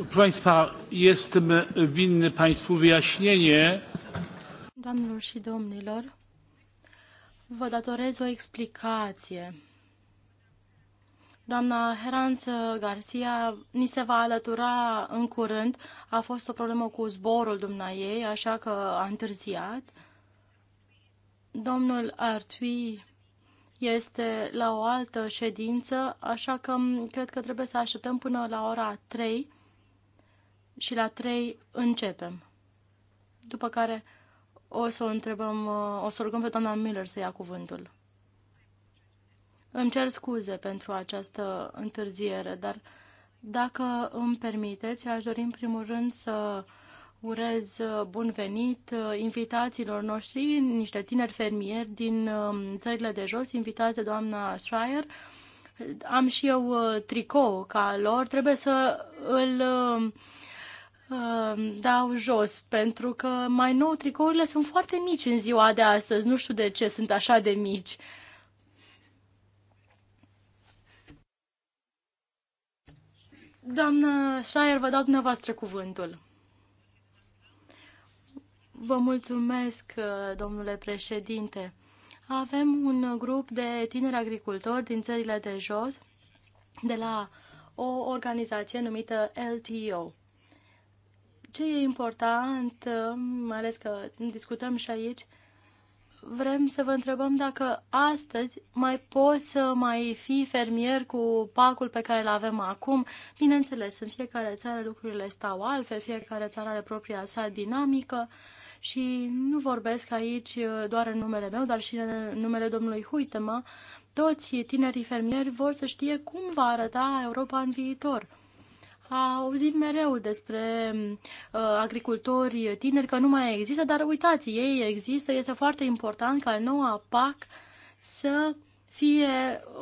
Proszę Państwa, jestem winny Państwu wyjaśnienie. Doamnelor și domnilor, vă datorez o explicație. Doamna Heranz Garcia ni se va alătura în curând. A fost o problemă cu zborul ei, așa că a întârziat. Domnul Artui este la o altă ședință, așa că cred că trebuie să așteptăm până la ora 3 și la 3 începem. După care o să o întrebăm, o să rugăm pe doamna Miller să ia cuvântul. Îmi cer scuze pentru această întârziere, dar dacă îmi permiteți, aș dori în primul rând să urez bun venit invitațiilor noștri, niște tineri fermieri din um, țările de jos, invitați de doamna Schreier. Am și eu uh, tricou ca lor, trebuie să îl um, Ehm, dau jos, pentru că mai nou tricourile sunt foarte mici în ziua de astăzi. Nu știu de ce sunt așa de mici. Doamnă Schreier, vă dau dumneavoastră cuvântul. Vă mulțumesc, eh, domnule președinte. Avem un grup de tineri agricultori din țările de jos, de la o organizație numită LTO. Ce e important, um, mai ales că discutăm și aici, vrem să vă întrebăm dacă astăzi mai poți să mai fii fermier cu pacul pe care îl avem acum. Bineînțeles, în fiecare țară lucrurile stau altfel, fiecare țară are propria sa dinamică și nu vorbesc aici uh, doar în numele meu, dar și în numele domnului Huitema. Toți tinerii fermieri vor să știe cum va arăta Europa în viitor auzit mereu despre uh, agricultori tineri că nu mai există, dar uitați, ei există, este foarte important ca noua PAC să fie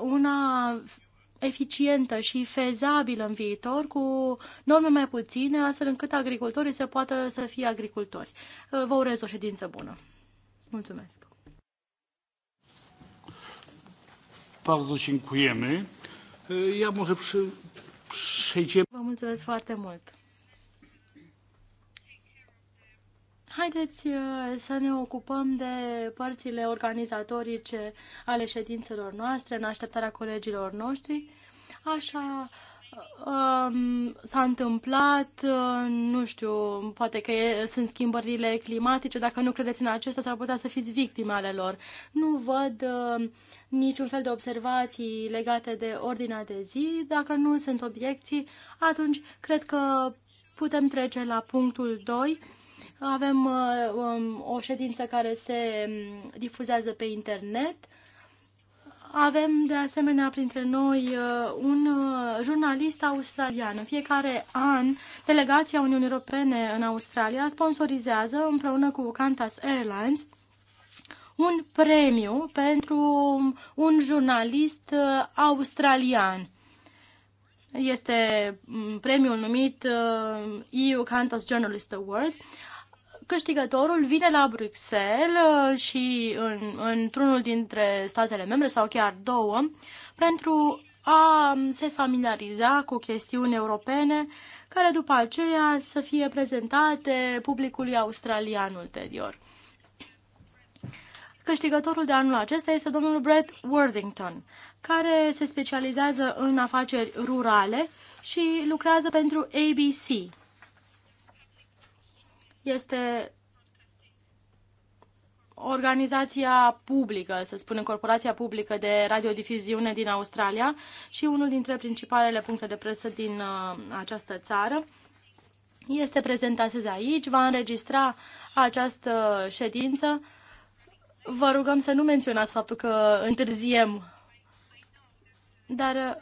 una eficientă și fezabilă în viitor, cu norme mai puține, astfel încât agricultorii să poată să fie agricultori. Uh, vă urez o ședință bună. Mulțumesc! Bardzo dziękujemy. Ja może przy, Vă mulțumesc foarte mult! Haideți uh, să ne ocupăm de părțile organizatorice ale ședințelor noastre, în așteptarea colegilor noștri. Așa s-a întâmplat, nu știu, poate că e, sunt schimbările climatice, dacă nu credeți în acestea, s-ar putea să fiți victime ale lor. Nu văd uh, niciun fel de observații legate de ordinea de zi. Dacă nu sunt obiecții, atunci cred că putem trece la punctul 2. Avem uh, um, o ședință care se um, difuzează pe internet. Avem de asemenea printre noi uh, un uh, jurnalist australian. În fiecare an, delegația Uniunii Europene în Australia sponsorizează împreună cu Qantas Airlines un premiu pentru un jurnalist uh, australian. Este mm, premiul numit EU Qantas Journalist Award câștigătorul vine la Bruxelles uh, și în, într-unul dintre statele membre sau chiar două pentru a um, se familiariza cu chestiuni europene care după aceea să fie prezentate publicului australian ulterior. Câștigătorul de anul acesta este domnul Brett Worthington, care se specializează în afaceri rurale și lucrează pentru ABC, este organizația publică, să spunem, corporația publică de radiodifuziune din Australia și unul dintre principalele puncte de presă din uh, această țară este prezent astăzi aici, va înregistra această ședință. Vă rugăm să nu menționați faptul că întârziem, dar uh,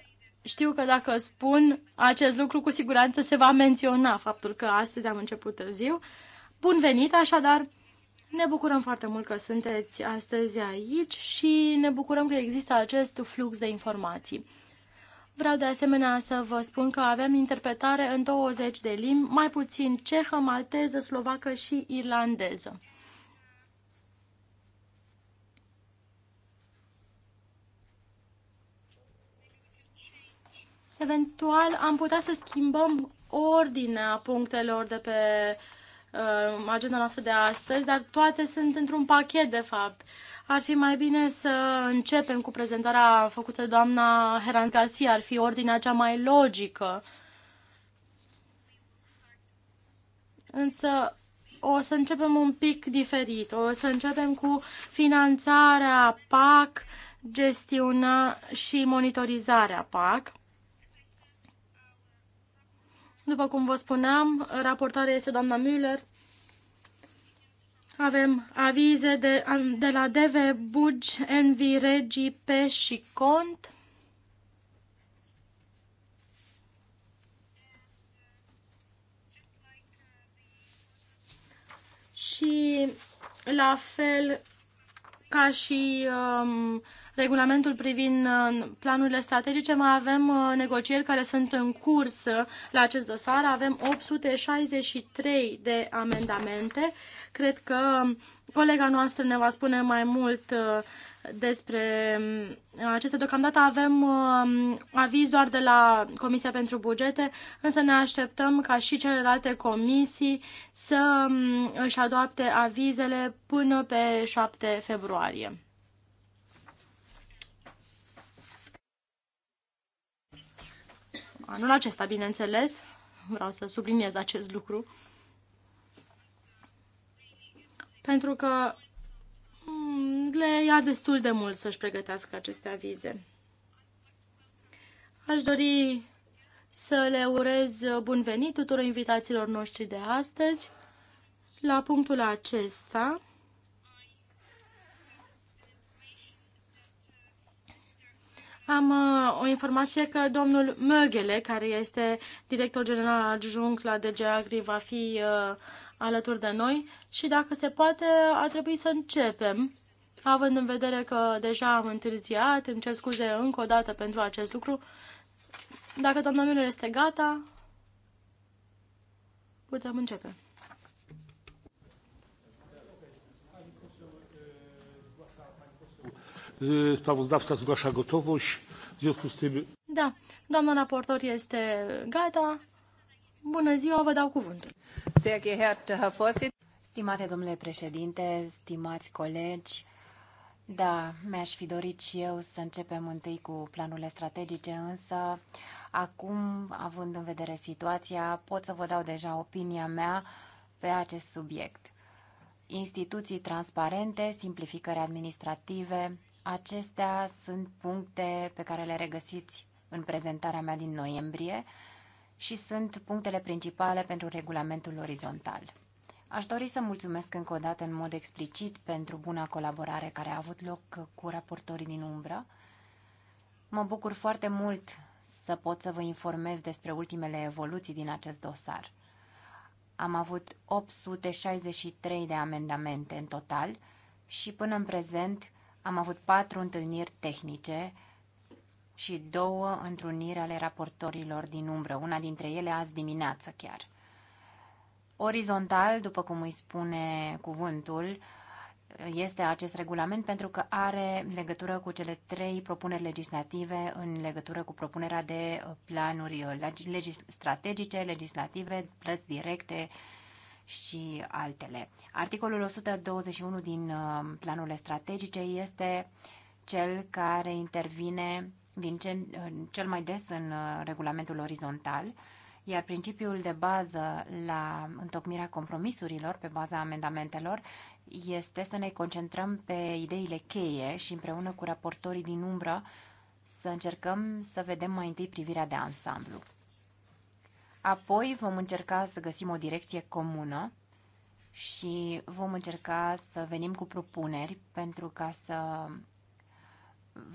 știu că dacă spun acest lucru, cu siguranță se va menționa faptul că astăzi am început târziu. Bun venit, așadar! Ne bucurăm foarte mult că sunteți astăzi aici și ne bucurăm că există acest flux de informații. Vreau de asemenea să vă spun că avem interpretare în 20 de limbi, mai puțin cehă, malteză, slovacă și irlandeză. Eventual am putea să schimbăm ordinea punctelor de pe Uh, agenda noastră de astăzi, dar toate sunt într-un pachet, de fapt. Ar fi mai bine să începem cu prezentarea făcută de doamna Heran Garcia, ar fi ordinea cea mai logică. Însă o să începem un pic diferit. O să începem cu finanțarea PAC, gestiunea și monitorizarea PAC. După cum vă spuneam, raportarea este doamna Müller. Avem avize de, de la DV, Bugi, Envi, Regi, P și Cont. Și la fel ca și um, regulamentul privind uh, planurile strategice, mai avem uh, negocieri care sunt în curs uh, la acest dosar. Avem 863 de amendamente. Cred că um, colega noastră ne va spune mai mult despre um, aceste Deocamdată avem um, aviz doar de la Comisia pentru Bugete, însă ne așteptăm ca și celelalte comisii să își adopte avizele până pe 7 februarie. anul acesta, bineînțeles. Vreau să subliniez acest lucru. Pentru că mm, le ia destul de mult să-și pregătească aceste avize. Aș dori să le urez bun venit tuturor invitațiilor noștri de astăzi. La punctul acesta Am uh, o informație că domnul Mögele, care este director general adjunct la DG Agri, va fi uh, alături de noi și dacă se poate ar trebui să începem, având în vedere că deja am întârziat, îmi cer scuze încă o dată pentru acest lucru. Dacă domnul Miller este gata, putem începe. Sprawozdawca zgłasza gotowość. W związku z tym... Da, doamna raportor este gata. Bună ziua, vă dau cuvântul. Stimate domnule președinte, stimați colegi, da, mi-aș fi dorit și eu să începem întâi cu planurile strategice, însă acum, având în vedere situația, pot să vă dau deja opinia mea pe acest subiect. Instituții transparente, simplificări administrative, Acestea sunt puncte pe care le regăsiți în prezentarea mea din noiembrie și sunt punctele principale pentru regulamentul orizontal. Aș dori să mulțumesc încă o dată în mod explicit pentru buna colaborare care a avut loc cu raportorii din umbră. Mă bucur foarte mult să pot să vă informez despre ultimele evoluții din acest dosar. Am avut 863 de amendamente în total și până în prezent am avut patru întâlniri tehnice și două întruniri ale raportorilor din umbră, una dintre ele azi dimineață chiar. Orizontal, după cum îi spune cuvântul, este acest regulament pentru că are legătură cu cele trei propuneri legislative în legătură cu propunerea de planuri strategice, legislative, plăți directe și altele. Articolul 121 din uh, planurile strategice este cel care intervine din ce, uh, cel mai des în uh, regulamentul orizontal, iar principiul de bază la întocmirea compromisurilor pe baza amendamentelor este să ne concentrăm pe ideile cheie și împreună cu raportorii din umbră să încercăm să vedem mai întâi privirea de ansamblu. Apoi vom încerca să găsim o direcție comună și vom încerca să venim cu propuneri pentru ca să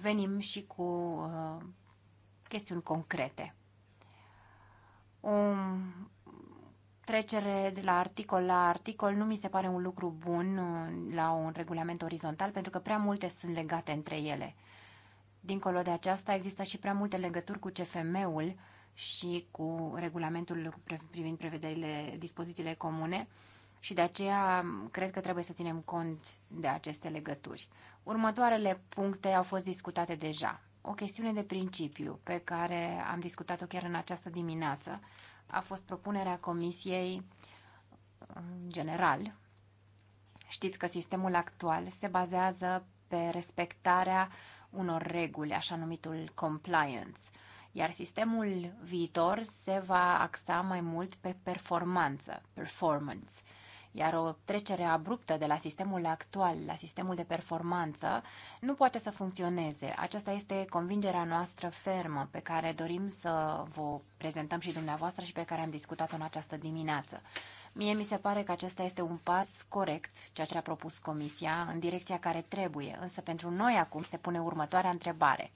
venim și cu uh, chestiuni concrete. O trecere de la articol la articol nu mi se pare un lucru bun uh, la un regulament orizontal pentru că prea multe sunt legate între ele. Dincolo de aceasta există și prea multe legături cu CFM-ul și cu regulamentul privind prevederile, dispozițiile comune și de aceea cred că trebuie să ținem cont de aceste legături. Următoarele puncte au fost discutate deja. O chestiune de principiu pe care am discutat-o chiar în această dimineață a fost propunerea Comisiei în general. Știți că sistemul actual se bazează pe respectarea unor reguli, așa numitul compliance – iar sistemul viitor se va axa mai mult pe performanță, performance. Iar o trecere abruptă de la sistemul actual la sistemul de performanță nu poate să funcționeze. Aceasta este convingerea noastră fermă pe care dorim să vă prezentăm și dumneavoastră și pe care am discutat-o în această dimineață. Mie mi se pare că acesta este un pas corect, ceea ce a propus Comisia, în direcția care trebuie, însă pentru noi acum se pune următoarea întrebare.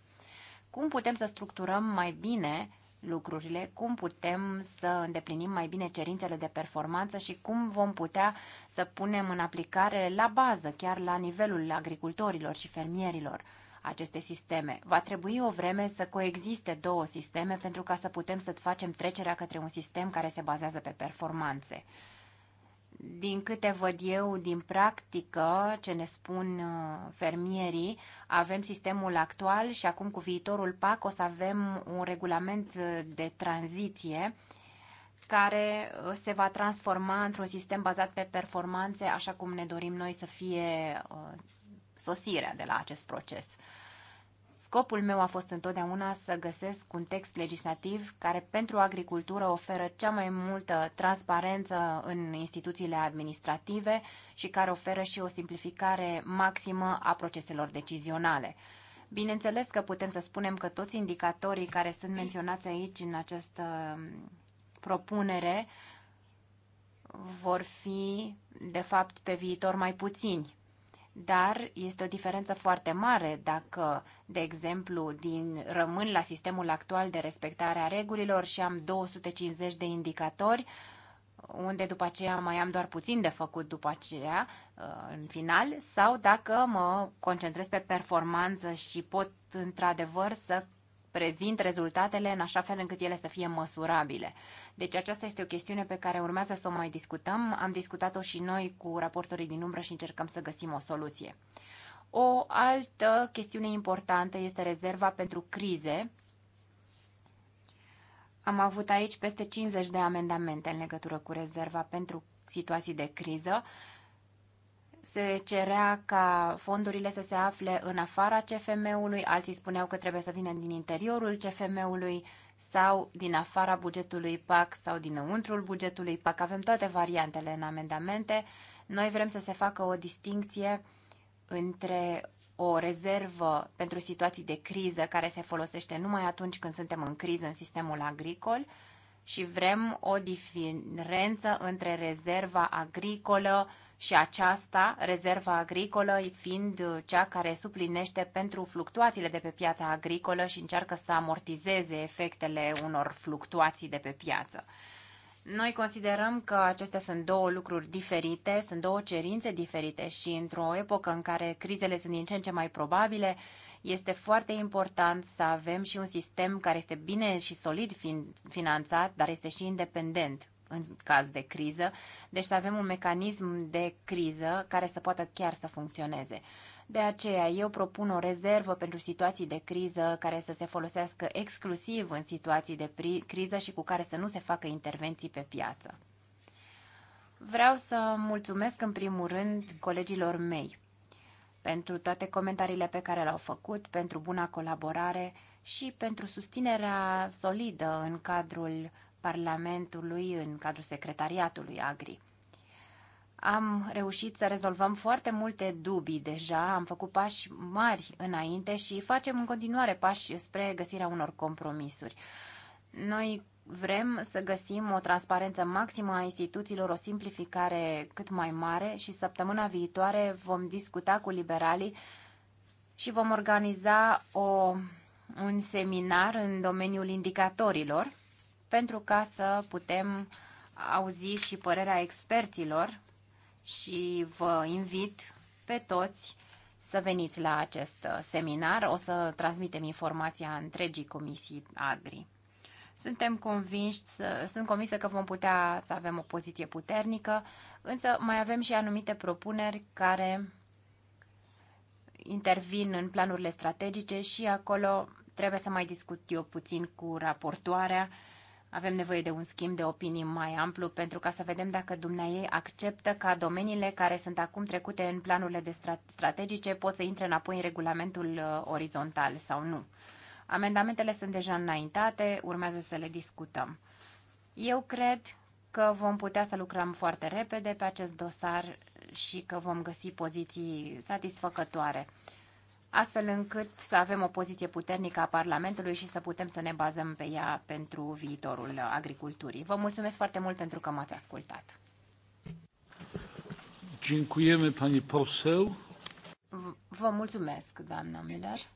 Cum putem să structurăm mai bine lucrurile, cum putem să îndeplinim mai bine cerințele de performanță și cum vom putea să punem în aplicare la bază, chiar la nivelul agricultorilor și fermierilor, aceste sisteme. Va trebui o vreme să coexiste două sisteme pentru ca să putem să facem trecerea către un sistem care se bazează pe performanțe. Din câte văd eu din practică, ce ne spun uh, fermierii, avem sistemul actual și acum cu viitorul PAC o să avem un regulament uh, de tranziție care uh, se va transforma într-un sistem bazat pe performanțe, așa cum ne dorim noi să fie sosirea de la acest proces. Scopul meu a fost întotdeauna să găsesc un text legislativ care pentru agricultură oferă cea mai multă transparență în instituțiile administrative și care oferă și o simplificare maximă a proceselor decizionale. Bineînțeles că putem să spunem că toți indicatorii care sunt menționați aici în această um, propunere vor fi, de fapt, pe viitor mai puțini dar este o diferență foarte mare dacă, de exemplu, din, rămân la sistemul actual de respectare a regulilor și am 250 de indicatori, unde după aceea mai am doar puțin de făcut după aceea, uh, în final, sau dacă mă concentrez pe performanță și pot într-adevăr să prezint rezultatele în așa fel încât ele să fie măsurabile. Deci aceasta este o chestiune pe care urmează să o mai discutăm. Am discutat-o și noi cu raportorii din umbră și încercăm să găsim o soluție. O altă chestiune importantă este rezerva pentru crize. Am avut aici peste 50 de amendamente în legătură cu rezerva pentru situații de criză se cerea ca fondurile să se afle în afara CFM-ului, alții spuneau că trebuie să vină din interiorul CFM-ului sau din afara bugetului PAC sau dinăuntrul bugetului PAC. Avem toate variantele în amendamente. Noi vrem să se facă o distinție între o rezervă pentru situații de criză care se folosește numai atunci când suntem în criză în sistemul agricol și vrem o diferență între rezerva agricolă și aceasta, rezerva agricolă, fiind cea care suplinește pentru fluctuațiile de pe piața agricolă și încearcă să amortizeze efectele unor fluctuații de pe piață. Noi considerăm că acestea sunt două lucruri diferite, sunt două cerințe diferite și într-o epocă în care crizele sunt din ce în ce mai probabile, este foarte important să avem și un sistem care este bine și solid finanțat, dar este și independent în caz de criză, deci să avem un mecanism de criză care să poată chiar să funcționeze. De aceea, eu propun o rezervă pentru situații de criză care să se folosească exclusiv în situații de criză și cu care să nu se facă intervenții pe piață. Vreau să mulțumesc în primul rând colegilor mei pentru toate comentariile pe care le-au făcut, pentru buna colaborare și pentru susținerea solidă în cadrul Parlamentului în cadrul secretariatului Agri. Am reușit să rezolvăm foarte multe dubii deja, am făcut pași mari înainte și facem în continuare pași spre găsirea unor compromisuri. Noi vrem să găsim o transparență maximă a instituțiilor, o simplificare cât mai mare și săptămâna viitoare vom discuta cu liberalii și vom organiza o, un seminar în domeniul indicatorilor pentru ca să putem auzi și părerea experților și vă invit pe toți să veniți la acest uh, seminar. O să transmitem informația întregii comisii Agri. Suntem convinși, sunt convinsă că vom putea să avem o poziție puternică, însă mai avem și anumite propuneri care intervin în planurile strategice și acolo trebuie să mai discut eu puțin cu raportoarea avem nevoie de un schimb de opinii mai amplu pentru ca să vedem dacă dumneai acceptă ca domeniile care sunt acum trecute în planurile de strategice pot să intre înapoi în regulamentul uh, orizontal sau nu. Amendamentele sunt deja înaintate, urmează să le discutăm. Eu cred că vom putea să lucrăm foarte repede pe acest dosar și că vom găsi poziții satisfăcătoare astfel încât să avem o poziție puternică a Parlamentului și să putem să ne bazăm pe ea pentru viitorul agriculturii. Vă mulțumesc foarte mult pentru că m-ați ascultat. Dziękujemy pani poseł. Vă mulțumesc, doamna Müller.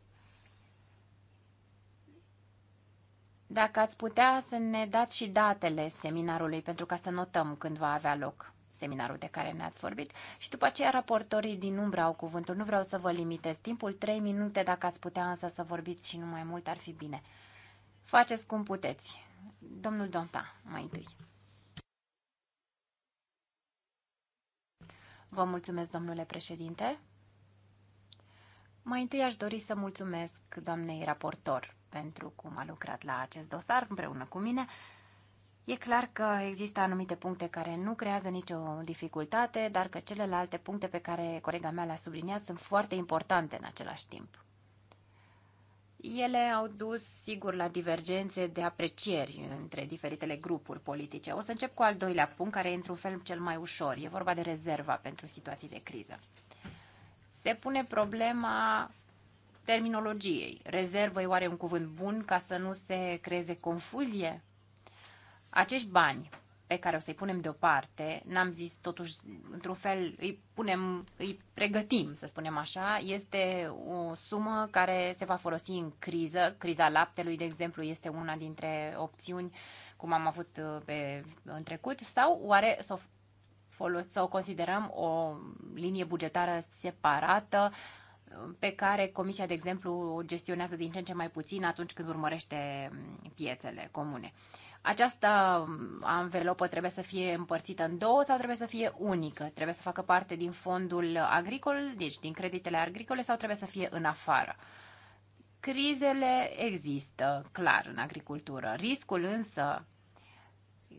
Dacă ați putea să ne dați și datele seminarului pentru ca să notăm când va avea loc seminarul de care ne-ați vorbit și după aceea raportorii din umbră au cuvântul. Nu vreau să vă limitez timpul, Trei minute dacă ați putea însă să vorbiți și nu mai mult ar fi bine. Faceți cum puteți. Domnul Donta, mai întâi. Vă mulțumesc, domnule președinte. Mai întâi aș dori să mulțumesc doamnei raportor pentru cum a lucrat la acest dosar împreună cu mine. E clar că există anumite puncte care nu creează nicio dificultate, dar că celelalte puncte pe care colega mea le-a subliniat sunt foarte importante în același timp. Ele au dus, sigur, la divergențe de aprecieri între diferitele grupuri politice. O să încep cu al doilea punct, care e într-un fel cel mai ușor. E vorba de rezerva pentru situații de criză. Se pune problema terminologiei. Rezervă e oare un cuvânt bun ca să nu se creeze confuzie? acești bani pe care o să-i punem deoparte, n-am zis totuși, într-un fel, îi punem, îi pregătim, să spunem așa, este o sumă care se va folosi în criză. Criza laptelui, de exemplu, este una dintre opțiuni, cum am avut uh, pe, în trecut, sau oare să o, folos, să o considerăm o linie bugetară separată, uh, pe care Comisia, de exemplu, gestionează din ce în ce mai puțin atunci când urmărește mm, piețele comune. Uh, această um, anvelopă trebuie să fie împărțită în două sau trebuie să fie unică? Trebuie să facă parte din fondul agricol, deci din creditele agricole sau trebuie să fie în afară? Crizele există, clar, în agricultură. Riscul însă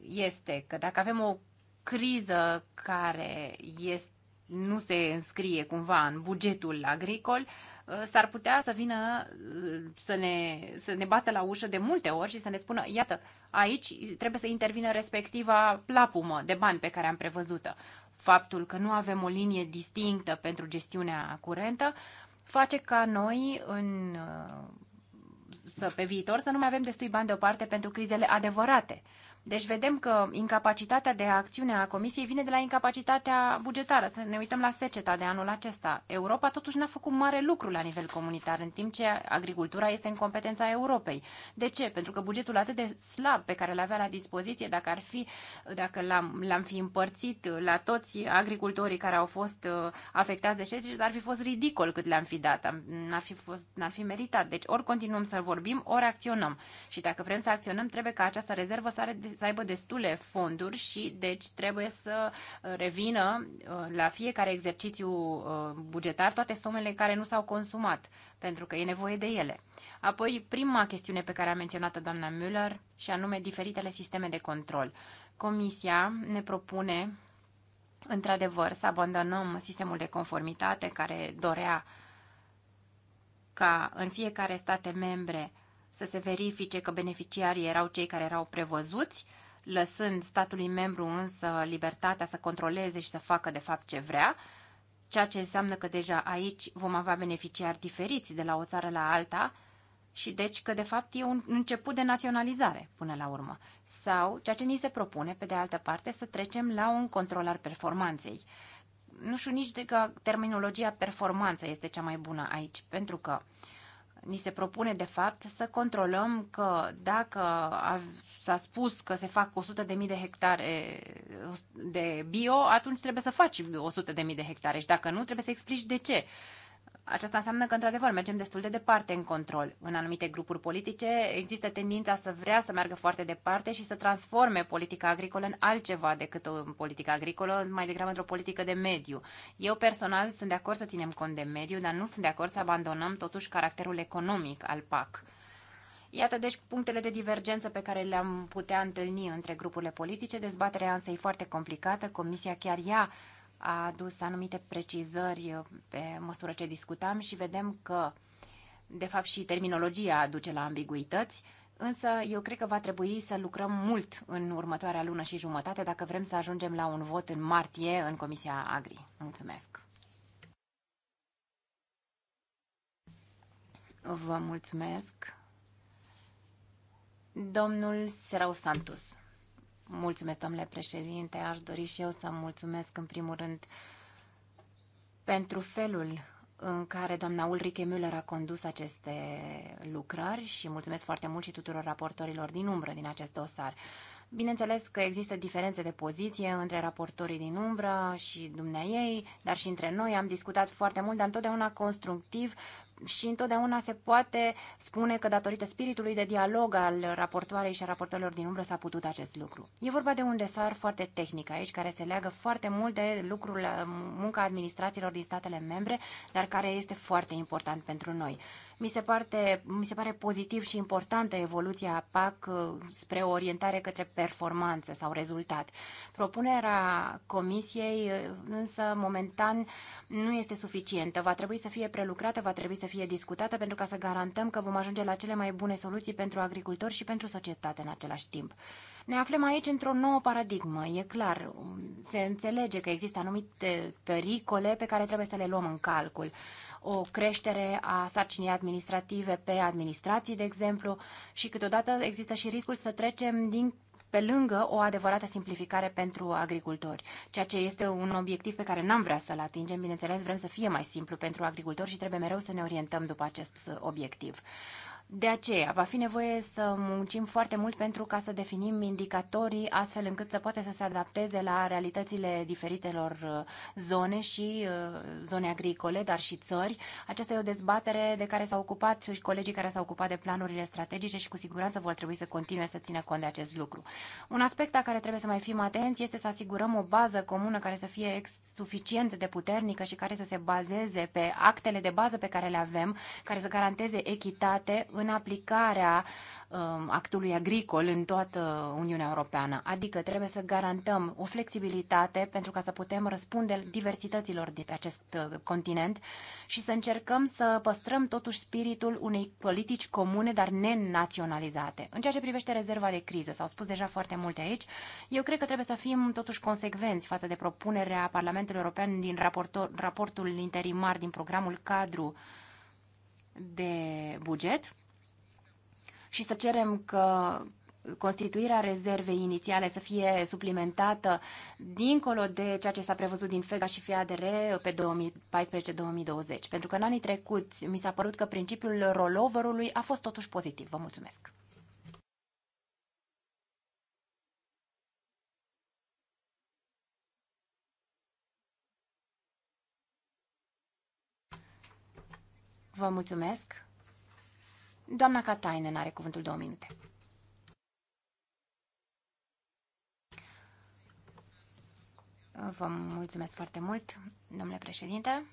este că dacă avem o criză care este nu se înscrie cumva în bugetul agricol, uh, s-ar putea să vină uh, să ne, să ne bată la ușă de multe ori și să ne spună, iată, aici trebuie să intervină respectiva plapumă de bani pe care am prevăzută. Faptul că nu avem o linie distinctă pentru gestiunea curentă face ca noi în, uh, să, pe viitor să nu mai avem destui bani deoparte pentru crizele adevărate. Deci vedem că incapacitatea de acțiune a Comisiei vine de la incapacitatea bugetară. Să ne uităm la seceta de anul acesta. Europa totuși n-a făcut mare lucru la nivel comunitar, în timp ce agricultura este în competența Europei. De ce? Pentru că bugetul atât de slab pe care l-avea la dispoziție, dacă ar fi, dacă l-am, l-am fi împărțit la toți agricultorii care au fost uh, afectați de secet, ar fi fost ridicol cât le-am fi dat. N-ar fi, fost, n-ar fi meritat. Deci ori continuăm să vorbim, ori acționăm. Și dacă vrem să acționăm, trebuie ca această rezervă să are de să aibă destule fonduri și deci trebuie să uh, revină uh, la fiecare exercițiu uh, bugetar toate sumele care nu s-au consumat, pentru că e nevoie de ele. Apoi, prima chestiune pe care a menționat-o doamna Müller, și anume diferitele sisteme de control. Comisia ne propune, într-adevăr, să abandonăm sistemul de conformitate care dorea ca în fiecare state membre să se verifice că beneficiarii erau cei care erau prevăzuți, lăsând statului membru însă libertatea să controleze și să facă de fapt ce vrea, ceea ce înseamnă că deja aici vom avea beneficiari diferiți de la o țară la alta și deci că de fapt e un început de naționalizare până la urmă. Sau ceea ce ni se propune, pe de altă parte, să trecem la un control al performanței. Nu știu nici de că terminologia performanță este cea mai bună aici, pentru că uh, ni se propune de fapt să controlăm că dacă s-a spus că se fac 100.000 de hectare de bio, atunci trebuie să faci 100.000 de hectare și dacă nu, trebuie să explici de ce aceasta înseamnă că, într-adevăr, mergem destul de departe în control. În anumite grupuri politice există tendința să vrea să meargă foarte departe și să transforme politica agricolă în altceva decât o politică agricolă, mai degrabă într-o politică de mediu. Eu personal sunt de acord să ținem cont de mediu, dar nu sunt de acord să abandonăm totuși caracterul economic al PAC. Iată deci punctele de divergență pe care le-am putea întâlni între grupurile politice. Dezbaterea însă e foarte complicată. Comisia chiar ia a adus anumite precizări uh, pe măsură ce discutam și vedem că, de fapt, și terminologia aduce la ambiguități, însă eu cred că va trebui să lucrăm mult în următoarea lună și jumătate dacă vrem să ajungem la un vot în martie în Comisia Agri. Mulțumesc! Vă mulțumesc! Domnul Serau Santos. Mulțumesc, domnule președinte. Aș dori și eu să mulțumesc în primul rând pentru felul în care doamna Ulrike Müller a condus aceste lucrări și mulțumesc foarte mult și tuturor raportorilor din umbră din acest dosar. Bineînțeles că există diferențe de poziție între raportorii din umbră și dumnea ei, dar și între noi. Am discutat foarte mult, dar întotdeauna constructiv și întotdeauna se poate spune că datorită spiritului de dialog al raportoarei și a raportorilor din umbră s-a putut acest lucru. E vorba de un desar foarte tehnic aici, care se leagă foarte mult de lucrul, munca administrațiilor din statele membre, dar care este foarte important pentru noi. Mi se, parte, mi se pare pozitiv și importantă evoluția PAC uh, spre o orientare către performanță sau rezultat. Propunerea Comisiei uh, însă momentan nu este suficientă. Va trebui să fie prelucrată, va trebui să fie discutată pentru ca să garantăm că vom ajunge la cele mai bune soluții pentru agricultori și pentru societate în același timp. Ne aflăm aici într-o nouă paradigmă, e clar. Se înțelege că există anumite pericole pe care trebuie să le luăm în calcul o creștere a sarcinii administrative pe administrații, de exemplu, și câteodată există și riscul să trecem din pe lângă o adevărată simplificare pentru agricultori, ceea ce este un obiectiv pe care n-am vrea să-l atingem. Bineînțeles, vrem să fie mai simplu pentru agricultori și trebuie mereu să ne orientăm după acest uh, obiectiv. De aceea, va fi nevoie să muncim foarte mult pentru ca să definim indicatorii astfel încât să poate să se adapteze la realitățile diferitelor uh, zone și uh, zone agricole, dar și țări. Aceasta e o dezbatere de care s-au ocupat și colegii care s-au ocupat de planurile strategice și cu siguranță vor trebui să continue să țină cont de acest lucru. Un aspect la care trebuie să mai fim atenți este să asigurăm o bază comună care să fie suficient de puternică și care să se bazeze pe actele de bază pe care le avem, care să garanteze echitate în aplicarea um, actului agricol în toată Uniunea Europeană. Adică trebuie să garantăm o flexibilitate pentru ca să putem răspunde diversităților de pe acest uh, continent și să încercăm să păstrăm totuși spiritul unei politici comune, dar nenaționalizate. În ceea ce privește rezerva de criză, s-au spus deja foarte multe aici, eu cred că trebuie să fim totuși consecvenți față de propunerea Parlamentului European din raportul interimar din programul cadru de buget și să cerem că constituirea rezervei inițiale să fie suplimentată dincolo de ceea ce s-a prevăzut din FEGA și FEADR pe 2014-2020. Pentru că în anii trecuți mi s-a părut că principiul rollover-ului a fost totuși pozitiv. Vă mulțumesc! Vă mulțumesc! Doamna Catainen are cuvântul două minute. Vă mulțumesc foarte mult, domnule președinte.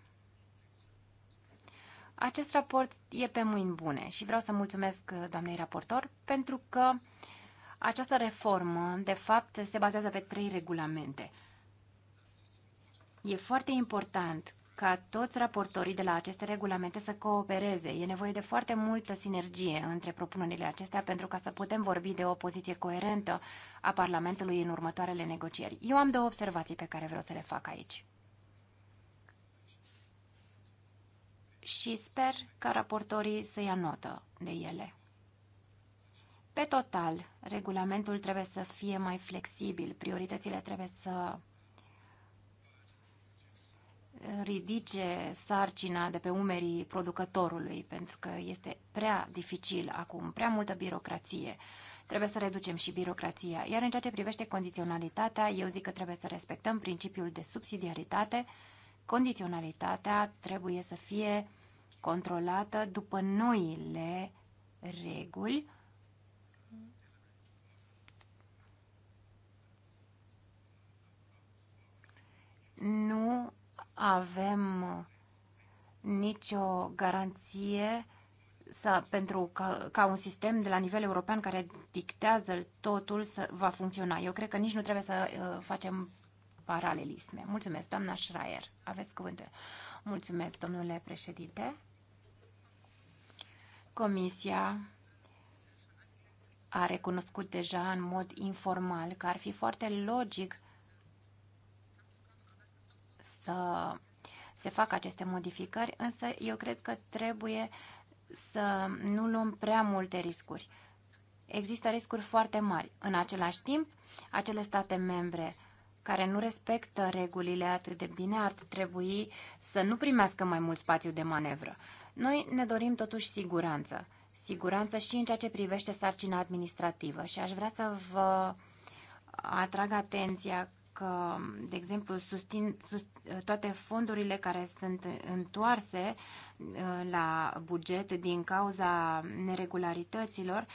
Acest raport e pe mâini bune și vreau să mulțumesc doamnei raportor pentru că această reformă, de fapt, se bazează pe trei regulamente. E foarte important ca toți raportorii de la aceste regulamente să coopereze. E nevoie de foarte multă sinergie între propunerile acestea pentru ca să putem vorbi de o poziție coerentă a Parlamentului în următoarele negocieri. Eu am două observații pe care vreau să le fac aici. Și sper ca raportorii să ia notă de ele. Pe total, regulamentul trebuie să fie mai flexibil, prioritățile trebuie să ridice sarcina de pe umerii producătorului, pentru că este prea dificil acum, prea multă birocrație. Trebuie să reducem și birocrația. Iar în ceea ce privește condiționalitatea, eu zic că trebuie să respectăm principiul de subsidiaritate. Condiționalitatea trebuie să fie controlată după noile reguli nu avem nicio garanție să, pentru ca, ca un sistem de la nivel european care dictează totul să va funcționa. Eu cred că nici nu trebuie să uh, facem paralelisme. Mulțumesc, doamna Schreier. Aveți cuvântul. Mulțumesc, domnule președinte. Comisia a recunoscut deja în mod informal că ar fi foarte logic să se facă aceste modificări, însă eu cred că trebuie să nu luăm prea multe riscuri. Există riscuri foarte mari. În același timp, acele state membre care nu respectă regulile atât de bine ar trebui să nu primească mai mult spațiu de manevră. Noi ne dorim totuși siguranță. Siguranță și în ceea ce privește sarcina administrativă. Și aș vrea să vă atrag atenția că, de exemplu, susțin sus, toate fondurile care sunt întoarse uh, la buget din cauza neregularităților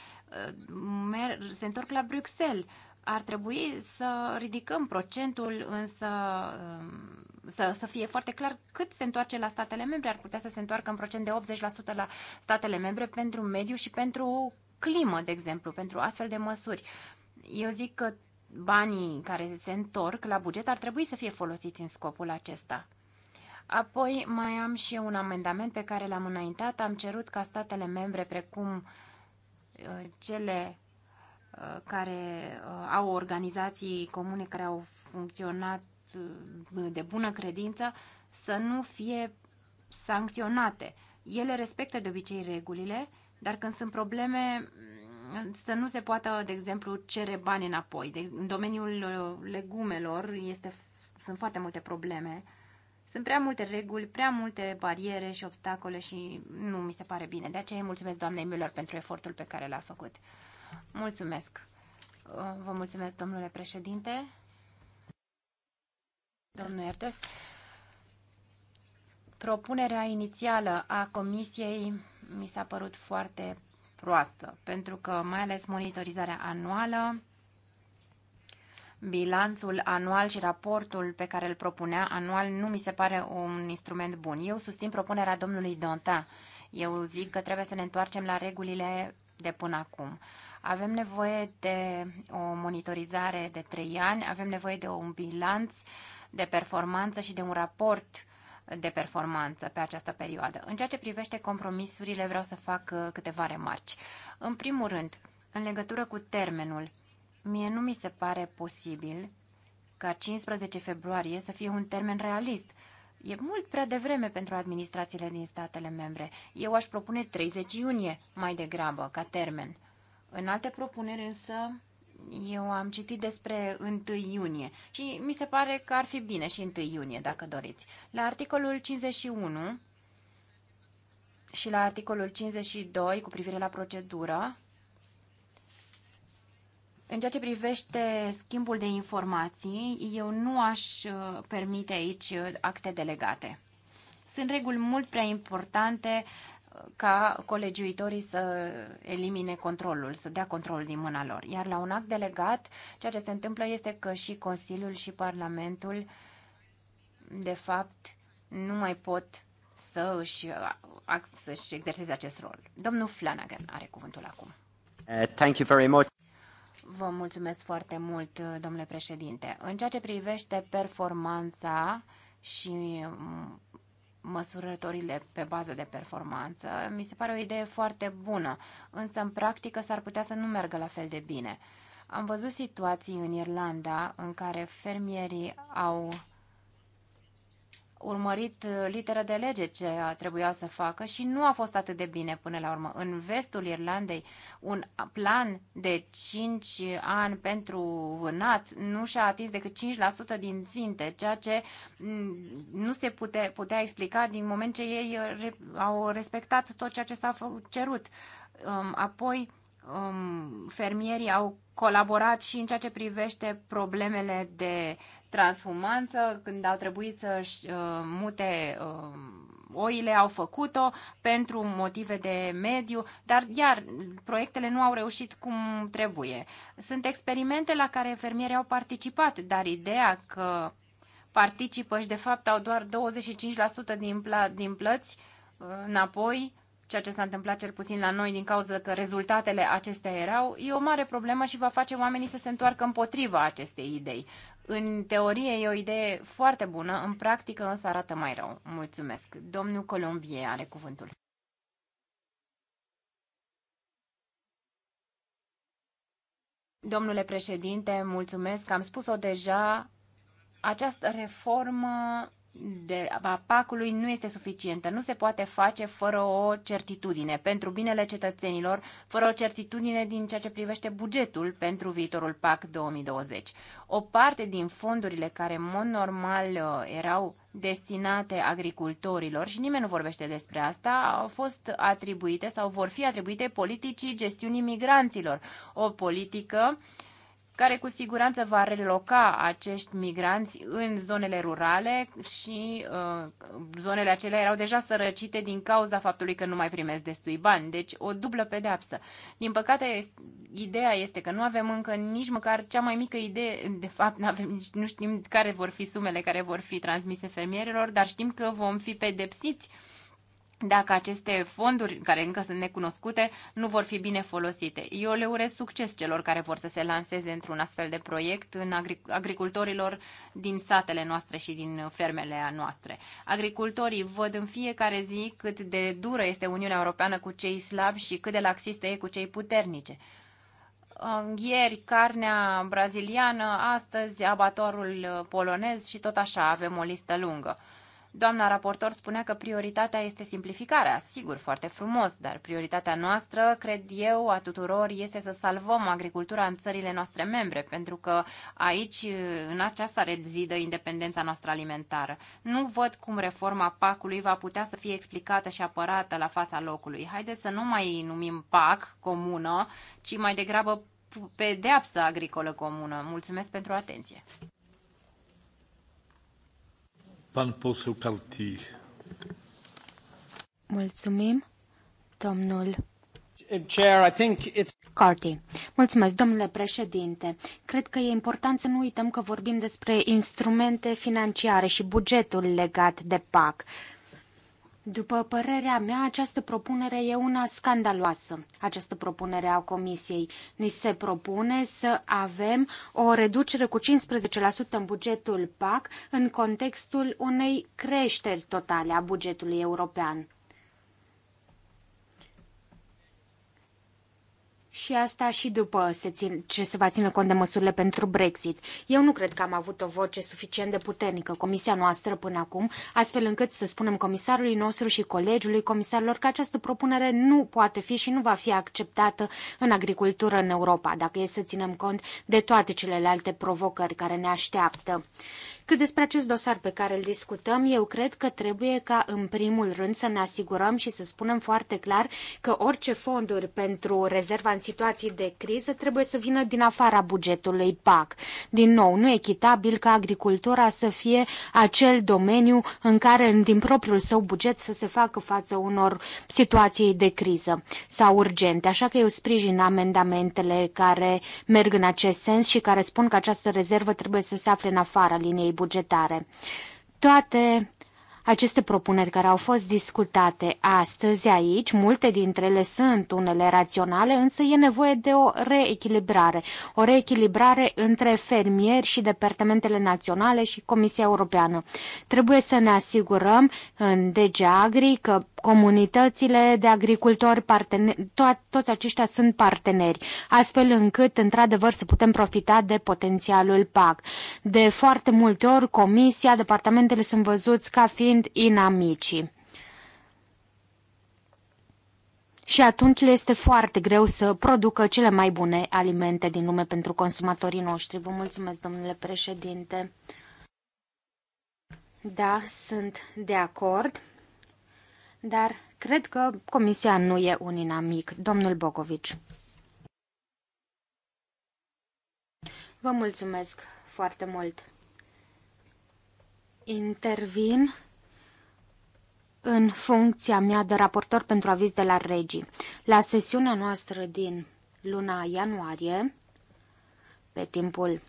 uh, se întorc la Bruxelles. Ar trebui să ridicăm procentul, însă uh, să, să fie foarte clar cât se întoarce la statele membre. Ar putea să se întoarcă în procent de 80% la statele membre pentru mediu și pentru climă, de exemplu, pentru astfel de măsuri. Eu zic că banii care se întorc la buget ar trebui să fie folosiți în scopul acesta. Apoi mai am și eu un amendament pe care l-am înaintat. Am cerut ca statele membre, precum uh, cele uh, care uh, au organizații comune care au funcționat de bună credință, să nu fie sancționate. Ele respectă de obicei regulile, dar când sunt probleme, să nu se poată, de exemplu, cere bani înapoi. De, în domeniul legumelor este, sunt foarte multe probleme. Sunt prea multe reguli, prea multe bariere și obstacole și nu mi se pare bine. De aceea îi mulțumesc doamnei Miller pentru efortul pe care l-a făcut. Mulțumesc. Vă mulțumesc, domnule președinte. Domnul Iertos. Propunerea inițială a comisiei mi s-a părut foarte proastă, pentru că mai ales monitorizarea anuală, bilanțul anual și raportul pe care îl propunea anual nu mi se pare un instrument bun. Eu susțin propunerea domnului Dantin. Eu zic că trebuie să ne întoarcem la regulile de până acum. Avem nevoie de o monitorizare de trei ani, avem nevoie de un bilanț de performanță și de un raport de performanță pe această perioadă. În ceea ce privește compromisurile, vreau să fac uh, câteva remarci. În primul rând, în legătură cu termenul, mie nu mi se pare posibil ca 15 februarie să fie un termen realist. E mult prea devreme pentru administrațiile din statele membre. Eu aș propune 30 iunie mai degrabă ca termen. În alte propuneri însă eu am citit despre 1 iunie și mi se pare că ar fi bine și 1 iunie, dacă doriți. La articolul 51 și la articolul 52 cu privire la procedură, în ceea ce privește schimbul de informații, eu nu aș uh, permite aici uh, acte delegate. Sunt reguli mult prea importante ca colegiuitorii să elimine controlul, să dea controlul din mâna lor. Iar la un act delegat, ceea ce se întâmplă este că și Consiliul și Parlamentul, de fapt, nu mai pot să își, să-și exerseze acest rol. Domnul Flanagan are cuvântul acum. Uh, thank you very much. Vă mulțumesc foarte mult, domnule președinte. În ceea ce privește performanța și mm, măsurătorile pe bază de performanță. Mi se pare o idee foarte bună, însă în practică s-ar putea să nu meargă la fel de bine. Am văzut situații în Irlanda în care fermierii au urmărit uh, literă de lege ce trebuia să facă și nu a fost atât de bine până la urmă. În vestul Irlandei, un plan de 5 ani pentru vânați nu și-a atins decât 5% din ținte, ceea ce mm, nu se pute, putea explica din moment ce ei uh, au respectat tot ceea ce s-a cerut. Um, apoi, um, fermierii au colaborat și în ceea ce privește problemele de transhumanță, când au trebuit să-și uh, mute uh, oile, au făcut-o pentru motive de mediu, dar iar proiectele nu au reușit cum trebuie. Sunt experimente la care fermierii au participat, dar ideea că participă și de fapt au doar 25% din, pla- din plăți uh, înapoi, ceea ce s-a întâmplat cel puțin la noi din cauza că rezultatele acestea erau, e o mare problemă și va face oamenii să se întoarcă împotriva acestei idei. În teorie e o idee foarte bună, în practică însă arată mai rău. Mulțumesc. Domnul Colombie are cuvântul. Domnule președinte, mulțumesc, am spus-o deja, această reformă de a pacului nu este suficientă. Nu se poate face fără o certitudine pentru binele cetățenilor, fără o certitudine din ceea ce privește bugetul pentru viitorul PAC 2020. O parte din fondurile care în mod normal uh, erau destinate agricultorilor și nimeni nu vorbește despre asta, au fost atribuite sau vor fi atribuite politicii gestiunii migranților. O politică uh, care cu siguranță va reloca acești migranți în zonele rurale și uh, zonele acelea erau deja sărăcite din cauza faptului că nu mai primesc destui bani. Deci o dublă pedeapsă. Din păcate, ideea este că nu avem încă nici măcar cea mai mică idee, de fapt nu avem nici, nu știm care vor fi sumele care vor fi transmise fermierilor, dar știm că vom fi pedepsiți uh, dacă aceste fonduri, care încă sunt necunoscute, nu vor fi bine folosite. Eu le urez succes celor care vor să se lanseze într-un astfel de proiect în agricultorilor din satele noastre și din fermele noastre. Agricultorii văd în fiecare zi cât de dură este Uniunea Europeană cu cei slabi și cât de laxistă e cu cei puternice. Ieri carnea braziliană, astăzi abatorul polonez și tot așa avem o listă lungă. Doamna raportor spunea că prioritatea este simplificarea. Sigur, foarte frumos, dar prioritatea noastră, cred eu, a tuturor, este să salvăm agricultura în țările noastre membre, pentru că aici, în aceasta rezidă independența noastră alimentară. Nu văd cum reforma PAC-ului va putea să fie explicată și apărată la fața locului. Haideți să nu mai numim PAC comună, ci mai degrabă pedeapsă agricolă comună. Mulțumesc pentru atenție! Mulțumim, domnul Carty. Mulțumesc, domnule președinte. Cred că e important să nu uităm că vorbim despre instrumente financiare și bugetul legat de PAC. După părerea mea, această propunere e una scandaloasă, această propunere a Comisiei. Ni se propune să avem o reducere cu 15% în bugetul PAC în contextul unei creșteri totale a bugetului european. Și asta și după se țin, ce se va ține cont de măsurile pentru Brexit. Eu nu cred că am avut o voce suficient de puternică, comisia noastră, până acum, astfel încât să spunem comisarului nostru și colegiului comisarilor că această propunere nu poate fi și nu va fi acceptată în agricultură în Europa, dacă e să ținem cont de toate celelalte provocări care ne așteaptă. Cât despre acest dosar pe care îl discutăm, eu cred că trebuie ca în primul rând să ne asigurăm și să spunem foarte clar că orice fonduri pentru rezerva în situații de criză trebuie să vină din afara bugetului PAC. Din nou, nu e echitabil ca agricultura să fie acel domeniu în care din propriul său buget să se facă față unor situații de criză sau urgente. Așa că eu sprijin amendamentele care merg în acest sens și care spun că această rezervă trebuie să se afle în afara liniei bugetului bugetare. Toate aceste propuneri care au fost discutate astăzi aici, multe dintre ele sunt unele raționale, însă e nevoie de o reechilibrare. O reechilibrare între fermieri și departamentele naționale și Comisia Europeană. Trebuie să ne asigurăm în DG Agri că comunitățile de agricultori, to- toți aceștia sunt parteneri, astfel încât, într-adevăr, să putem profita de potențialul PAC. De foarte multe ori, Comisia, departamentele sunt văzuți ca fiind fiind inamicii. Și atunci le este foarte greu să producă cele mai bune alimente din lume pentru consumatorii noștri. Vă mulțumesc, domnule președinte. Da, sunt de acord, dar cred că comisia nu e un inamic. Domnul Bogovici. Vă mulțumesc foarte mult. Intervin în funcția mea de raportor pentru aviz de la Regi. La sesiunea noastră din luna ianuarie, pe timpul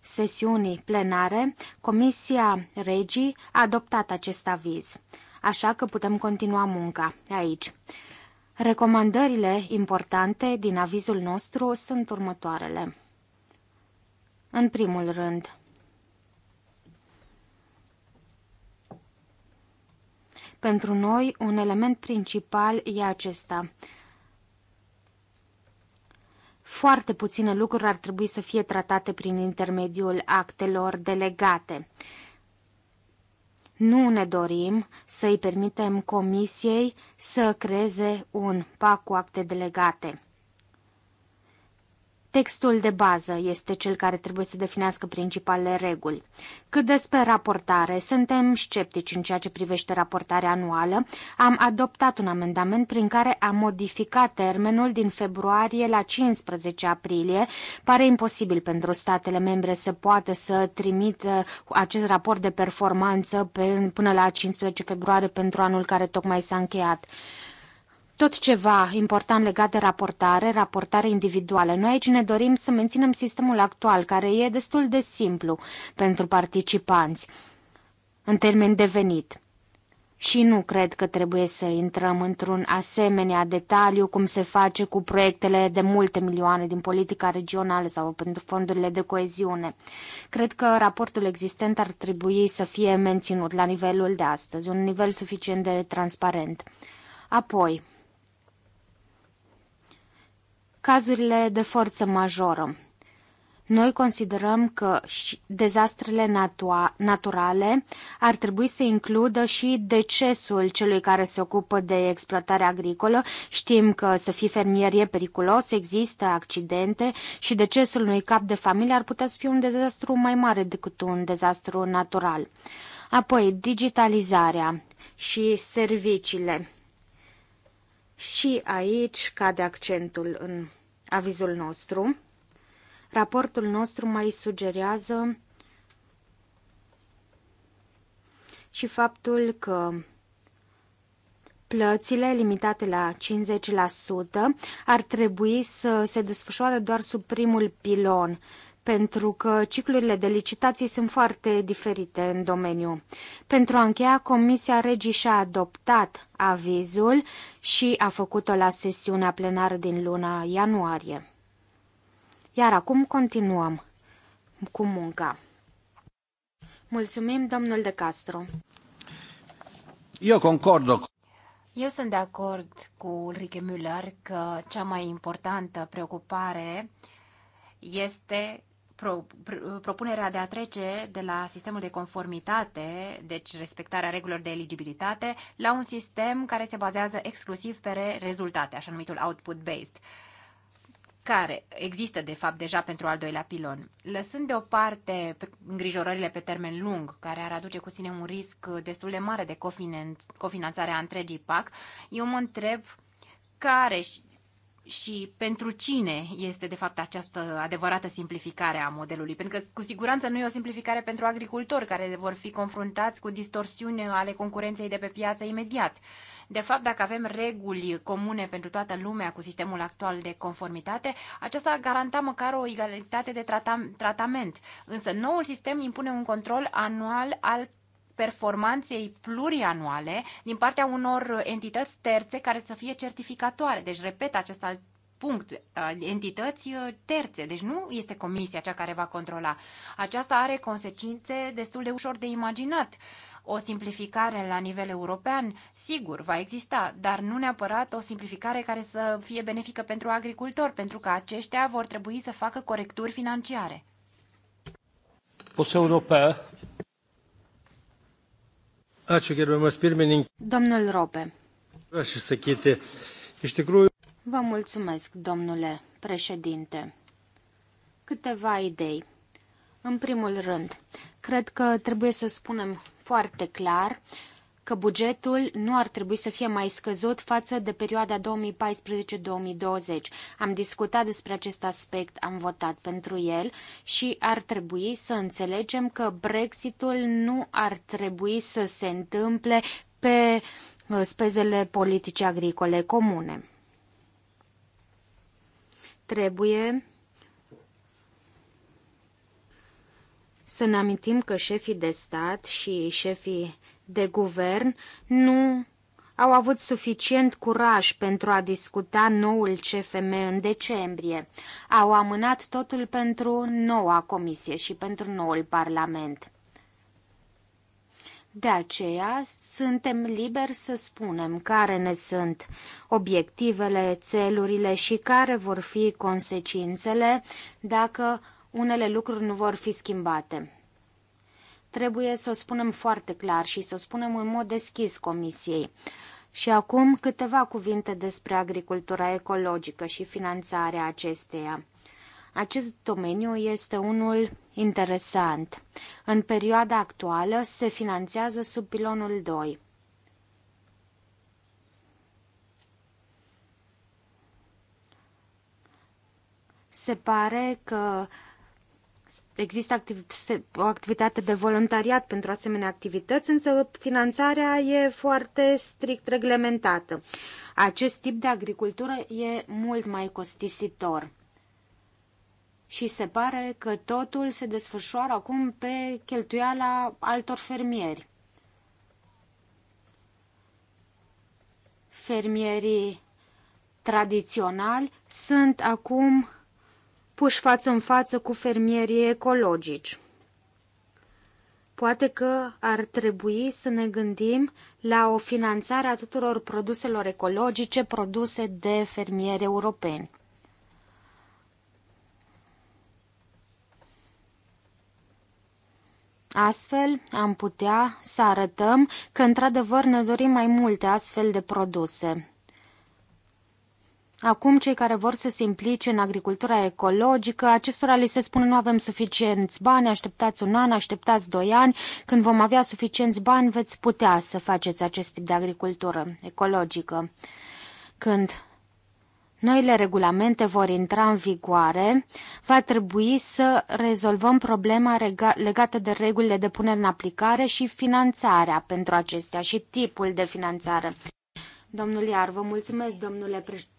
sesiunii plenare, Comisia Regii a adoptat acest aviz, așa că putem continua munca aici. Recomandările importante din avizul nostru sunt următoarele. În primul rând, Pentru noi, un element principal e acesta. Foarte puține lucruri ar trebui să fie tratate prin intermediul actelor delegate. Nu ne dorim să i permitem comisiei să creeze un pac cu acte delegate. Textul de bază este cel care trebuie să definească principalele reguli. Cât despre raportare, suntem sceptici în ceea ce privește raportarea anuală. Am adoptat un amendament prin care am modificat termenul din februarie la 15 aprilie. Pare imposibil pentru statele membre să poată să trimită acest raport de performanță până la 15 februarie pentru anul care tocmai s-a încheiat tot ceva important legat de raportare, raportare individuală. Noi aici ne dorim să menținem sistemul actual, care e destul de simplu pentru participanți, în termen de venit. Și nu cred că trebuie să intrăm într-un asemenea detaliu cum se face cu proiectele de multe milioane din politica regională sau pentru fondurile de coeziune. Cred că raportul existent ar trebui să fie menținut la nivelul de astăzi, un nivel suficient de transparent. Apoi, cazurile de forță majoră. Noi considerăm că și dezastrele naturale ar trebui să includă și decesul celui care se ocupă de exploatare agricolă. Știm că să fii fermier e periculos, există accidente și decesul unui cap de familie ar putea să fie un dezastru mai mare decât un dezastru natural. Apoi, digitalizarea și serviciile și aici cade accentul în avizul nostru. Raportul nostru mai sugerează și faptul că plățile limitate la 50% ar trebui să se desfășoare doar sub primul pilon, pentru că ciclurile de licitații sunt foarte diferite în domeniu. Pentru a încheia, Comisia Regii și-a adoptat avizul și a făcut-o la sesiunea plenară din luna ianuarie. Iar acum continuăm cu munca. Mulțumim, domnul De Castro. Eu concordo. Eu sunt de acord cu Ulrike Müller că cea mai importantă preocupare este propunerea de a trece de la sistemul de conformitate, deci respectarea regulilor de eligibilitate, la un sistem care se bazează exclusiv pe rezultate, așa numitul output-based, care există, de fapt, deja pentru al doilea pilon. Lăsând deoparte îngrijorările pe termen lung, care ar aduce cu sine un risc destul de mare de cofinanțare a întregii PAC, eu mă întreb care și pentru cine este de fapt această adevărată simplificare a modelului? Pentru că cu siguranță nu e o simplificare pentru agricultori care vor fi confruntați cu distorsiuni ale concurenței de pe piață imediat. De fapt, dacă avem reguli comune pentru toată lumea cu sistemul actual de conformitate, aceasta garanta măcar o egalitate de tratam- tratament. Însă noul sistem impune un control anual al performanței plurianuale din partea unor entități terțe care să fie certificatoare. Deci, repet, acest alt punct, uh, entități uh, terțe. Deci nu este comisia cea care va controla. Aceasta are consecințe destul de ușor de imaginat. O simplificare la nivel european, sigur, va exista, dar nu neapărat o simplificare care să fie benefică pentru agricultori, pentru că aceștia vor trebui să facă corecturi financiare. Poți europea. Ačiū, gerbiamas Domnul Rope. Aš įsakyti, iš tikrųjų. Vă mulțumesc, domnule președinte. Câteva idei. În primul rând, cred că trebuie să spunem foarte clar uh, că bugetul nu ar trebui să fie mai scăzut față de perioada 2014-2020. Am discutat despre acest aspect, am votat pentru el și ar trebui să înțelegem că Brexitul nu ar trebui să se întâmple pe uh, spezele politice agricole comune. Trebuie să ne amintim că șefii de stat și șefii de guvern nu au avut suficient curaj pentru a discuta noul CFM în decembrie. Au amânat totul pentru noua comisie și pentru noul parlament. De aceea, suntem liberi să spunem care ne sunt obiectivele, țelurile și care vor fi consecințele dacă unele lucruri nu vor fi schimbate. Trebuie să o spunem foarte clar și să o spunem în mod deschis Comisiei. Și acum câteva cuvinte despre agricultura ecologică și finanțarea acesteia. Acest domeniu este unul interesant. În perioada actuală se finanțează sub pilonul 2. Se pare că există activ, o activitate de voluntariat pentru asemenea activități, însă finanțarea e foarte strict reglementată. Acest tip de agricultură e mult mai costisitor. Și se pare că totul se desfășoară acum pe cheltuiala altor fermieri. Fermierii tradiționali sunt acum puși față în față cu fermierii ecologici. Poate că ar trebui să ne gândim la o finanțare a tuturor produselor ecologice produse de fermieri europeni. Astfel am putea să arătăm că într-adevăr ne dorim mai multe astfel de produse. Acum, cei care vor să se implice în agricultura ecologică, acestora li se spune nu avem suficienți bani, așteptați un an, așteptați doi ani, când vom avea suficienți bani veți putea să faceți acest tip de agricultură ecologică. Când noile regulamente vor intra în vigoare, va trebui să rezolvăm problema legată de regulile de punere în aplicare și finanțarea pentru acestea și tipul de finanțare. Domnul Iar, vă mulțumesc, domnule președinte.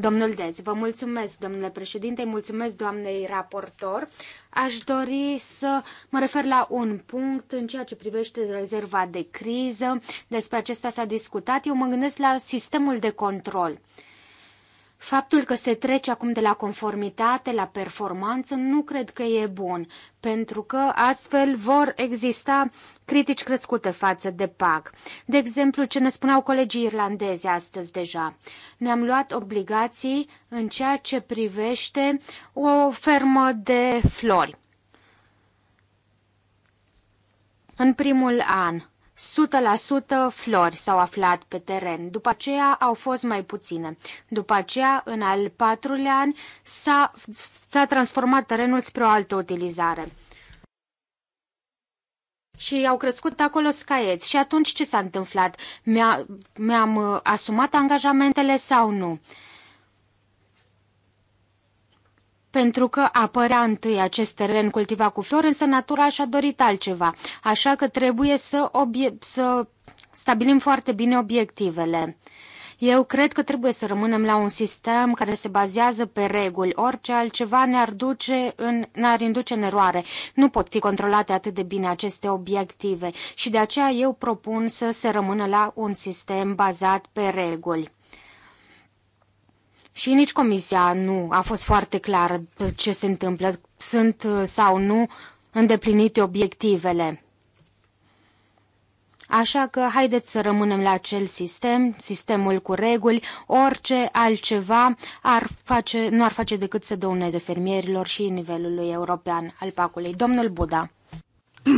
Domnul Dez, vă mulțumesc, domnule președinte, mulțumesc doamnei raportor. Aș dori să mă refer la un punct în ceea ce privește rezerva de criză. Despre acesta s-a discutat. Eu mă gândesc la sistemul de control. Faptul că se trece acum de la conformitate la performanță nu cred că e bun, pentru că astfel vor exista critici crescute față de PAC. De exemplu, ce ne spuneau colegii irlandezi astăzi deja. Ne-am luat obligații în ceea ce privește o fermă de flori. În primul an, 100% flori s-au aflat pe teren, după aceea au fost mai puține. După aceea, în al patrulea an, s-a, s-a transformat terenul spre o altă utilizare. Și au crescut acolo scaieți. Și atunci ce s-a întâmplat? mi am mi-am uh, asumat angajamentele sau nu? pentru că apărea întâi acest teren cultivat cu flori, însă natura și-a dorit altceva. Așa că trebuie să, să stabilim foarte bine obiectivele. Eu cred că trebuie să rămânem la un sistem care se bazează pe reguli. Orice altceva ne-ar, duce în, ne-ar induce în eroare. Nu pot fi controlate atât de bine aceste obiective și de aceea eu propun să se rămână la un sistem bazat pe reguli și nici comisia nu a fost foarte clară ce se întâmplă, sunt uh, sau nu îndeplinite obiectivele. Așa că haideți să rămânem la acel sistem, sistemul cu reguli, orice altceva ar face, nu ar face decât să dăuneze fermierilor și nivelului european al pacului. Domnul Buda.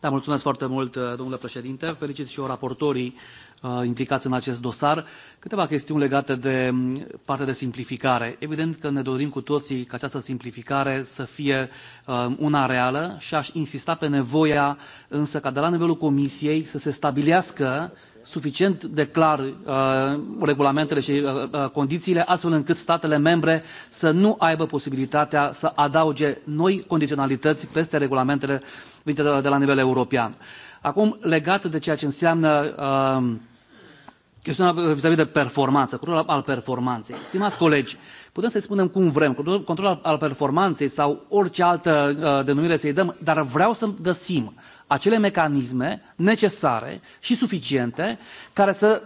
Da, mulțumesc foarte mult, uh, domnule președinte. Felicit și eu raportorii Uh, implicați în acest dosar. Câteva chestiuni legate de mm, partea de simplificare. Evident că ne dorim cu toții ca această simplificare să fie uh, una reală și aș insista pe nevoia însă ca de la nivelul Comisiei să se stabilească suficient de clar uh, regulamentele și uh, uh, condițiile, astfel încât statele membre să nu aibă posibilitatea să adauge noi condiționalități peste regulamentele venite de, de la nivel european. Acum, legat de ceea ce înseamnă uh, chestiunea vis-a-vis de performanță, controlul al performanței. Stimați colegi, putem să-i spunem cum vrem, controlul al performanței sau orice altă uh, denumire să-i dăm, dar vreau să găsim acele mecanisme necesare și suficiente care să,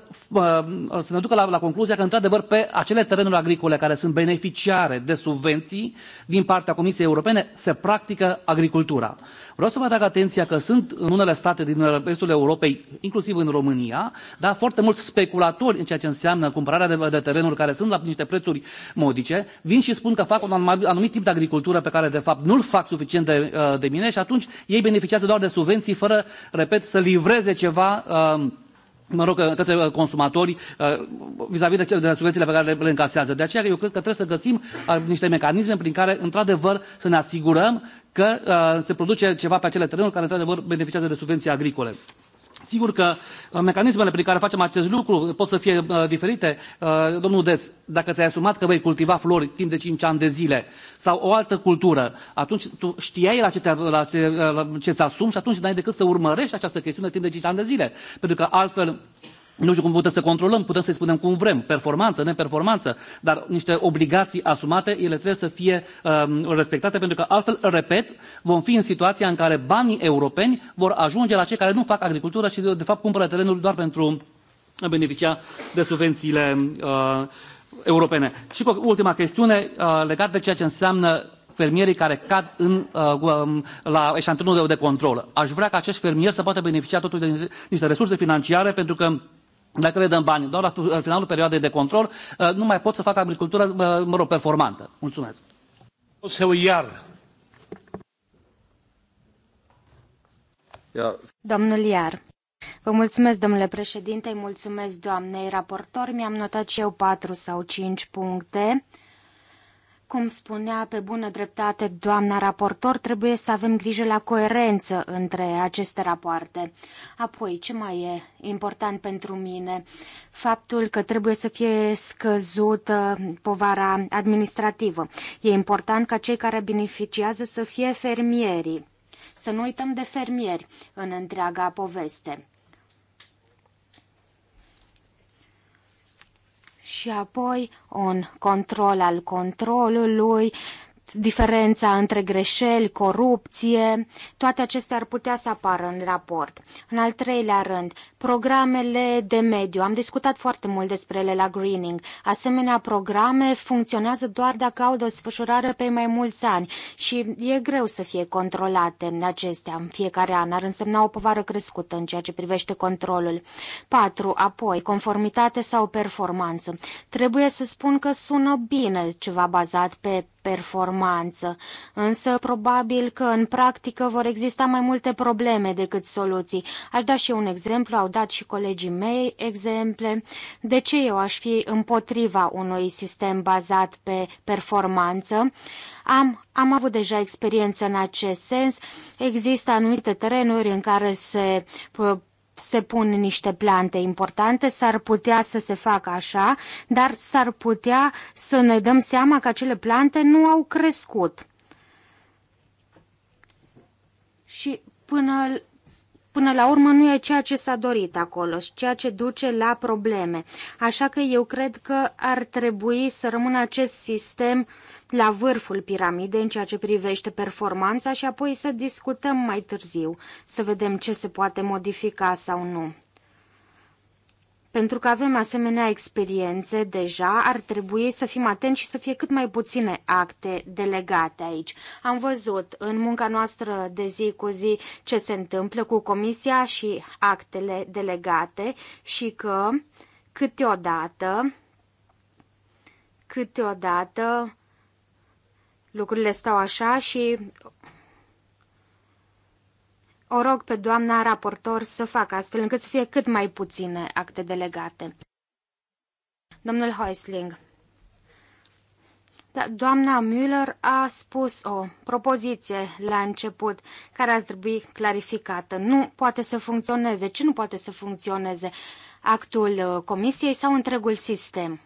să ne ducă la, la concluzia că, într-adevăr, pe acele terenuri agricole care sunt beneficiare de subvenții din partea Comisiei Europene se practică agricultura. Vreau să vă atrag atenția că sunt în unele state din restul Europei, inclusiv în România, dar foarte mulți speculatori în ceea ce înseamnă cumpărarea de, de terenuri care sunt la niște prețuri modice, vin și spun că fac un anumit tip de agricultură pe care, de fapt, nu-l fac suficient de, de mine și atunci ei beneficiază doar de subvenții subvenții fără, repet, să livreze ceva um, mă rog, uh, către uh, consumatori uh, vis-a-vis de, de subvențiile pe care le, încasează. De aceea eu cred că trebuie să găsim niște mecanisme prin care, într-adevăr, să ne asigurăm că se produce ceva pe acele terenuri care, într-adevăr, beneficiază de subvenții agricole. Sigur că uh, mecanismele prin care facem acest lucru pot să fie uh, diferite. Uh, domnul Des, dacă ți-ai asumat că vei cultiva flori timp de 5 ani de zile sau o altă cultură, atunci tu știai la ce, te, la ce, uh, la ce ți asumi și atunci n-ai decât să urmărești această chestiune timp de 5 ani de zile. Pentru că altfel nu știu cum putem să controlăm, putem să-i spunem cum vrem, performanță, neperformanță, dar niște obligații asumate, ele trebuie să fie um, respectate, pentru că altfel, repet, vom fi în situația în care banii europeni vor ajunge la cei care nu fac agricultură și, de fapt, cumpără terenul doar pentru a beneficia de subvențiile uh, europene. Și cu ultima chestiune uh, legată de ceea ce înseamnă fermierii care cad în, uh, um, la eșantionul de control. Aș vrea ca acești fermieri să poată beneficia totuși de niște resurse financiare, pentru că dacă le dăm bani doar la finalul perioadei de control, uh, nu mai pot să facă agricultură, uh, mă rog, performantă. Mulțumesc. O să iar. Domnul Iar. Vă mulțumesc, domnule președinte, îi mulțumesc doamnei raportor. Mi-am notat și eu patru sau cinci puncte. Cum spunea pe bună dreptate doamna raportor, trebuie să avem grijă la coerență între aceste rapoarte. Apoi, ce mai e important pentru mine? Faptul că trebuie să fie scăzută povara administrativă. E important ca cei care beneficiază să fie fermierii. Să nu uităm de fermieri în întreaga poveste. și apoi un control al controlului, diferența între greșeli, corupție, toate acestea ar putea să apară în raport. În al treilea rând, Programele de mediu, am discutat foarte mult despre ele la Greening. Asemenea, programe funcționează doar dacă au desfășurare pe mai mulți ani și e greu să fie controlate acestea în fiecare an. Ar însemna o povară crescută în ceea ce privește controlul. 4. Apoi, conformitate sau performanță. Trebuie să spun că sună bine ceva bazat pe performanță, însă probabil că în practică vor exista mai multe probleme decât soluții. Aș da și un exemplu, dat și colegii mei exemple, de ce eu aș fi împotriva unui sistem bazat pe performanță. Am, am avut deja experiență în acest sens. Există anumite terenuri în care se se pun niște plante importante, s-ar putea să se facă așa, dar s-ar putea să ne dăm seama că acele plante nu au crescut. Și până până la urmă nu e ceea ce s-a dorit acolo și ceea ce duce la probleme. Așa că eu cred că ar trebui să rămână acest sistem la vârful piramidei în ceea ce privește performanța și apoi să discutăm mai târziu, să vedem ce se poate modifica sau nu. Pentru că avem asemenea experiențe deja, ar trebui să fim atenți și să fie cât mai puține acte delegate aici. Am văzut în munca noastră de zi cu zi ce se întâmplă cu comisia și actele delegate și că câteodată, câteodată lucrurile stau așa și o rog pe doamna raportor să facă astfel încât să fie cât mai puține acte delegate. Domnul Heusling. Da, doamna Müller a spus o propoziție la început care ar trebui clarificată. Nu poate să funcționeze. Ce nu poate să funcționeze? Actul uh, comisiei sau întregul sistem?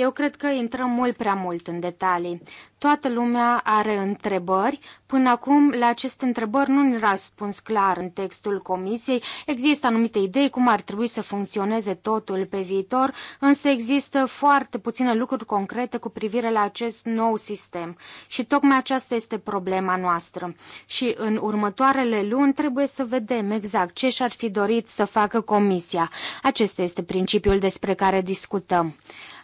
Eu cred că intrăm mult prea mult în detalii. Toată lumea are întrebări. Până acum, la aceste întrebări nu ne răspuns clar în textul comisiei. Există anumite idei cum ar trebui să funcționeze totul pe viitor, însă există foarte puține lucruri concrete cu privire la acest nou sistem. Și tocmai aceasta este problema noastră. Și în următoarele luni trebuie să vedem exact ce și-ar fi dorit să facă comisia. Acesta este principiul despre care discutăm.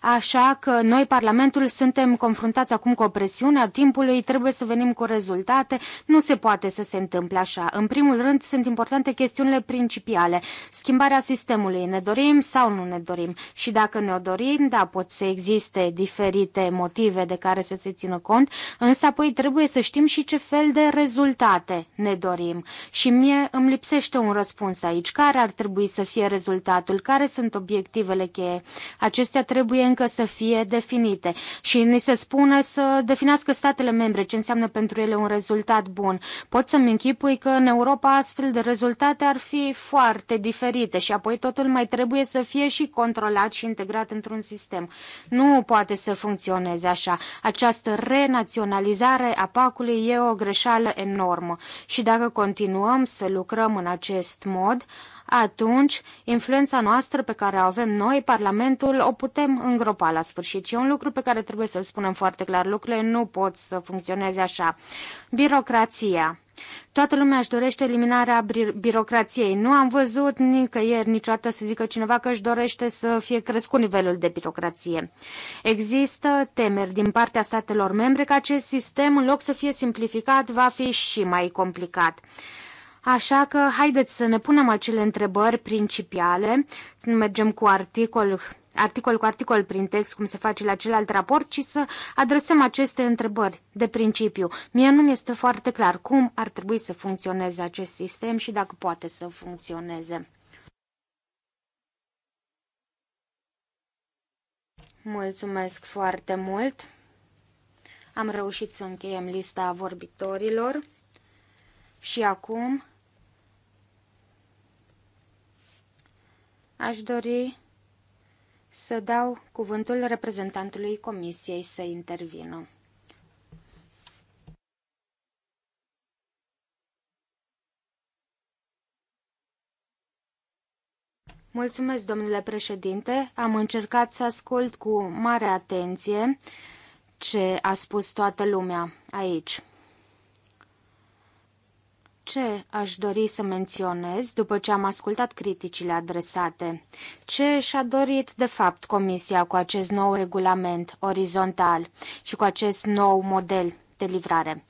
Așa că noi, Parlamentul, suntem confruntați acum cu o presiune a timpului, trebuie să venim cu rezultate, nu se poate să se întâmple așa. În primul rând, sunt importante chestiunile principiale. Schimbarea sistemului, ne dorim sau nu ne dorim? Și dacă ne-o dorim, da, pot să existe diferite motive de care să se țină cont, însă apoi trebuie să știm și ce fel de rezultate ne dorim. Și mie îmi lipsește un răspuns aici. Care ar trebui să fie rezultatul? Care sunt obiectivele cheie? Acestea trebuie încă să fie definite și ni se spune să definească statele membre ce înseamnă pentru ele un rezultat bun. Pot să-mi închipui că în Europa astfel de rezultate ar fi foarte diferite și apoi totul mai trebuie să fie și controlat și integrat într-un sistem. Nu poate să funcționeze așa. Această renaționalizare a pacului e o greșeală enormă și dacă continuăm să lucrăm în acest mod, atunci influența noastră pe care o avem noi, Parlamentul, o putem îngropa la sfârșit. Și e un lucru pe care trebuie să-l spunem foarte clar. Lucrurile nu pot să funcționeze așa. Birocrația. Toată lumea își dorește eliminarea birocrației. Nu am văzut nicăieri niciodată să zică cineva că își dorește să fie crescut nivelul de birocrație. Există temeri din partea statelor membre că acest sistem, în loc să fie simplificat, va fi și mai complicat. Așa că haideți să ne punem acele întrebări principiale, să nu mergem cu articol, articol cu articol prin text, cum se face la celălalt raport, ci să adresăm aceste întrebări de principiu. Mie nu mi-este foarte clar cum ar trebui să funcționeze acest sistem și dacă poate să funcționeze. Mulțumesc foarte mult! Am reușit să încheiem lista vorbitorilor și acum Aș dori să dau cuvântul reprezentantului Comisiei să intervină. Mulțumesc, domnule președinte. Am încercat să ascult cu mare atenție ce a spus toată lumea aici. Ce aș dori să menționez după ce am ascultat criticile adresate? Ce și-a dorit de fapt Comisia cu acest nou regulament orizontal și cu acest nou model de livrare?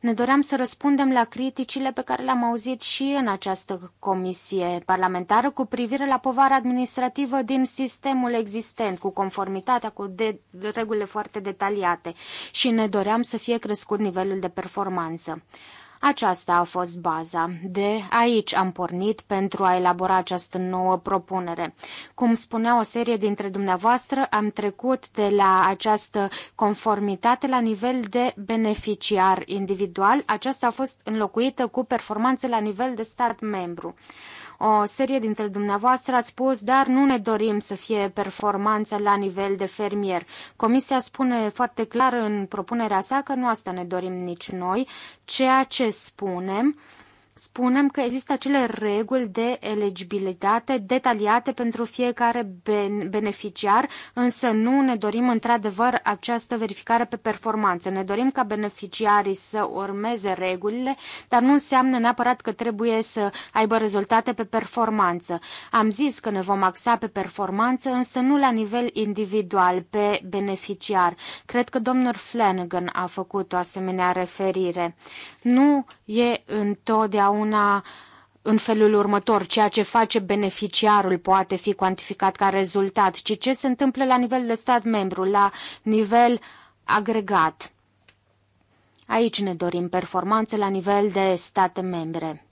Ne doream să răspundem la criticile pe care le-am auzit și în această comisie parlamentară cu privire la povara administrativă din sistemul existent, cu conformitatea, cu de, de regulile foarte detaliate și ne doream să fie crescut nivelul de performanță. Aceasta a fost baza. De aici am pornit pentru a elabora această nouă propunere. Cum spunea o serie dintre dumneavoastră, am trecut de la această conformitate la nivel de beneficiar individual. Aceasta a fost înlocuită cu performanțe la nivel de stat membru. O serie dintre dumneavoastră ați spus, dar nu ne dorim să fie performanță la nivel de fermier. Comisia spune foarte clar în propunerea sa că nu asta ne dorim nici noi. Ceea ce spunem spunem că există acele reguli de eligibilitate detaliate pentru fiecare beneficiar, însă nu ne dorim într-adevăr această verificare pe performanță. Ne dorim ca beneficiarii să urmeze regulile, dar nu înseamnă neapărat că trebuie să aibă rezultate pe performanță. Am zis că ne vom axa pe performanță, însă nu la nivel individual, pe beneficiar. Cred că domnul Flanagan a făcut o asemenea referire. Nu e întotdeauna întotdeauna în felul următor, ceea ce face beneficiarul poate fi cuantificat ca rezultat, ci ce se întâmplă la nivel de stat membru, la nivel agregat. Aici ne dorim performanțe la nivel de state membre.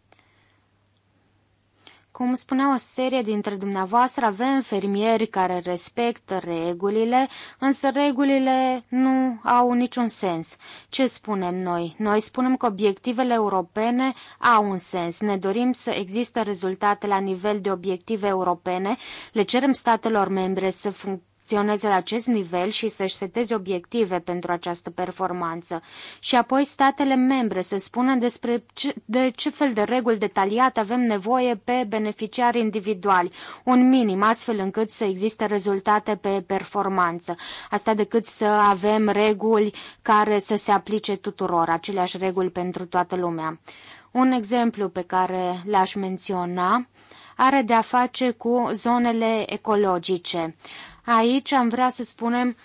Cum spunea o serie dintre dumneavoastră, avem fermieri care respectă regulile, însă regulile nu au niciun sens. Ce spunem noi? Noi spunem că obiectivele europene au un sens. Ne dorim să existe rezultate la nivel de obiective europene, le cerem statelor membre să funcționeze acționeze la acest nivel și să-și seteze obiective pentru această performanță și apoi statele membre să spună despre ce, de ce fel de reguli detaliate avem nevoie pe beneficiari individuali, un minim, astfel încât să existe rezultate pe performanță. Asta decât să avem reguli care să se aplice tuturor, aceleași reguli pentru toată lumea. Un exemplu pe care l-aș menționa are de a face cu zonele ecologice. Aici am vrea să spunem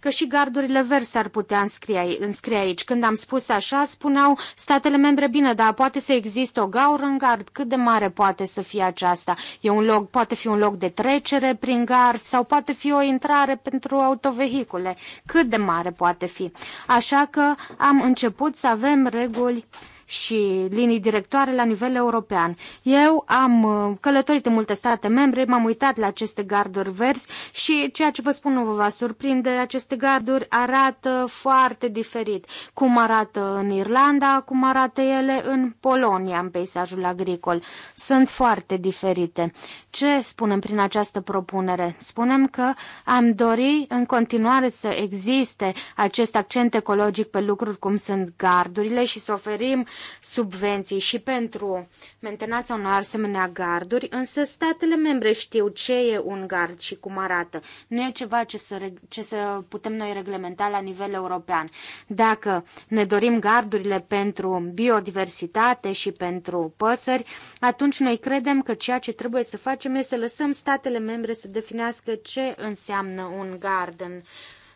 că și gardurile verzi ar putea înscrie, înscrie aici. Când am spus așa, spuneau statele membre, bine, dar poate să existe o gaură în gard. Cât de mare poate să fie aceasta? E un loc, poate fi un loc de trecere prin gard sau poate fi o intrare pentru autovehicule. Cât de mare poate fi? Așa că am început să avem reguli uh, și linii directoare la nivel european. Eu am uh, călătorit în multe state membre, m-am uitat la aceste garduri verzi și ceea ce vă spun nu vă va surprinde, aceste garduri arată foarte diferit. Cum arată în Irlanda, cum arată ele în Polonia, în peisajul agricol. Sunt foarte diferite. Ce spunem prin această propunere? Spunem că am dori în continuare să existe acest accent ecologic pe lucruri cum sunt gardurile și să oferim subvenții și pentru mentenația unor asemenea garduri, însă statele membre știu ce e un gard și cum arată. Nu e ceva ce să, ce să putem noi reglementa la nivel european. Dacă ne dorim gardurile pentru biodiversitate și pentru păsări, atunci noi credem că ceea ce trebuie să facem facem este să lăsăm statele membre să definească ce înseamnă un gard în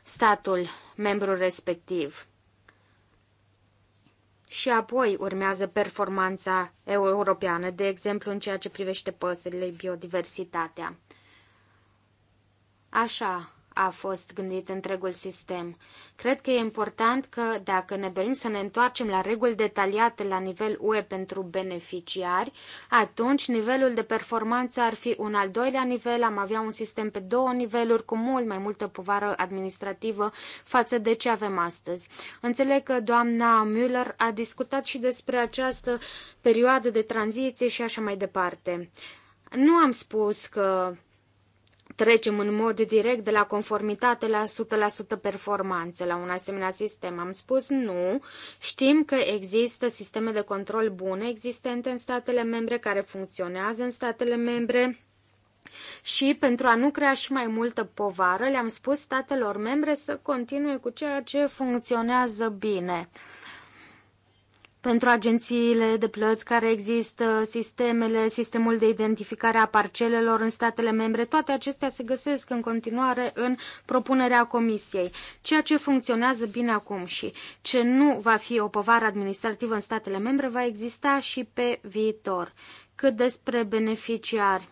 statul membru respectiv. Și apoi urmează performanța europeană, de exemplu în ceea ce privește păsările, biodiversitatea. Așa a fost gândit întregul sistem. Cred că e important că dacă ne dorim să ne întoarcem la reguli detaliate la nivel UE pentru beneficiari, atunci nivelul de performanță ar fi un al doilea nivel, am avea un sistem pe două niveluri cu mult mai multă povară administrativă față de ce avem astăzi. Înțeleg că doamna Müller a discutat și despre această perioadă de tranziție și așa mai departe. Nu am spus că trecem în mod direct de la conformitate la 100% performanță la un asemenea sistem. Am spus nu. Știm că există sisteme de control bune existente în statele membre, care funcționează în statele membre. Și pentru a nu crea și mai multă povară, le-am spus statelor membre să continue cu ceea ce funcționează bine pentru agențiile de plăți care există, sistemele, sistemul de identificare a parcelelor în statele membre, toate acestea se găsesc în continuare în propunerea Comisiei. Ceea ce funcționează bine acum și ce nu va fi o povară administrativă în statele membre va exista și pe viitor. Cât despre beneficiari,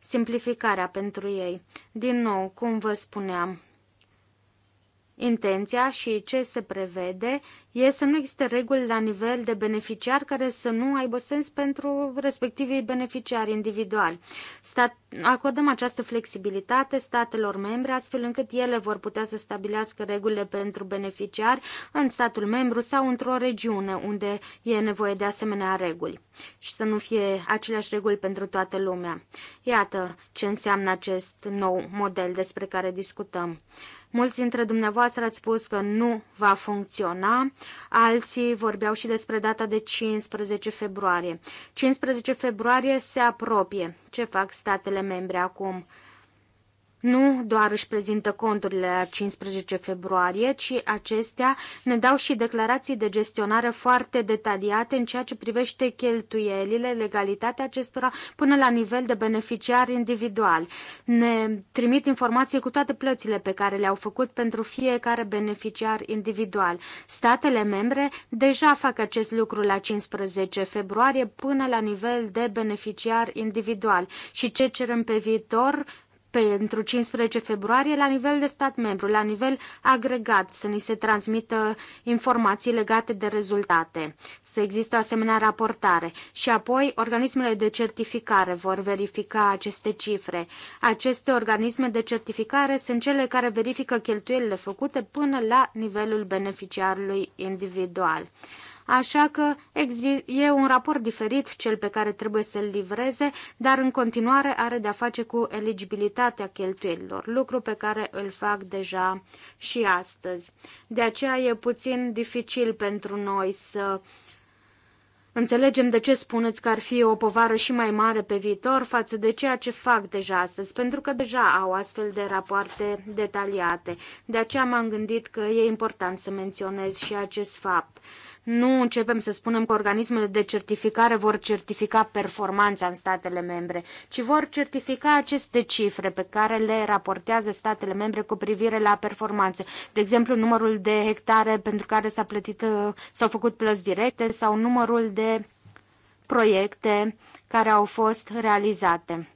simplificarea pentru ei. Din nou, cum vă spuneam, Intenția și ce se prevede e să nu existe reguli la nivel de beneficiar care să nu aibă sens pentru respectivii beneficiari individuali. Stat, acordăm această flexibilitate statelor membre astfel încât ele vor putea să stabilească regulile pentru beneficiari în statul membru sau într-o regiune unde e nevoie de asemenea reguli și să nu fie aceleași reguli pentru toată lumea. Iată ce înseamnă acest nou model despre care discutăm. Mulți dintre dumneavoastră ați spus că nu va funcționa, alții vorbeau și despre data de 15 februarie. 15 februarie se apropie. Ce fac statele membre acum? nu doar își prezintă conturile la 15 februarie, ci acestea ne dau și declarații de gestionare foarte detaliate în ceea ce privește cheltuielile, legalitatea acestora până la nivel de beneficiar individual. Ne trimit informații cu toate plățile pe care le-au făcut pentru fiecare beneficiar individual. Statele membre deja fac acest lucru la 15 februarie până la nivel de beneficiar individual și ce cerem pe viitor pentru 15 februarie la nivel de stat membru, la nivel agregat, să ni se transmită informații legate de rezultate, să există o asemenea raportare și apoi organismele de certificare vor verifica aceste cifre. Aceste organisme de certificare sunt cele care verifică cheltuielile făcute până la nivelul beneficiarului individual. Așa că e un raport diferit cel pe care trebuie să-l livreze, dar în continuare are de-a face cu eligibilitatea cheltuielilor, lucru pe care îl fac deja și astăzi. De aceea e puțin dificil pentru noi să Înțelegem de ce spuneți că ar fi o povară și mai mare pe viitor față de ceea ce fac deja astăzi, pentru că deja au astfel de rapoarte detaliate. De aceea m-am gândit că e important să menționez și acest fapt nu începem să spunem că organismele de certificare vor certifica performanța în statele membre, ci vor certifica aceste cifre pe care le raportează statele membre cu privire la performanțe. De exemplu, numărul de hectare pentru care s-a plătit, uh, s-au făcut plăți directe sau numărul de proiecte care au fost realizate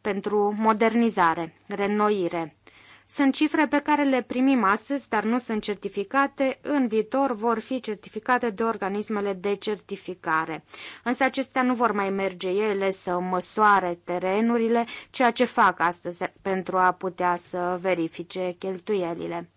pentru modernizare, renoire. Sunt cifre pe care le primim astăzi, dar nu sunt certificate. În viitor vor fi certificate de organismele de certificare. Însă acestea nu vor mai merge ele să măsoare terenurile, ceea ce fac astăzi pentru a putea să verifice cheltuielile.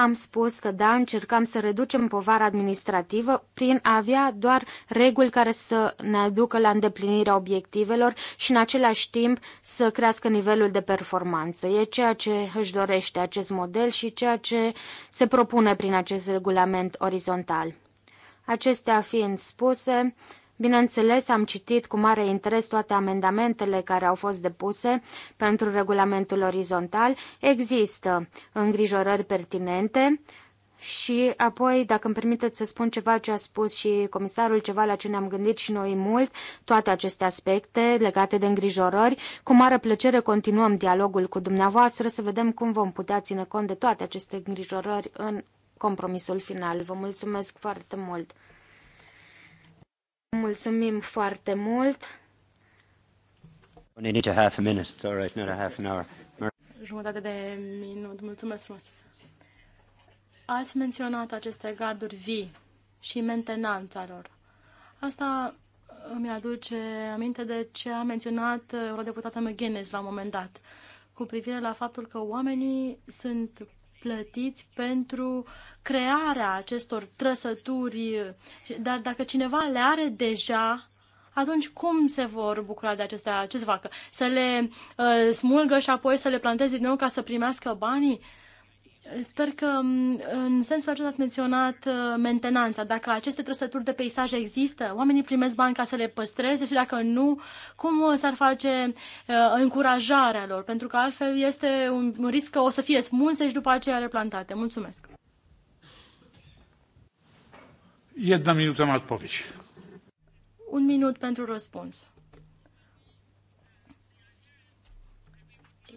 Am spus că da, încercam să reducem povara administrativă prin a avea doar reguli care să ne aducă la îndeplinirea obiectivelor și în același timp să crească nivelul de performanță. E ceea ce își dorește acest model și ceea ce se propune prin acest regulament orizontal. Acestea fiind spuse, Bineînțeles, am citit cu mare interes toate amendamentele care au fost depuse pentru regulamentul orizontal. Există îngrijorări pertinente și apoi, dacă îmi permiteți să spun ceva ce a spus și comisarul, ceva la ce ne-am gândit și noi mult, toate aceste aspecte legate de îngrijorări, cu mare plăcere continuăm dialogul cu dumneavoastră să vedem cum vom putea ține cont de toate aceste îngrijorări în compromisul final. Vă mulțumesc foarte mult! Mulțumim foarte mult. Only need a half a minute. It's all right, not a half an hour. Jumătate de minut. Mulțumesc frumos. Ați menționat aceste garduri vii și mentenanța lor. Asta îmi aduce aminte de ce a menționat deputată McGuinness la un moment dat, cu privire la faptul că oamenii sunt plătiți pentru crearea acestor trăsături, dar dacă cineva le are deja, atunci cum se vor bucura de acestea? Ce să facă? Să le uh, smulgă și apoi să le planteze din nou ca să primească banii? Uh, Sper că mm, în sensul acesta ați menționat uh, mentenanța. Dacă aceste trăsături de peisaj există, oamenii primesc bani ca să le păstreze și dacă nu, cum uh, s-ar face uh, încurajarea lor? Pentru că altfel este un risc că o să fie smulse și după aceea replantate. Mulțumesc! Iedna minută Matpovici. Un minut pentru răspuns.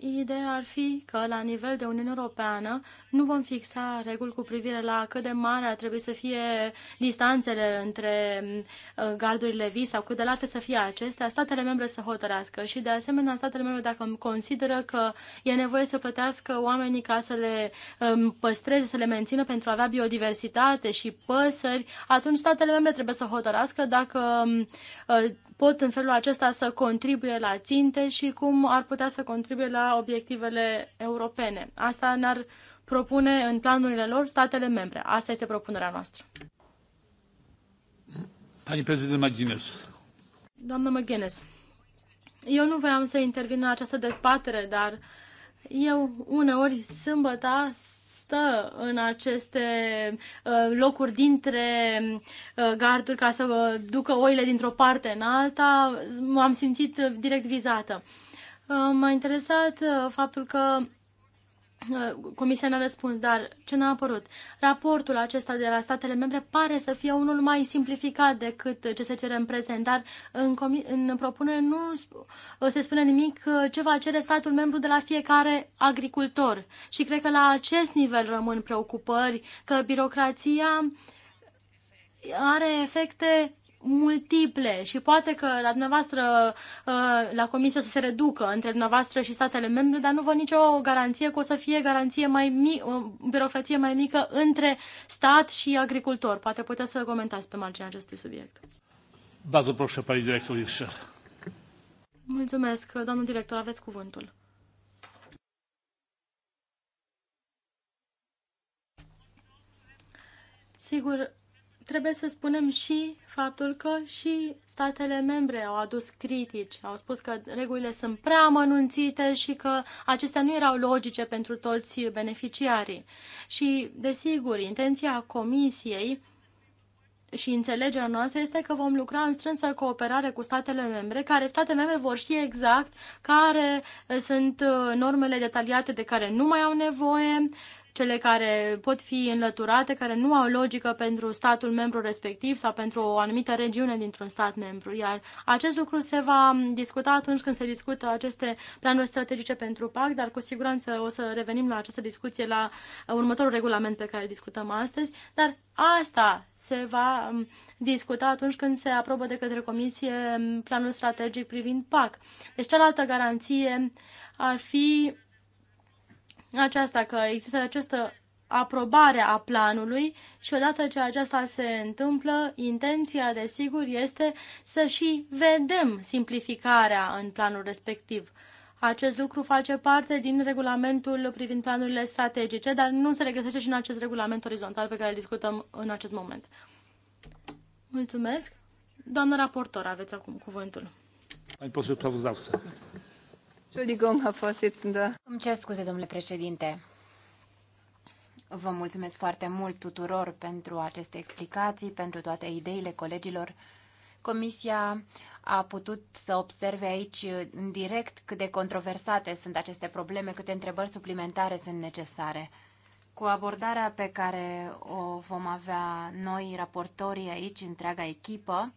ideea ar fi că, la nivel de Uniune Europeană, nu vom fixa reguli cu privire la cât de mare ar trebui să fie distanțele între uh, gardurile vii sau cât de late să fie acestea, statele membre să hotărească și, de asemenea, statele membre, dacă consideră că e nevoie să plătească oamenii ca să le um, păstreze, să le mențină pentru a avea biodiversitate și păsări, atunci statele membre trebuie să hotărească dacă um, uh, pot în felul acesta să contribuie la ținte și cum ar putea să contribuie la obiectivele europene. Asta ne-ar propune în planurile lor statele membre. Asta este propunerea noastră. Pani prezident Doamnă Maghines, eu nu voiam să intervin în această dezbatere, dar eu uneori sâmbăta stă în aceste uh, locuri dintre uh, garduri ca să uh, ducă oile dintr-o parte în alta, m-am simțit direct vizată. M-a interesat faptul că Uh, comisia n-a răspuns, dar ce n-a apărut? Raportul acesta de la statele membre pare să fie unul mai simplificat decât ce se cere în prezent, dar în, în propunere nu uh, se spune nimic uh, ce va cere statul membru de la fiecare agricultor. Și cred că la acest nivel rămân preocupări că birocrația are efecte multiple și poate că la dumneavoastră, uh, la comisie o să se reducă între dumneavoastră și statele membre, dar nu văd nicio garanție că o să fie garanție mai mică, o uh, birocrație mai mică între stat și agricultor. Poate puteți să comentați pe marginea acestui subiect. Bardzo proszę, pani director jeszcze. Mulțumesc, domnul director, aveți cuvântul. Sigur, trebuie să spunem și faptul că și statele membre au adus critici, au spus că regulile sunt prea mănunțite și că acestea nu erau logice pentru toți beneficiarii. Și, desigur, intenția Comisiei și înțelegerea noastră este că vom lucra în strânsă cooperare cu statele membre, care statele membre vor ști exact care sunt uh, normele detaliate de care nu mai au nevoie, cele care pot fi înlăturate, care nu au logică pentru statul membru respectiv sau pentru o anumită regiune dintr-un stat membru. Iar acest lucru se va discuta atunci când se discută aceste planuri strategice pentru PAC, dar cu siguranță o să revenim la această discuție la uh, următorul regulament pe care îl discutăm astăzi. Dar asta se va um, discuta atunci când se aprobă de către Comisie um, planul strategic privind PAC. Deci cealaltă garanție ar fi aceasta, că există această aprobare a planului și odată ce aceasta se întâmplă, intenția, desigur, este să și vedem simplificarea în planul respectiv. Acest lucru face parte din regulamentul privind planurile strategice, dar nu se regăsește și în acest regulament orizontal pe care îl discutăm în acest moment. Mulțumesc. Doamnă raportor, aveți acum cuvântul. Ai poseł să. Entschuldigung, Herr Vorsitzender. Îmi cer scuze, domnule președinte. Vă mulțumesc foarte mult tuturor pentru aceste explicații, pentru toate ideile colegilor. Comisia a putut să observe aici în direct cât de controversate sunt aceste probleme, câte întrebări suplimentare sunt necesare. Cu abordarea pe care o vom avea noi, raportorii aici, întreaga echipă,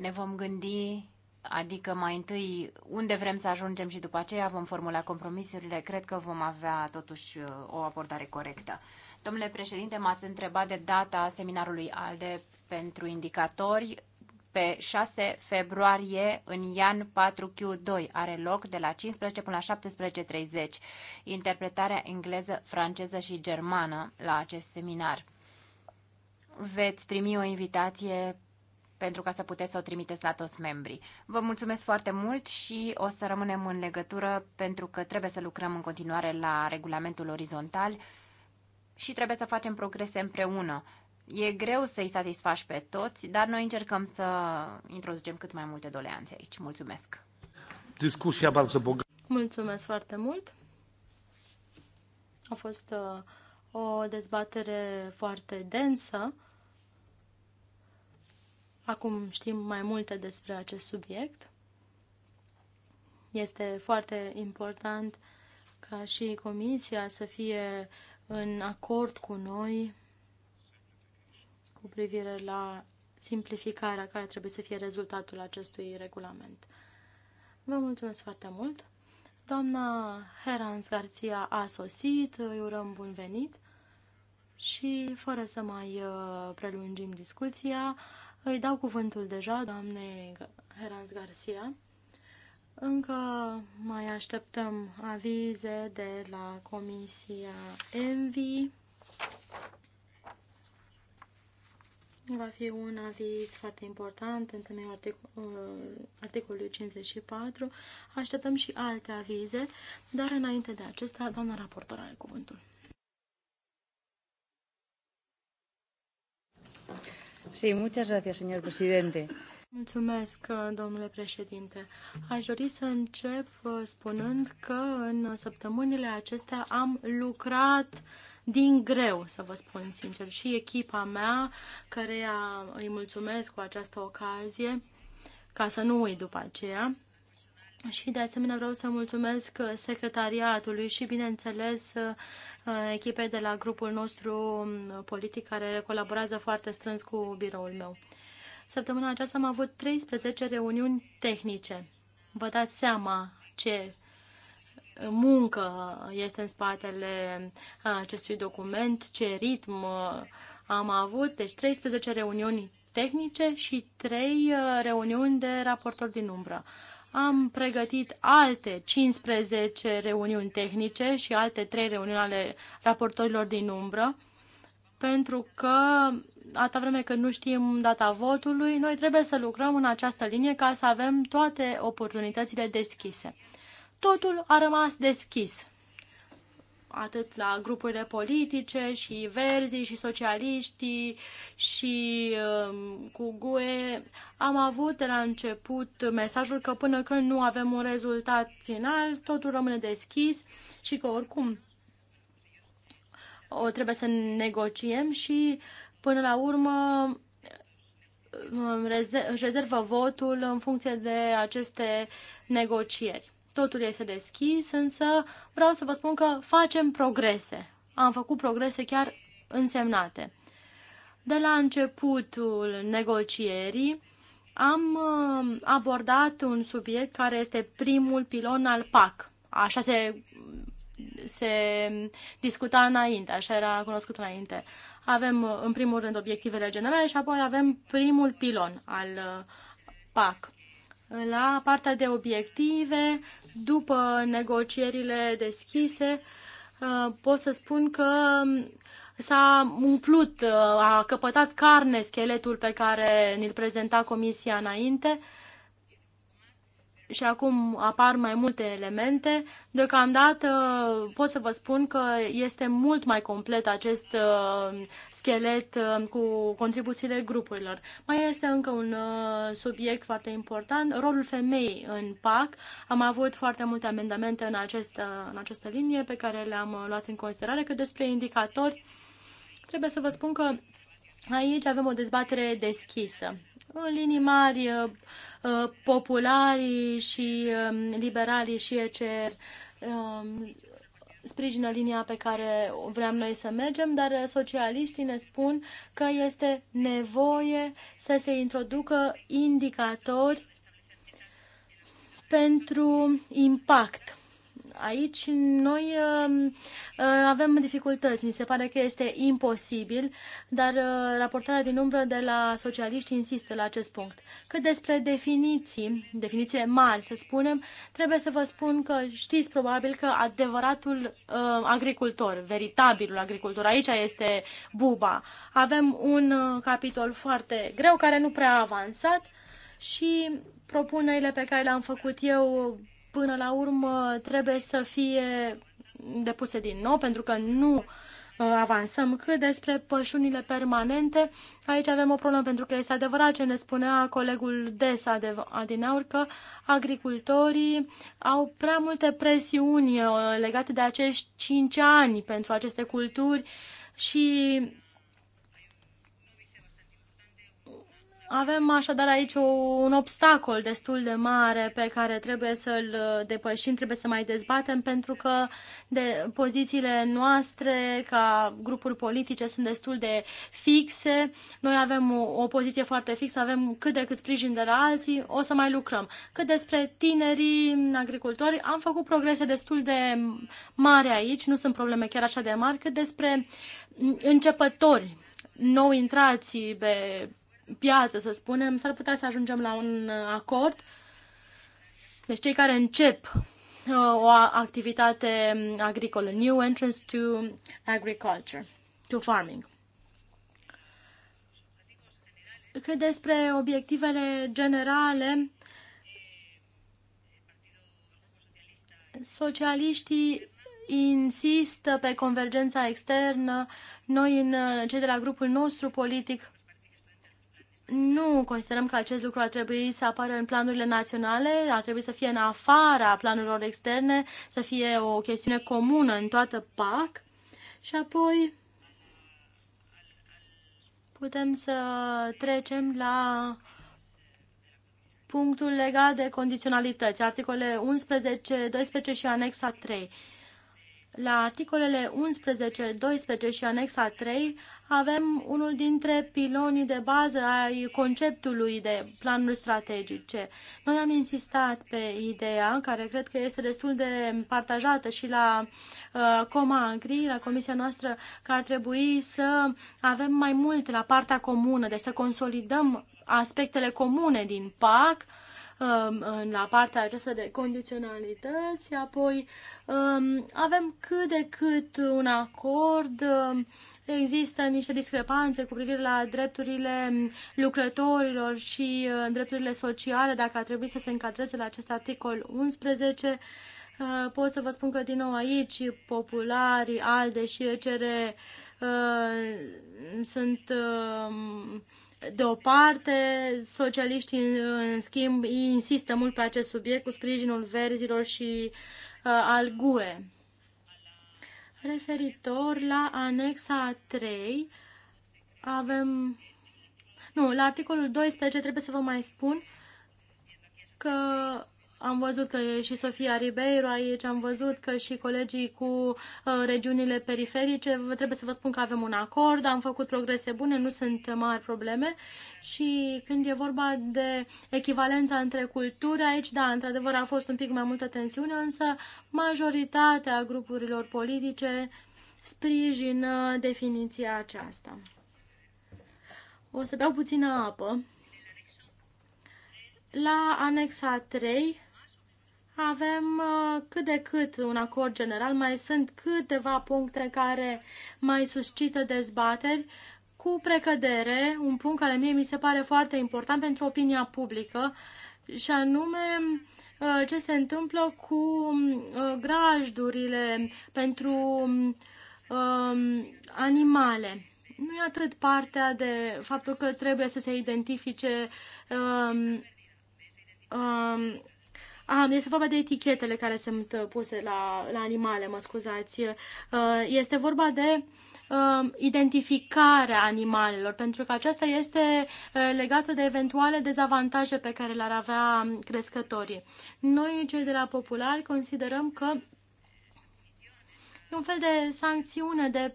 ne vom gândi adică mai întâi unde vrem să ajungem și după aceea vom formula compromisurile, cred că vom avea totuși uh, o abordare corectă. Domnule președinte, m-ați întrebat de data seminarului ALDE pentru indicatori. Pe 6 februarie, în IAN 4Q2, are loc de la 15 până la 17.30, interpretarea engleză, franceză și germană la acest seminar. Veți primi o invitație pentru ca să puteți să o trimiteți la toți membrii. Vă mulțumesc foarte mult și o să rămânem în legătură pentru că trebuie să lucrăm în continuare la regulamentul orizontal și trebuie să facem progrese împreună. E greu să-i satisfaci pe toți, dar noi încercăm să introducem cât mai multe doleanțe aici. Mulțumesc! Discuția bardzo bogată. Mulțumesc foarte mult! A fost uh, o dezbatere foarte densă. Acum știm mai multe despre acest subiect. Este foarte important ca și Comisia să fie în acord cu noi cu privire la simplificarea care trebuie să fie rezultatul acestui regulament. Vă mulțumesc foarte mult! Doamna Herans Garcia a sosit, îi urăm bun venit și, fără să mai uh, prelungim discuția, îi dau cuvântul deja doamnei Herans Garcia. Încă mai așteptăm avize de la Comisia Envi. Va fi un aviz foarte important în temeiul articol, uh, articolului 54. Așteptăm și alte avize, dar înainte de acesta, doamna raportor are cuvântul. Sí, muchas gracias, señor presidente. Mulțumesc, domnule președinte. Aș dori să încep uh, spunând că în săptămânile acestea am lucrat din greu, să vă spun sincer, și echipa mea, care îi mulțumesc cu această ocazie, ca să nu uit după aceea. Și de asemenea vreau să mulțumesc uh, secretariatului și, bineînțeles, uh, uh, echipei de la grupul nostru um, politic care colaborează foarte strâns cu biroul meu. Săptămâna aceasta am avut 13 reuniuni tehnice. Vă dați seama ce muncă este în spatele acestui document, ce ritm am avut, deci 13 reuniuni tehnice și 3 reuniuni de raportori din umbră am pregătit alte 15 reuniuni tehnice și alte 3 reuniuni ale raportorilor din umbră, pentru că atâta vreme când nu știm data votului, noi trebuie să lucrăm în această linie ca să avem toate oportunitățile deschise. Totul a rămas deschis atât la grupurile politice și verzii și socialiștii și um, cu GUE, am avut de la început mesajul că până când nu avem un rezultat final, totul rămâne deschis și că oricum o trebuie să negociem și până la urmă um, își rezervă votul în funcție de aceste negocieri totul este deschis, însă vreau să vă spun că facem progrese. Am făcut progrese chiar însemnate. De la începutul negocierii am uh, abordat un subiect care este primul pilon al PAC. Așa se, se discuta înainte, așa era cunoscut înainte. Avem uh, în primul rând obiectivele generale și apoi avem primul pilon al uh, PAC. La partea de obiective după negocierile deschise, uh, pot să spun că s-a umplut, uh, a căpătat carne scheletul pe care ni-l prezenta comisia înainte și acum apar mai multe elemente. Deocamdată pot să vă spun că este mult mai complet acest uh, schelet uh, cu contribuțiile grupurilor. Mai este încă un uh, subiect foarte important, rolul femeii în PAC. Am avut foarte multe amendamente în, această, în această linie pe care le-am luat în considerare, că despre indicatori trebuie să vă spun că Aici avem o dezbatere deschisă. În linii mari, uh, uh, popularii și um, liberalii și ECR um, sprijină linia pe care vrem noi să mergem, dar socialiștii ne spun că este nevoie să se introducă indicatori pentru impact aici noi um, uh, avem dificultăți. Mi se pare că este imposibil, dar uh, raportarea din umbră de la socialiști insistă la acest punct. Cât despre definiții, definițiile mari, să spunem, trebuie să vă spun că știți probabil că adevăratul uh, agricultor, veritabilul agricultor, aici este buba. Avem un capitol foarte greu care nu prea a avansat și propunerile pe care le-am făcut eu până la urmă trebuie să fie depuse din nou, pentru că nu uh, avansăm. Cât despre pășunile permanente, aici avem o problemă, pentru că este adevărat ce ne spunea colegul Desa de Adinaur, că agricultorii au prea multe presiuni uh, legate de acești 5 ani pentru aceste culturi și Avem așadar aici un obstacol destul de mare pe care trebuie să-l uh, depășim, trebuie să mai dezbatem, pentru că de pozițiile noastre ca grupuri politice sunt destul de fixe. Noi avem o, poziție foarte fixă, avem cât de cât sprijin de la alții, o să mai lucrăm. Cât despre tinerii agricultori, am făcut progrese destul de mari aici, nu sunt probleme chiar așa de mari, cât despre începători nou intrații pe piață, să spunem, s-ar putea să ajungem la un uh, acord. Deci cei care încep uh, o activitate um, agricolă, new entrance to agriculture, to farming. Cât despre obiectivele generale, socialiștii insistă pe convergența externă. Noi, în uh, cei de la grupul nostru politic, nu considerăm că acest lucru ar trebui să apară în planurile naționale, ar trebui să fie în afara planurilor externe, să fie o chestiune comună în toată PAC și apoi putem să trecem la punctul legat de condiționalități, articole 11, 12 și anexa 3. La articolele 11, 12 și anexa 3 avem unul dintre pilonii de bază ai conceptului de planuri strategice. Noi am insistat pe ideea, care cred că este destul de partajată și la uh, Comagri, la comisia noastră, că ar trebui să avem mai mult la partea comună, deci să consolidăm aspectele comune din PAC, um, la partea aceasta de condiționalități, apoi um, avem cât de cât un acord um, există niște discrepanțe cu privire la drepturile lucrătorilor și uh, drepturile sociale, dacă ar trebui să se încadreze la acest articol 11. Uh, pot să vă spun că din nou aici populari, ALDE și ECR uh, sunt um, de o parte, socialiștii în schimb insistă mult pe acest subiect cu sprijinul verzilor și al GUE referitor la anexa 3 avem... Nu, la articolul 12 trebuie să vă mai spun că am văzut că și Sofia Ribeiro aici, am văzut că și colegii cu uh, regiunile periferice, trebuie să vă spun că avem un acord, am făcut progrese bune, nu sunt mari probleme și când e vorba de echivalența între culturi, aici, da, într-adevăr a fost un pic mai multă tensiune, însă majoritatea grupurilor politice sprijină definiția aceasta. O să beau puțină apă. La anexa 3 avem uh, cât de cât un acord general, mai sunt câteva puncte care mai suscită dezbateri, cu precădere, un punct care mie mi se pare foarte important pentru opinia publică, și anume uh, ce se întâmplă cu um, uh, grajdurile pentru um, um, animale. Nu e atât partea de faptul că trebuie să se identifice um, um, a, este vorba de etichetele care sunt uh, puse la, la animale, mă scuzați. Uh, este vorba de uh, identificarea animalelor, pentru că aceasta este legată de eventuale dezavantaje pe care le-ar avea um, crescătorii. Noi, cei de la Popular, considerăm că e un fel de sancțiune, de,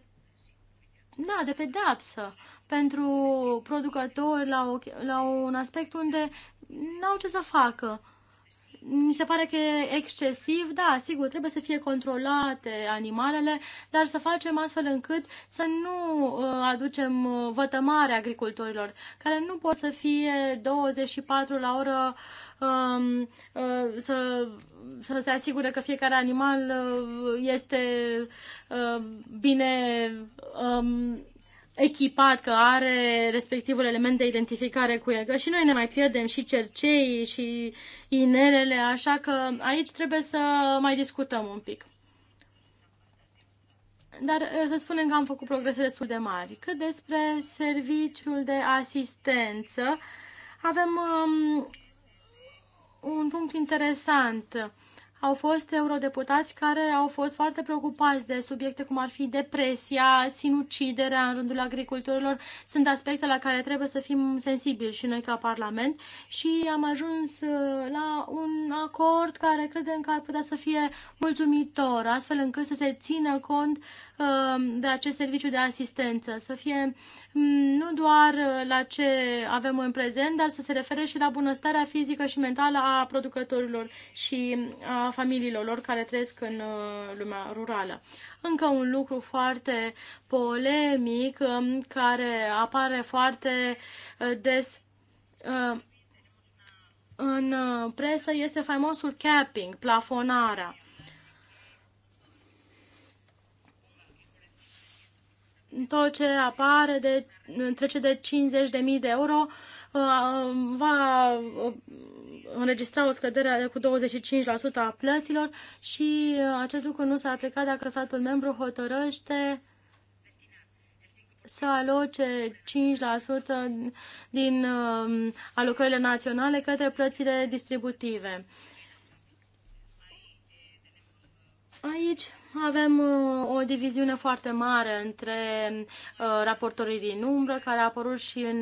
da, de pedeapsă pentru producători la, o, la un aspect unde n-au ce să facă mi se pare că e excesiv, da, sigur, trebuie să fie controlate animalele, dar să facem astfel încât să nu uh, aducem uh, vătămare agricultorilor, care nu pot să fie 24 la oră um, uh, să, să se asigure că fiecare animal este bine um, echipat, că are respectivul element de identificare cu el. Că și noi ne mai pierdem și cercei și inelele, așa că aici trebuie să mai discutăm un pic. Dar eh, să spunem că am făcut progrese destul de mari. Cât despre serviciul de asistență, avem um, un punct interesant au fost eurodeputați care au fost foarte preocupați de subiecte cum ar fi depresia, sinuciderea în rândul agricultorilor. Sunt aspecte la care trebuie să fim sensibili și noi ca Parlament și am ajuns uh, la un acord care credem că ar putea să fie mulțumitor, astfel încât să se țină cont uh, de acest serviciu de asistență, să fie mm, nu doar la ce avem în prezent, dar să se refere și la bunăstarea fizică și mentală a producătorilor și a familiilor lor care trăiesc în uh, lumea rurală. Încă un lucru foarte polemic um, care apare foarte uh, des uh, în presă este faimosul capping, plafonarea. Tot ce apare de, trece de 50.000 de euro va înregistra o scădere cu 25% a plăților și uh, acest lucru nu s-ar aplica dacă statul membru hotărăște să aloce 5% din um, alocările naționale către plățile distributive. Aici avem uh, o diviziune foarte mare între uh, raportorii din umbră, care a apărut și în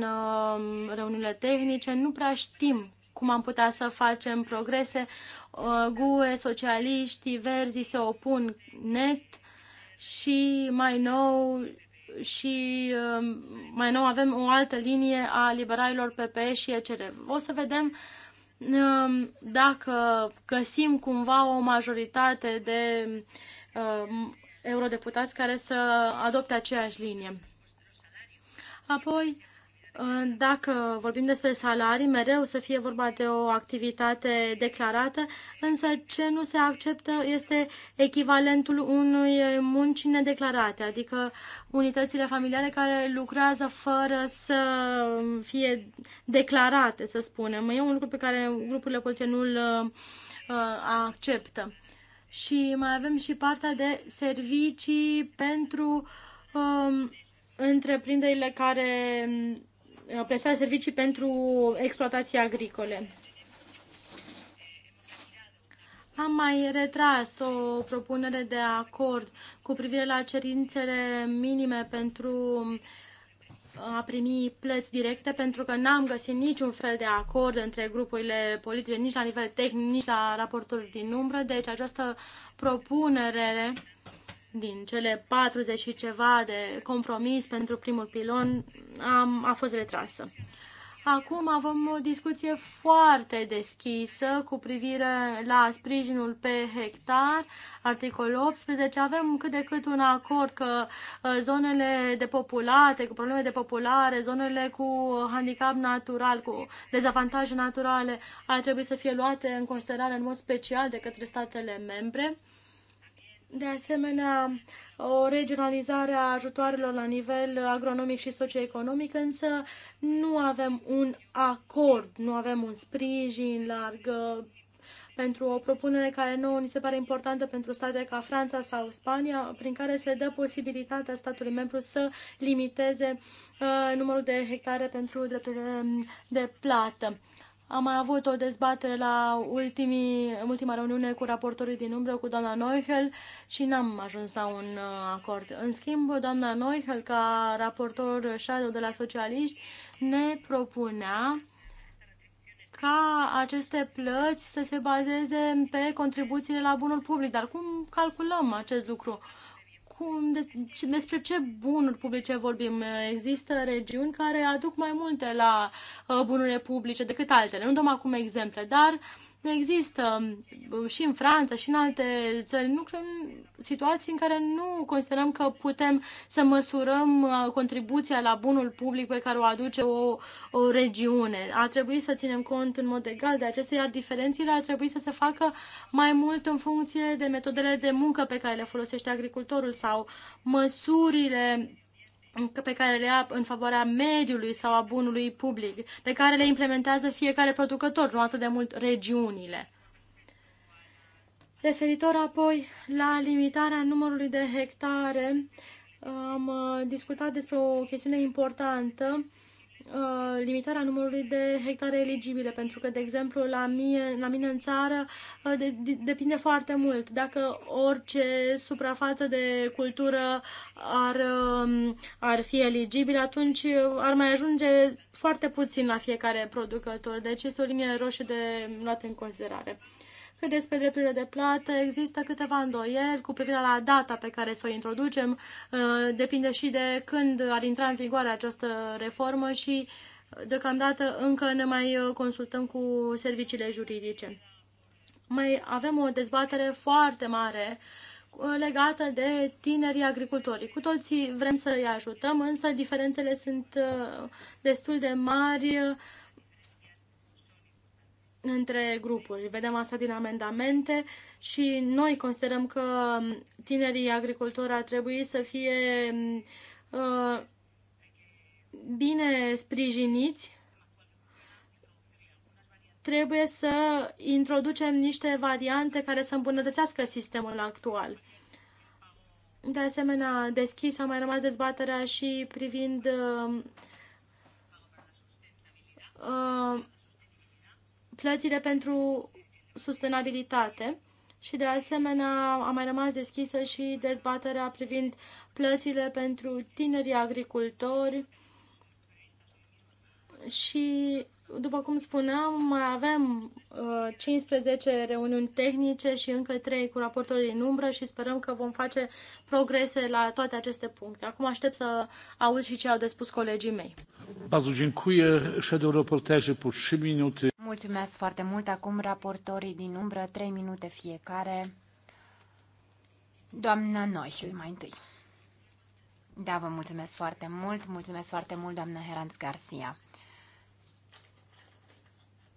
reuniunile tehnice. Nu prea știm cum am putea să facem progrese. Uh, GUE, socialiștii, verzii se opun net și mai nou și uh, mai nou avem o altă linie a liberalilor PPE și ECR. O să vedem uh, dacă găsim cumva o majoritate de eurodeputați care să adopte aceeași linie. Apoi, dacă vorbim despre salarii, mereu să fie vorba de o activitate declarată, însă ce nu se acceptă este echivalentul unui munci nedeclarate, adică unitățile familiale care lucrează fără să fie declarate, să spunem. E un lucru pe care grupurile politice nu îl uh, acceptă. Și mai avem și partea de servicii pentru um, întreprinderile care Uh, prestarea servicii pentru exploatații agricole. Am mai retras o propunere de acord cu privire la cerințele minime pentru a primi plăți directe, pentru că n-am găsit niciun fel de acord între grupurile politice, nici la nivel tehnic, nici la raporturi din umbră. Deci această propunere din cele 40 și ceva de compromis pentru primul pilon am, a fost retrasă. Acum avem o discuție foarte deschisă cu privire la sprijinul pe hectar, articolul 18. Avem cât de cât un acord că uh, zonele depopulate, cu probleme de populare, zonele cu handicap natural, cu dezavantaje naturale, ar trebui să fie luate în considerare în mod special de către statele membre de asemenea, o regionalizare a ajutoarelor la nivel agronomic și socioeconomic, însă nu avem un acord, nu avem un sprijin larg uh, pentru o propunere care nouă ni se pare importantă pentru state ca Franța sau Spania, prin care se dă posibilitatea statului membru să limiteze uh, numărul de hectare pentru drepturile de plată. Am mai avut o dezbatere la ultimii, ultima reuniune cu raportorii din umbră, cu doamna Neuchel, și n-am ajuns la un uh, acord. În schimb, doamna Neuchel, ca raportor shadow de la socialiști, ne propunea ca aceste plăți să se bazeze pe contribuțiile la bunul public. Dar cum calculăm acest lucru? Uh, cum, de, despre ce bunuri publice vorbim? Există regiuni care aduc mai multe la uh, bunurile publice decât altele. Nu dăm acum exemple, dar uh, există um, și în Franța și în alte țări nu cred, situații în care nu considerăm că putem să măsurăm uh, contribuția la bunul public pe care o aduce o, o regiune. Ar trebui să ținem cont în mod egal de acestea, iar diferențiile ar trebui să se facă mai mult în funcție de metodele de muncă pe care le folosește agricultorul sau măsurile pe care le ia în favoarea mediului sau a bunului public, pe care le implementează fiecare producător, nu atât de mult regiunile. Referitor apoi la limitarea numărului de hectare, am uh, discutat despre o chestiune importantă Uh, limitarea numărului de hectare eligibile, pentru că, de exemplu, la mine, la mine în țară uh, de, de, depinde foarte mult. Dacă orice suprafață de cultură ar, um, ar fi eligibilă, atunci uh, ar mai ajunge foarte puțin la fiecare producător. Deci este o linie roșie de luat în considerare. Vedeți pe drepturile de plată, există câteva îndoieli cu privire la data pe care să o introducem. Uh, depinde și de când ar intra în vigoare această reformă și uh, deocamdată încă ne mai uh, consultăm cu serviciile juridice. Mai avem o dezbatere foarte mare legată de tinerii agricultori. Cu toții vrem să îi ajutăm, însă diferențele sunt destul de mari între grupuri. Vedem asta din amendamente și noi considerăm că tinerii agricultori ar trebui să fie uh, bine sprijiniți. Trebuie să introducem niște variante care să îmbunătățească sistemul actual. De asemenea, deschis a mai rămas dezbaterea și privind uh, uh, plățile pentru sustenabilitate și de asemenea a mai rămas deschisă și dezbaterea privind plățile pentru tinerii agricultori și după cum spuneam, mai avem uh, 15 reuniuni tehnice și încă 3 cu raportorii în umbră și sperăm că vom face progrese la toate aceste puncte. Acum aștept să aud și ce au de spus colegii mei. Bardzo dziękuję. Shadow raporterzy po 3 minute. Mulțumesc foarte mult. Acum raportorii din umbră, trei minute fiecare. Doamna Noichel, mai întâi. Da, vă mulțumesc foarte mult. Mulțumesc foarte mult, doamna Heranz Garcia.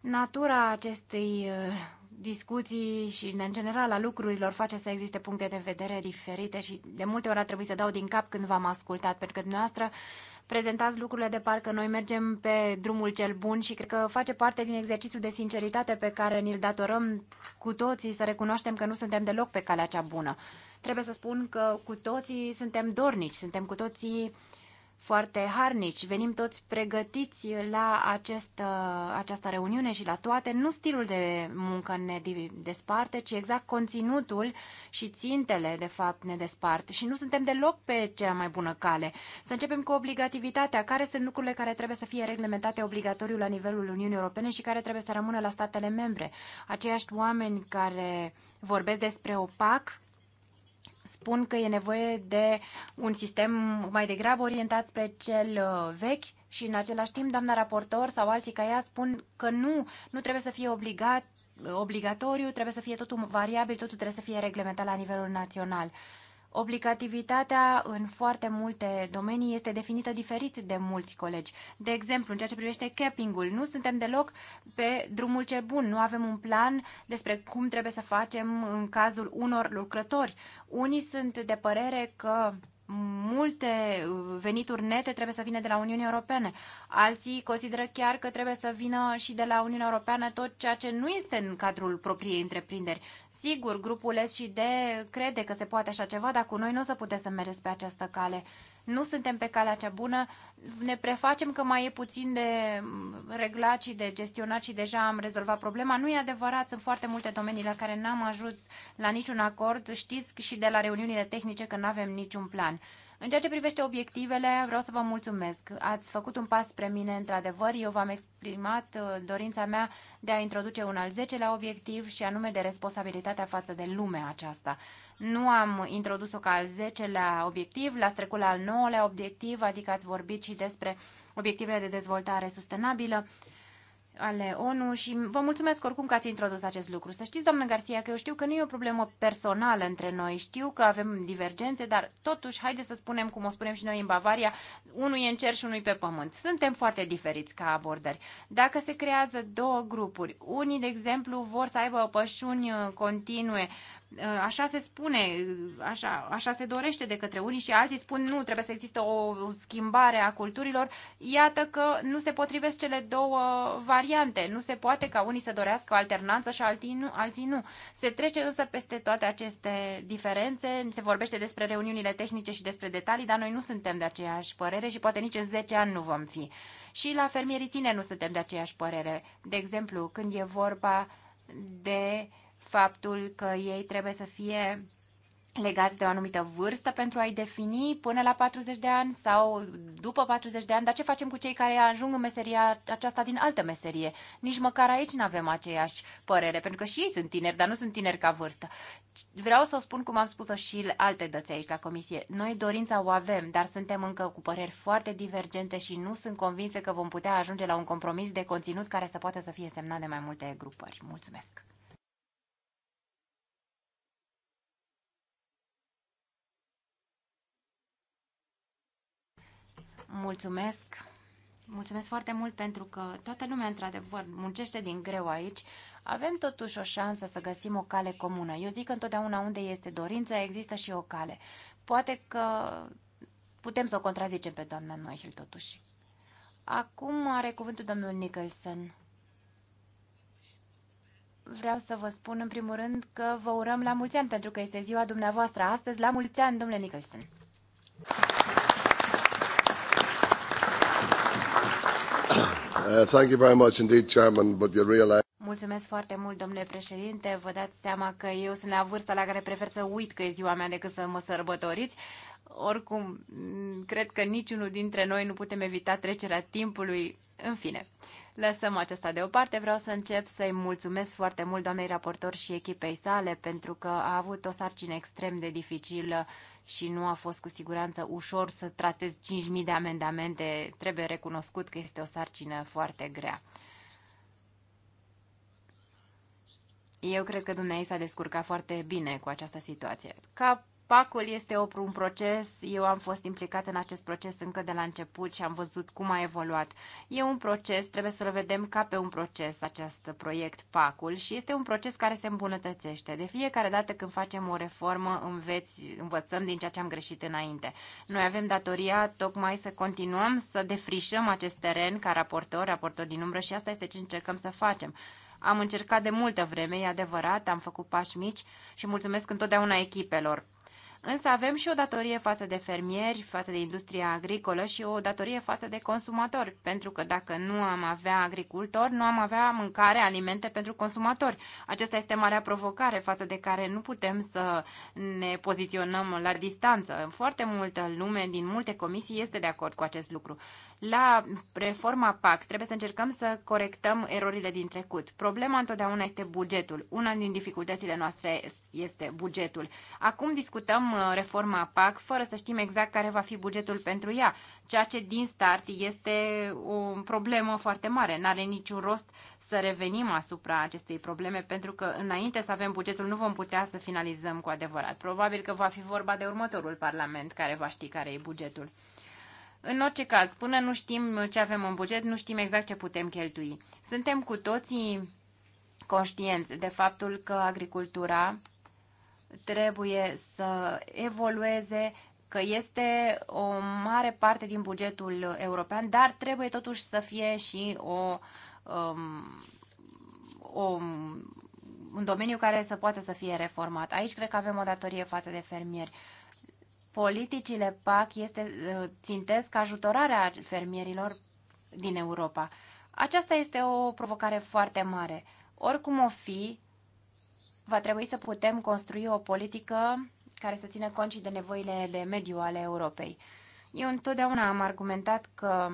Natura acestei uh, discuții și, în general, a lucrurilor face să existe puncte de vedere diferite și de multe ori a trebuit să dau din cap când v-am ascultat, pentru că dumneavoastră prezentați lucrurile de parcă noi mergem pe drumul cel bun și cred că face parte din exercițiul de sinceritate pe care ni-l datorăm cu toții să recunoaștem că nu suntem deloc pe calea cea bună. Trebuie să spun că cu toții suntem dornici, suntem cu toții uh, foarte harnici. Venim toți pregătiți la acest, această reuniune și la toate. Nu stilul de muncă ne desparte, ci exact conținutul și țintele, de fapt, ne despart. Și nu suntem deloc pe cea mai bună cale. Să începem cu obligativitatea. Care sunt lucrurile care trebuie să fie reglementate obligatoriu la nivelul Uniunii Europene și care trebuie să rămână la statele membre? Aceiași oameni care vorbesc despre OPAC spun că e nevoie de un sistem mai degrabă orientat spre cel uh, vechi și în același timp doamna raportor sau alții ca ea spun că nu, nu trebuie să fie obligat obligatoriu, trebuie să fie totul variabil, totul trebuie să fie reglementat la nivelul național. Obligativitatea în foarte multe domenii este definită diferit de mulți colegi. De exemplu, în ceea ce privește capping-ul, nu suntem deloc pe drumul cel bun, nu avem un plan despre cum trebuie să facem în cazul unor lucrători. Unii sunt de părere că multe uh, venituri nete trebuie să vină de la Uniunea Europeană. Alții consideră chiar că trebuie să vină și de la Uniunea Europeană tot ceea ce nu este în cadrul propriei întreprinderi. Sigur, grupul S&D crede că se poate așa ceva, dar cu noi nu o să puteți să mergeți pe această cale. Nu suntem pe calea cea bună, ne prefacem că mai e puțin de mm, reglat și de gestionat și deja am rezolvat problema. Nu e adevărat, sunt foarte multe domenii la care n-am ajuns la niciun acord. Știți și de la reuniunile tehnice că nu avem niciun plan. În ceea ce privește obiectivele, vreau să vă mulțumesc. Ați făcut un pas spre mine, într-adevăr. Eu v-am exprimat uh, dorința mea de a introduce un al zecelea obiectiv și anume de responsabilitatea față de lumea aceasta. Nu am introdus-o ca al zecelea obiectiv, l-ați trecut la al nouălea obiectiv, adică ați vorbit și despre obiectivele de dezvoltare sustenabilă ale ONU și vă mulțumesc oricum că ați introdus acest lucru. Să știți, doamnă Garcia, că eu știu că nu e o problemă personală între noi, știu că avem divergențe, dar totuși, haideți să spunem cum o spunem și noi în Bavaria, unul e în cer și unul pe pământ. Suntem foarte diferiți ca abordări. Dacă se creează două grupuri, unii, de exemplu, vor să aibă pășuni continue Uh, așa se spune, uh, așa, așa se dorește de către unii și alții spun nu, trebuie să existe o schimbare a culturilor. Iată că nu se potrivesc cele două variante. Nu se poate ca unii să dorească o alternanță și alții nu, alții nu. Se trece însă peste toate aceste diferențe. Se vorbește despre reuniunile tehnice și despre detalii, dar noi nu suntem de aceeași părere și poate nici în 10 ani nu vom fi. Și la fermierii tineri nu suntem de aceeași părere. De exemplu, când e vorba de uh, faptul că ei trebuie să fie legați de o anumită vârstă pentru a-i defini până la 40 de ani sau după 40 de ani, dar ce facem cu cei care ajung în meseria aceasta din altă meserie? Nici măcar aici nu avem aceeași părere, pentru că și ei sunt tineri, dar nu sunt tineri ca vârstă. Vreau să o spun cum am spus-o și alte dăți aici la comisie. Noi dorința o avem, dar suntem încă cu păreri foarte divergente și nu sunt convinsă că vom putea ajunge la un compromis de conținut care să poată să fie semnat de mai multe grupări. Mulțumesc! Mulțumesc! Mulțumesc foarte mult pentru că toată lumea, într-adevăr, muncește din greu aici. Avem totuși o șansă să găsim o cale comună. Eu zic că întotdeauna unde este dorință, există și o cale. Poate că putem să o contrazicem pe doamna Noihil, totuși. Acum are cuvântul domnul Nicholson. Vreau să vă spun, în primul rând, că vă urăm la mulți ani, pentru că este ziua dumneavoastră astăzi. La mulți ani, domnule Nicholson! Mulțumesc foarte mult, domnule președinte. Vă dați seama că eu sunt la vârsta la care prefer să uit că e ziua mea decât să mă sărbătoriți. Oricum, cred că niciunul dintre noi nu putem evita trecerea timpului. În fine, lăsăm acesta deoparte. Vreau să încep să-i mulțumesc foarte mult doamnei raportor și echipei sale pentru că a avut o sarcină extrem de dificilă și nu a fost cu siguranță ușor să tratez 5.000 de amendamente. Trebuie recunoscut că este o sarcină foarte grea. Eu cred că dumneavoastră s-a descurcat foarte bine cu această situație. Ca Pacul este un proces, eu am fost implicat în acest proces încă de la început și am văzut cum a evoluat. E un proces, trebuie să-l vedem ca pe un proces, acest proiect Pacul și este un proces care se îmbunătățește. De fiecare dată când facem o reformă, înveți, învățăm din ceea ce am greșit înainte. Noi avem datoria tocmai să continuăm să defrișăm acest teren ca raportor, raportor din umbră și asta este ce încercăm să facem. Am încercat de multă vreme, e adevărat, am făcut pași mici și mulțumesc întotdeauna echipelor Însă avem și o datorie față de fermieri, față de industria agricolă și o datorie față de consumatori, pentru că dacă nu am avea agricultori, nu am avea mâncare, alimente pentru consumatori. Aceasta este marea provocare față de care nu putem să ne poziționăm la distanță. Foarte multă lume din multe comisii este de acord cu acest lucru. La reforma PAC trebuie să încercăm să corectăm erorile din trecut. Problema întotdeauna este bugetul. Una din dificultățile noastre este bugetul. Acum discutăm uh, reforma PAC fără să știm exact care va fi bugetul pentru ea, ceea ce din start este o problemă foarte mare. N-are niciun rost să revenim asupra acestei probleme, pentru că înainte să avem bugetul nu vom putea să finalizăm cu adevărat. Probabil că va fi vorba de următorul Parlament care va ști care e bugetul. În orice caz, până nu știm ce avem în buget, nu știm exact ce putem cheltui. Suntem cu toții conștienți de faptul că agricultura trebuie să evolueze, că este o mare parte din bugetul european, dar trebuie totuși să fie și o, um, o, un domeniu care să poată să fie reformat. Aici cred că avem o datorie față de fermieri. Uh, politicile PAC este, uh, țintesc ajutorarea fermierilor din Europa. Aceasta este o provocare foarte mare. Oricum o fi, va trebui să putem construi o politică care să țină cont și de nevoile de mediu ale Europei. Eu întotdeauna am argumentat că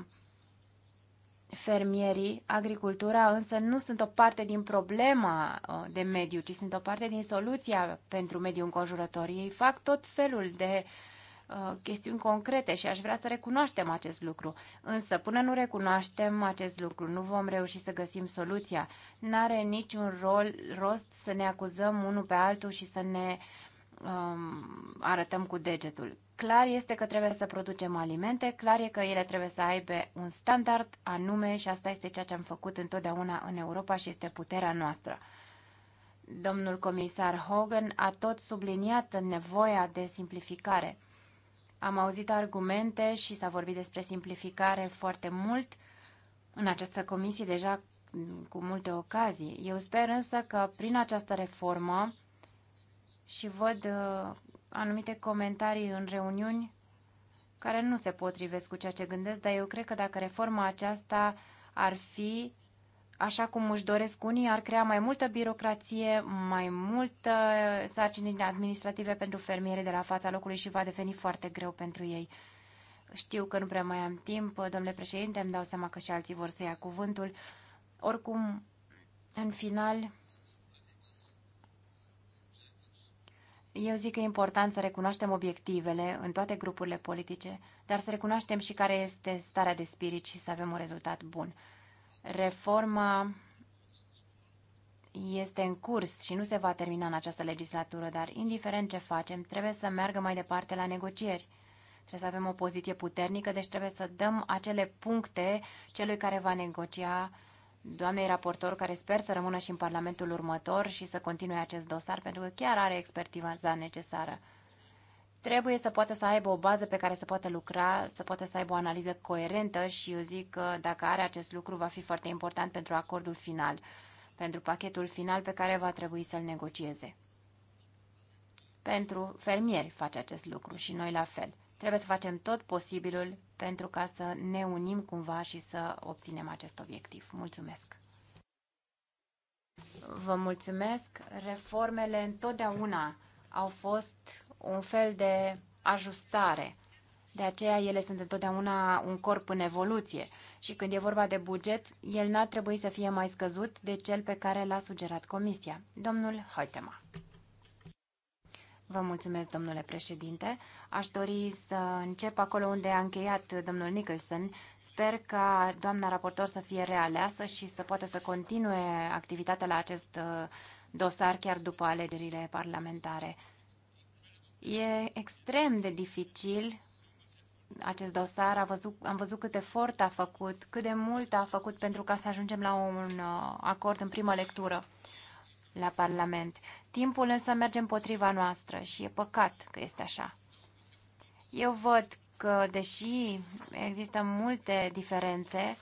fermierii, agricultura însă nu sunt o parte din problema uh, de mediu, ci sunt o parte din soluția pentru mediul înconjurător. Ei fac tot felul de uh, Uh, chestiuni concrete și aș vrea să recunoaștem acest lucru. Însă, până nu recunoaștem acest lucru, nu vom reuși să găsim soluția. N-are niciun rol, rost să ne acuzăm unul pe altul și să ne um, arătăm cu degetul. Clar este că trebuie să producem alimente, clar e că ele trebuie să aibă un standard anume și asta este ceea ce am făcut întotdeauna în Europa și este puterea noastră. Domnul comisar Hogan a tot subliniat nevoia de simplificare. Am auzit argumente și s-a vorbit despre simplificare foarte mult în această comisie deja cu multe ocazii. Eu sper însă că prin această reformă și văd uh, anumite comentarii în reuniuni care nu se potrivesc cu ceea ce gândesc, dar eu cred că dacă reforma aceasta ar fi așa cum își doresc unii, ar crea mai multă birocrație, mai multă uh, sarcini administrative pentru fermierii de la fața locului și va deveni foarte greu pentru ei. Știu că nu prea mai am timp, uh, domnule președinte, îmi dau seama că și alții vor să ia cuvântul. Oricum, în final, eu zic că e important să recunoaștem obiectivele în toate grupurile politice, dar să recunoaștem și care este starea de spirit și să avem un rezultat bun. Reforma este în curs și nu se va termina în această legislatură, dar indiferent ce facem, trebuie să meargă mai departe la negocieri. Trebuie să avem o poziție puternică, deci trebuie să dăm acele puncte celui care va negocia, doamnei raportor, care sper să rămână și în Parlamentul următor și să continue acest dosar, pentru că chiar are expertiza necesară trebuie să poată să aibă o bază pe care să poată lucra, să poată să aibă o analiză coerentă și eu zic că dacă are acest lucru va fi foarte important pentru acordul final, pentru pachetul final pe care va trebui să-l negocieze. Pentru fermieri face acest lucru și noi la fel. Trebuie să facem tot posibilul pentru ca să ne unim cumva și să obținem acest obiectiv. Mulțumesc! Vă mulțumesc! Reformele întotdeauna au fost un fel de ajustare. De aceea ele sunt întotdeauna un corp în evoluție și când e vorba de buget, el n-ar trebui să fie mai scăzut de cel pe care l-a sugerat Comisia. Domnul Hoitema. Vă mulțumesc, domnule președinte. Aș dori să încep acolo unde a încheiat domnul Nicholson. Sper ca doamna raportor să fie realeasă și să poată să continue activitatea la acest uh, dosar chiar după alegerile parlamentare. E extrem de dificil acest dosar, Am văzut, am văzut cât efort a făcut, cât de mult a făcut pentru ca să ajungem la un uh, acord în prima lectură la Parlament. Timpul însă merge împotriva noastră și e păcat că este așa. Eu văd că, deși există multe diferențe,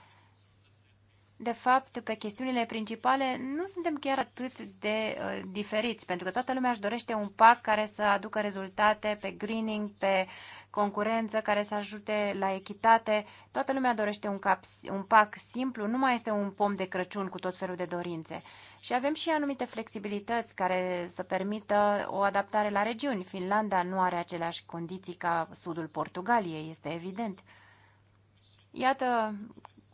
de fapt, pe chestiunile principale nu suntem chiar atât de uh, diferiți, pentru că toată lumea își dorește un pact care să aducă rezultate pe greening, pe concurență, care să ajute la echitate. Toată lumea dorește un, cap, un pac simplu, nu mai este un pom de Crăciun cu tot felul de dorințe. Și avem și anumite flexibilități care să permită o adaptare la regiuni. Finlanda nu are aceleași condiții ca sudul Portugaliei, este evident. Iată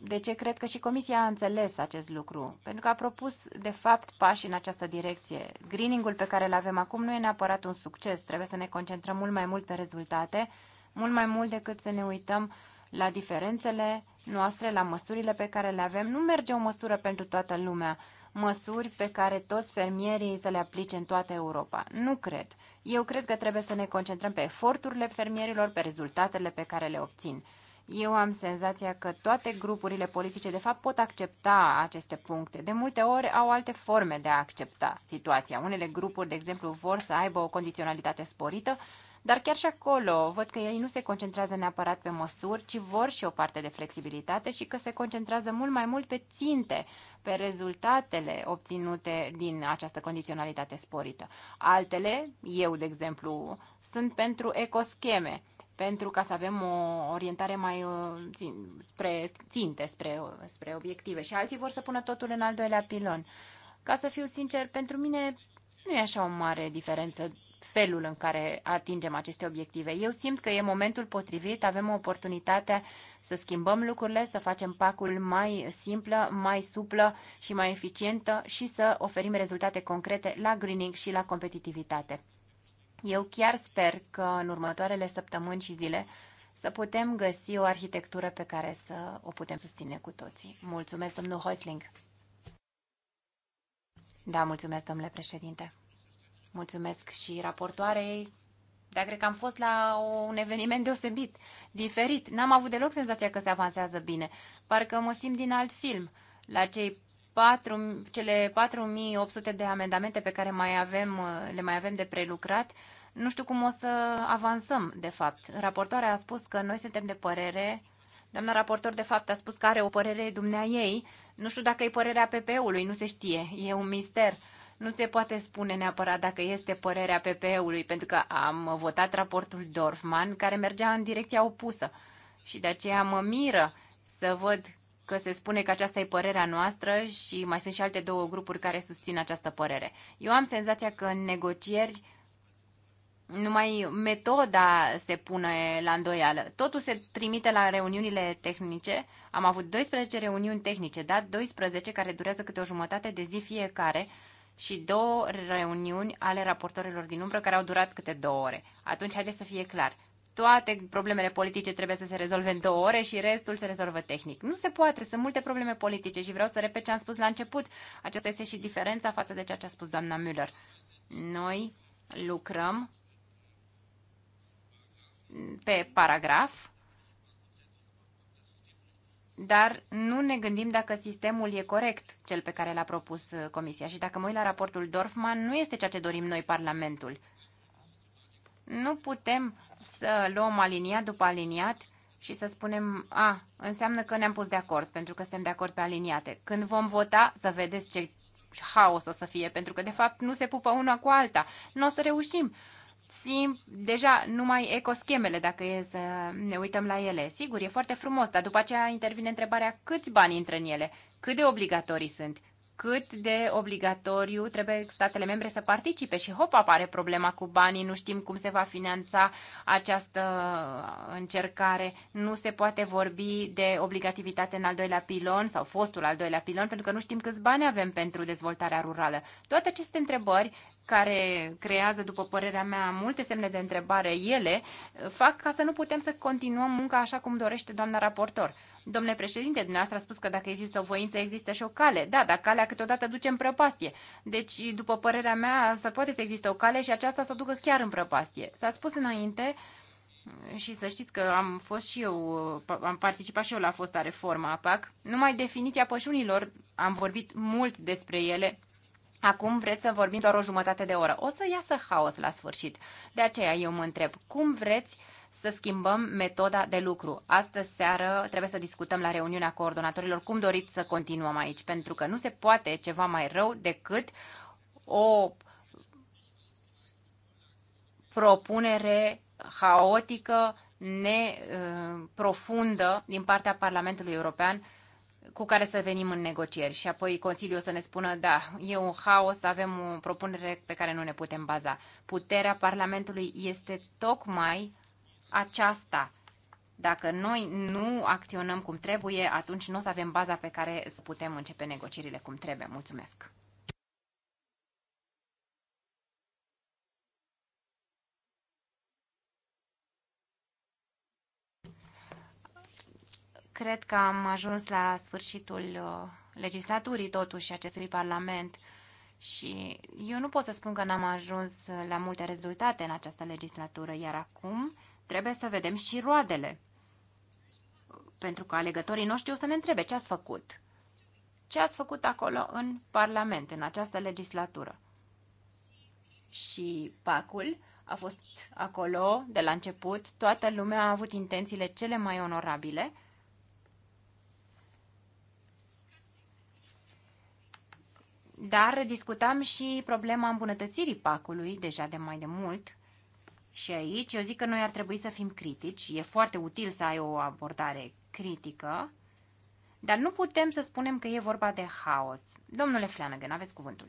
de ce cred că și Comisia a înțeles acest lucru? Pentru că a propus, de fapt, pași în această direcție. Greening-ul pe care îl avem acum nu e neapărat un succes. Trebuie să ne concentrăm mult mai mult pe rezultate, mult mai mult decât să ne uităm la diferențele noastre, la măsurile pe care le avem. Nu merge o măsură pentru toată lumea. Măsuri pe care toți fermierii să le aplice în toată Europa. Nu cred. Eu cred că trebuie să ne concentrăm pe eforturile fermierilor, pe rezultatele pe care le obțin eu am senzația că toate grupurile politice, de fapt, pot accepta aceste puncte. De multe ori au alte forme de a accepta situația. Unele grupuri, de exemplu, vor să aibă o condiționalitate sporită, dar chiar și acolo văd că ei nu se concentrează neapărat pe măsuri, ci vor și o parte de flexibilitate și că se concentrează mult mai mult pe ținte, pe rezultatele obținute din această condiționalitate sporită. Altele, eu de exemplu, sunt pentru ecoscheme pentru ca să avem o orientare mai uh, țin, spre ținte, spre, spre obiective. Și alții vor să pună totul în al doilea pilon. Ca să fiu sincer, pentru mine nu e așa o mare diferență felul în care atingem aceste obiective. Eu simt că e momentul potrivit, avem o oportunitate să schimbăm lucrurile, să facem pacul mai simplă, mai suplă și mai eficientă și să oferim rezultate concrete la greening și la competitivitate. Eu chiar sper că în următoarele săptămâni și zile să putem găsi o arhitectură pe care să o putem susține cu toții. Mulțumesc, domnul Hoisling. Da, mulțumesc, domnule președinte. Mulțumesc și raportoarei, dar cred că am fost la un eveniment deosebit, diferit. N-am avut deloc senzația că se avansează bine. Parcă mă simt din alt film. La cei 4, cele 4800 de amendamente pe care mai avem, uh, le mai avem de prelucrat, nu știu cum o să avansăm, de fapt. Raportoarea a spus că noi suntem de părere, doamna raportor, de fapt, a spus că are o părere dumnea ei, nu știu dacă e părerea PP-ului, nu se știe, e un mister. Nu se poate spune neapărat dacă este părerea PP-ului, pentru că am votat raportul Dorfman, care mergea în direcția opusă. Și de aceea mă miră să văd că se spune că aceasta e părerea noastră și mai sunt și alte două grupuri care susțin această părere. Eu am senzația că în negocieri numai metoda se pune la îndoială. Totul se trimite la reuniunile tehnice. Am avut 12 reuniuni tehnice, da? 12 care durează câte o jumătate de zi fiecare și două reuniuni ale raportorilor din umbră care au durat câte două ore. Atunci, haideți să fie clar toate problemele politice trebuie să se rezolve în două ore și restul se rezolvă tehnic. Nu se poate, sunt multe probleme politice și vreau să repet ce am spus la început. Aceasta este și diferența față de ceea ce a spus doamna Müller. Noi lucrăm pe paragraf, dar nu ne gândim dacă sistemul e corect, cel pe care l-a propus uh, Comisia. Și dacă mă uit la raportul Dorfman, nu este ceea ce dorim noi, Parlamentul. Nu putem să luăm aliniat după aliniat și să spunem, a, înseamnă că ne-am pus de acord, pentru că suntem de acord pe aliniate. Când vom vota, să vedeți ce haos o să fie, pentru că, de fapt, nu se pupă una cu alta. Nu o să reușim. Sim, deja numai ecoschemele, dacă e să ne uităm la ele. Sigur, e foarte frumos, dar după aceea intervine întrebarea câți bani intră în ele, cât de obligatorii sunt, cât de obligatoriu trebuie statele membre să participe și hop apare problema cu banii, nu știm cum se va finanța această încercare, nu se poate vorbi de obligativitate în al doilea pilon sau fostul al doilea pilon pentru că nu știm câți bani avem pentru dezvoltarea rurală. Toate aceste întrebări care creează, după părerea mea, multe semne de întrebare, ele fac ca să nu putem să continuăm munca așa cum dorește doamna raportor. Domnule președinte, dumneavoastră a spus că dacă există o voință, există și o cale. Da, dar calea câteodată duce în prăpastie. Deci, după părerea mea, să poate să existe o cale și aceasta să ducă chiar în prăpastie. S-a spus înainte și să știți că am fost și eu, am participat și eu la fosta reformă a PAC. Numai definiția pășunilor, am vorbit mult despre ele, Acum vreți să vorbim doar o jumătate de oră. O să iasă haos la sfârșit. De aceea eu mă întreb, cum vreți uh, să schimbăm metoda de lucru. Astă seară trebuie să discutăm la reuniunea coordonatorilor cum doriți să continuăm aici, pentru că nu se poate ceva mai rău decât o propunere haotică, neprofundă uh, din partea Parlamentului European cu care să venim în negocieri și apoi Consiliul să ne spună, da, e un haos, avem o propunere pe care nu ne putem baza. Puterea Parlamentului este tocmai aceasta. Dacă noi nu acționăm cum trebuie, atunci nu o să avem baza pe care să putem începe negocierile cum trebuie. Mulțumesc! Cred că am ajuns la sfârșitul uh, legislaturii, totuși, acestui Parlament. Și eu nu pot să spun că n-am ajuns la multe rezultate în această legislatură, iar acum trebuie să vedem și roadele. Pentru că alegătorii noștri o să ne întrebe ce ați făcut. Ce ați făcut acolo în Parlament, în această legislatură? Și pacul a fost acolo de la început. Toată lumea a avut intențiile cele mai onorabile. Dar discutam și problema îmbunătățirii pacului deja de mai de mult și aici eu zic că noi ar trebui să fim critici. E foarte util să ai o abordare critică, dar nu putem să spunem că e vorba de haos. Domnule Flanagan, aveți cuvântul.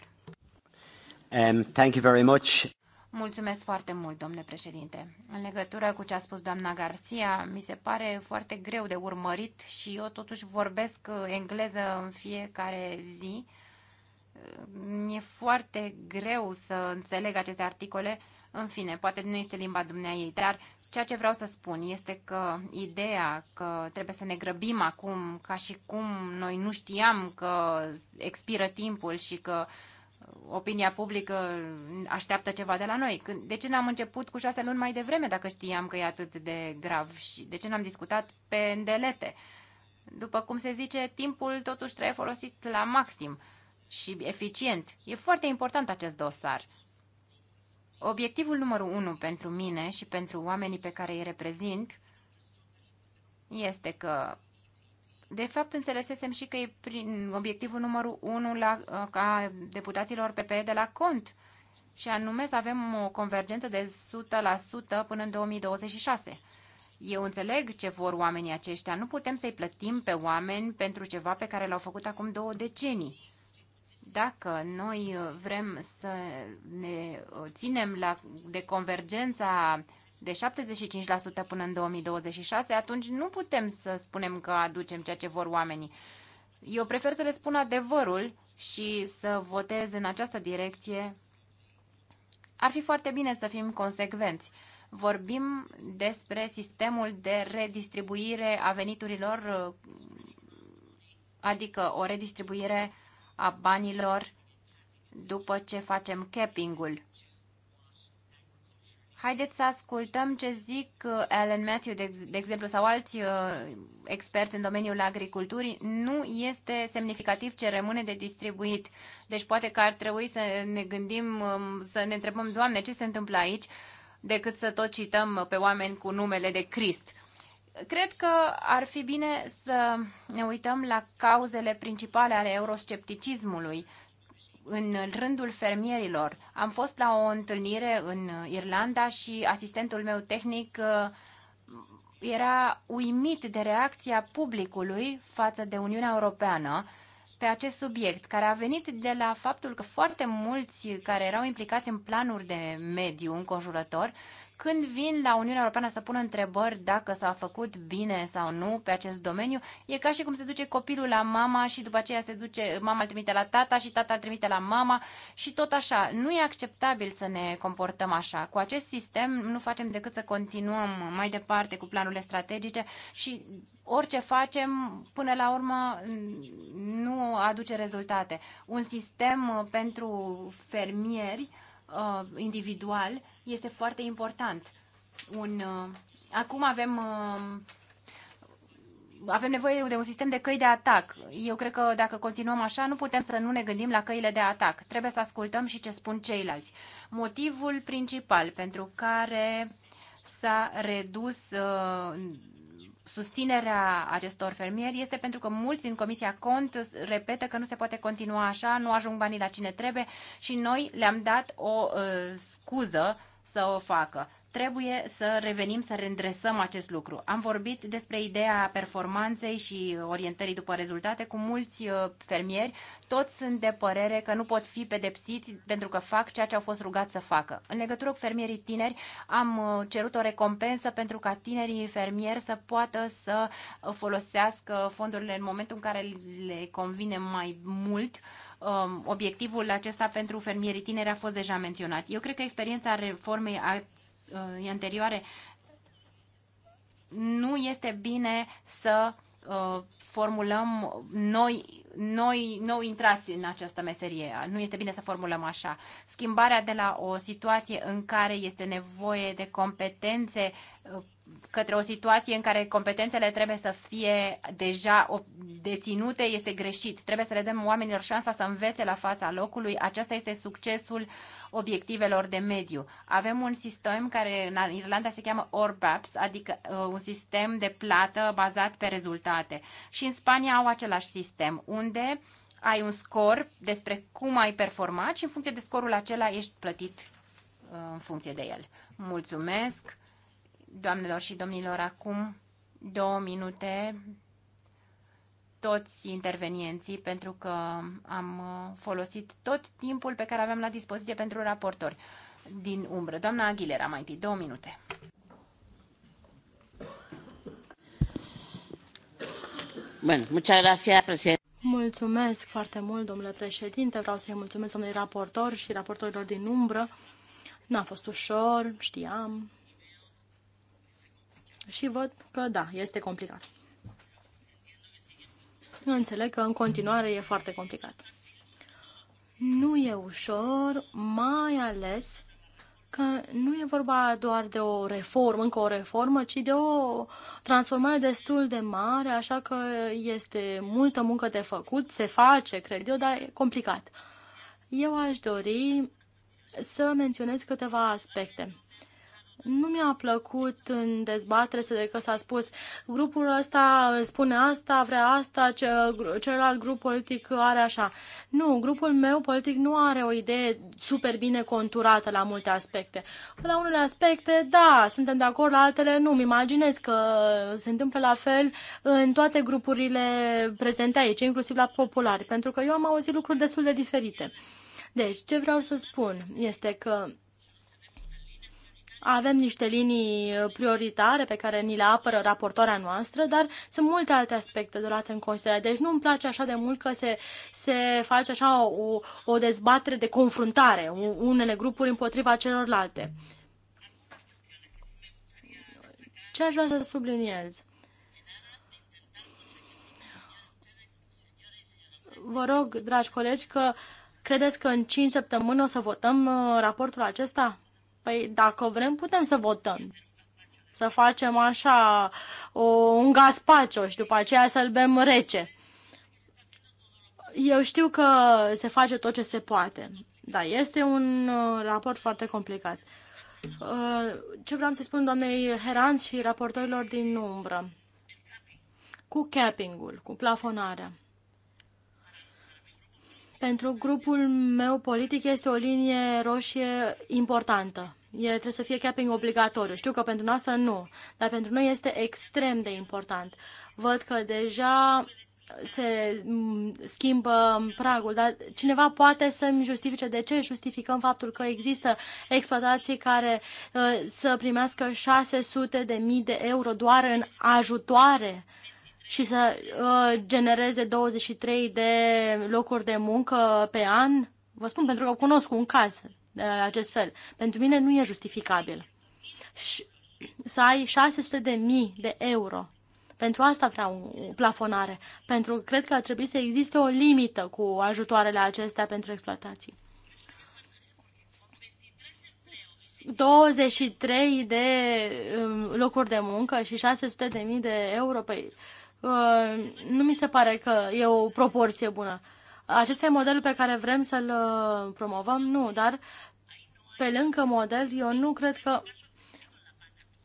Um, thank you very much. Mulțumesc foarte mult, domnule președinte. În legătură cu ce a spus doamna Garcia, mi se pare foarte greu de urmărit și eu totuși vorbesc uh, engleză în fiecare zi. Uh, mi-e foarte greu să înțeleg aceste articole în fine, poate nu este limba dumneai, dar ceea ce vreau să spun este că ideea că trebuie să ne grăbim acum, ca și cum noi nu știam că expiră timpul și că opinia publică așteaptă ceva de la noi. De ce n-am început cu șase luni mai devreme dacă știam că e atât de grav și de ce n-am discutat pe îndelete? După cum se zice, timpul totuși trebuie folosit la maxim și eficient. E foarte important acest dosar Obiectivul numărul unu pentru mine și pentru oamenii pe care îi reprezint este că, de fapt, înțelesesem și că e prin obiectivul numărul unu la, ca deputaților PPE de la cont, și anume să avem o convergență de 100% până în 2026. Eu înțeleg ce vor oamenii aceștia. Nu putem să-i plătim pe oameni pentru ceva pe care l-au făcut acum două decenii dacă noi vrem să ne ținem la, de convergența de 75% până în 2026, atunci nu putem să spunem că aducem ceea ce vor oamenii. Eu prefer să le spun adevărul și să votez în această direcție. Ar fi foarte bine să fim consecvenți. Vorbim despre sistemul de redistribuire a veniturilor, adică o redistribuire a banilor după ce facem capping-ul. Haideți să ascultăm ce zic uh, Alan Matthew, de, de exemplu, sau alți uh, experți în domeniul agriculturii. Nu este semnificativ ce rămâne de distribuit. Deci poate că ar trebui să ne gândim, um, să ne întrebăm, Doamne, ce se întâmplă aici, decât să tot cităm pe oameni cu numele de Crist. Cred că ar fi bine să ne uităm la cauzele principale ale euroscepticismului în rândul fermierilor. Am fost la o întâlnire în Irlanda și asistentul meu tehnic uh, era uimit de reacția publicului față de Uniunea Europeană pe acest subiect, care a venit de la faptul că foarte mulți care erau implicați în planuri de mediu înconjurător când vin la Uniunea Europeană să pună întrebări dacă s-a făcut bine sau nu pe acest domeniu, e ca și cum se duce copilul la mama și după aceea se duce, mama îl trimite la tata și tata îl trimite la mama și tot așa. Nu e acceptabil să ne comportăm așa. Cu acest sistem nu facem decât să continuăm mai departe cu planurile strategice și orice facem, până la urmă, nu aduce rezultate. Un sistem uh, pentru fermieri uh, individual este foarte important. Un, uh, acum avem uh, avem nevoie de un sistem de căi de atac. Eu cred că dacă continuăm așa, nu putem să nu ne gândim la căile de atac. Trebuie să ascultăm și ce spun ceilalți. Motivul principal pentru care s-a redus uh, susținerea acestor fermieri este pentru că mulți în Comisia Cont repetă că nu se poate continua așa, nu ajung banii la cine trebuie și noi le-am dat o uh, scuză să o facă. Trebuie să revenim să reîndresăm acest lucru. Am vorbit despre ideea performanței și orientării după rezultate cu mulți uh, fermieri. Toți sunt de părere că nu pot fi pedepsiți pentru că fac ceea ce au fost rugați să facă. În legătură cu fermierii tineri, am uh, cerut o recompensă pentru ca tinerii fermieri să poată să uh, folosească fondurile în momentul în care le convine mai mult uh, um, obiectivul acesta pentru fermierii tineri a fost deja menționat. Eu cred că experiența reformei a, uh, anterioare nu este bine să uh, formulăm noi, noi, noi intrați în această meserie. Nu este bine să formulăm așa. Schimbarea de la o situație în care este nevoie de competențe uh, către o situație în care competențele trebuie să fie deja deținute este greșit. Trebuie să le dăm oamenilor șansa să învețe la fața locului. Acesta este succesul obiectivelor de mediu. Avem un sistem care în Irlanda se cheamă ORBAPS, adică uh, un sistem de plată bazat pe rezultate. Și în Spania au același sistem, unde ai un scor despre cum ai performat și în funcție de scorul acela ești plătit uh, în funcție de el. Mulțumesc! Doamnelor și domnilor, acum două minute toți intervenienții pentru că am uh, folosit tot timpul pe care aveam la dispoziție pentru raportori din umbră. Doamna Aguilera, mai întâi, două minute. Bun, președinte. Mulțumesc foarte mult, domnule președinte. Vreau să-i mulțumesc domnului raportor și raportorilor din umbră. N-a fost ușor, știam, și văd că, da, este complicat. Nu înțeleg că în continuare e foarte complicat. Nu e ușor, mai ales că nu e vorba doar de o reformă, încă o reformă, ci de o transformare destul de mare, așa că este multă muncă de făcut, se face, cred eu, dar e complicat. Eu aș dori să menționez câteva aspecte. Nu mi-a plăcut în dezbatere să de că s-a spus grupul ăsta spune asta, vrea asta, ce, celălalt grup politic are așa. Nu, grupul meu politic nu are o idee super bine conturată la multe aspecte. La unele aspecte, da, suntem de acord, la altele nu. Mi imaginez că se întâmplă la fel în toate grupurile prezente aici, inclusiv la populari, pentru că eu am auzit lucruri destul de diferite. Deci, ce vreau să spun este că avem niște linii uh, prioritare pe care ni le apără raportoarea noastră, dar sunt multe alte aspecte de luate în considerare. Deci nu îmi place așa de mult că se, se face așa o, o dezbatere de confruntare, unele grupuri împotriva celorlalte. Ce aș vrea să subliniez? Vă rog, dragi colegi, că credeți că în 5 săptămâni o să votăm uh, raportul acesta? Păi dacă vrem, putem să votăm. Să facem așa o, un gazpacio și după aceea să-l bem rece. Eu știu că se face tot ce se poate, Da, este un uh, raport foarte complicat. Uh, ce vreau să spun doamnei Heranz și raportorilor din umbră? Cu capping-ul, cu plafonarea. Pentru grupul meu politic este o linie roșie importantă. E, trebuie să fie capping obligatoriu. Știu că pentru noastră nu, dar pentru noi este extrem de important. Văd că deja se schimbă pragul, dar cineva poate să-mi justifice de ce justificăm faptul că există exploatații care uh, să primească 600 de mii de euro doar în ajutoare și să uh, genereze 23 de locuri de muncă pe an? Vă spun pentru că cunosc un caz de acest fel. Pentru mine nu e justificabil. Și să ai 600 de mii de euro. Pentru asta vreau o plafonare. Pentru că cred că ar trebui să existe o limită cu ajutoarele acestea pentru exploatații. 23 de um, locuri de muncă și 600 de mii de euro, păi Uh, nu mi se pare că e o proporție bună. Acesta e modelul pe care vrem să-l uh, promovăm? Nu, dar pe lângă model, eu nu cred că...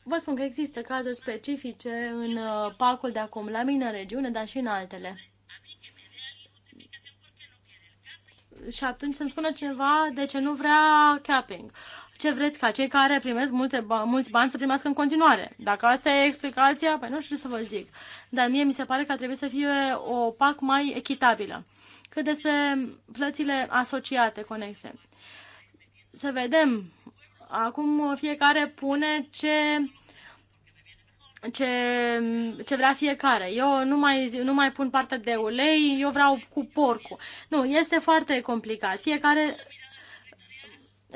Vă spun că există cazuri specifice în uh, pacul de acum la mine în regiune, dar și în altele. Și atunci îmi spune cineva de ce nu vrea capping ce vreți ca cei care primesc multe, mulți bani să primească în continuare? Dacă asta e explicația, păi nu știu să vă zic. Dar mie mi se pare că trebuie să fie o PAC mai echitabilă. Cât despre plățile asociate, conexe. Să vedem. Acum fiecare pune ce ce, ce vrea fiecare. Eu nu mai, nu mai pun parte de ulei, eu vreau cu porcul. Nu, este foarte complicat. Fiecare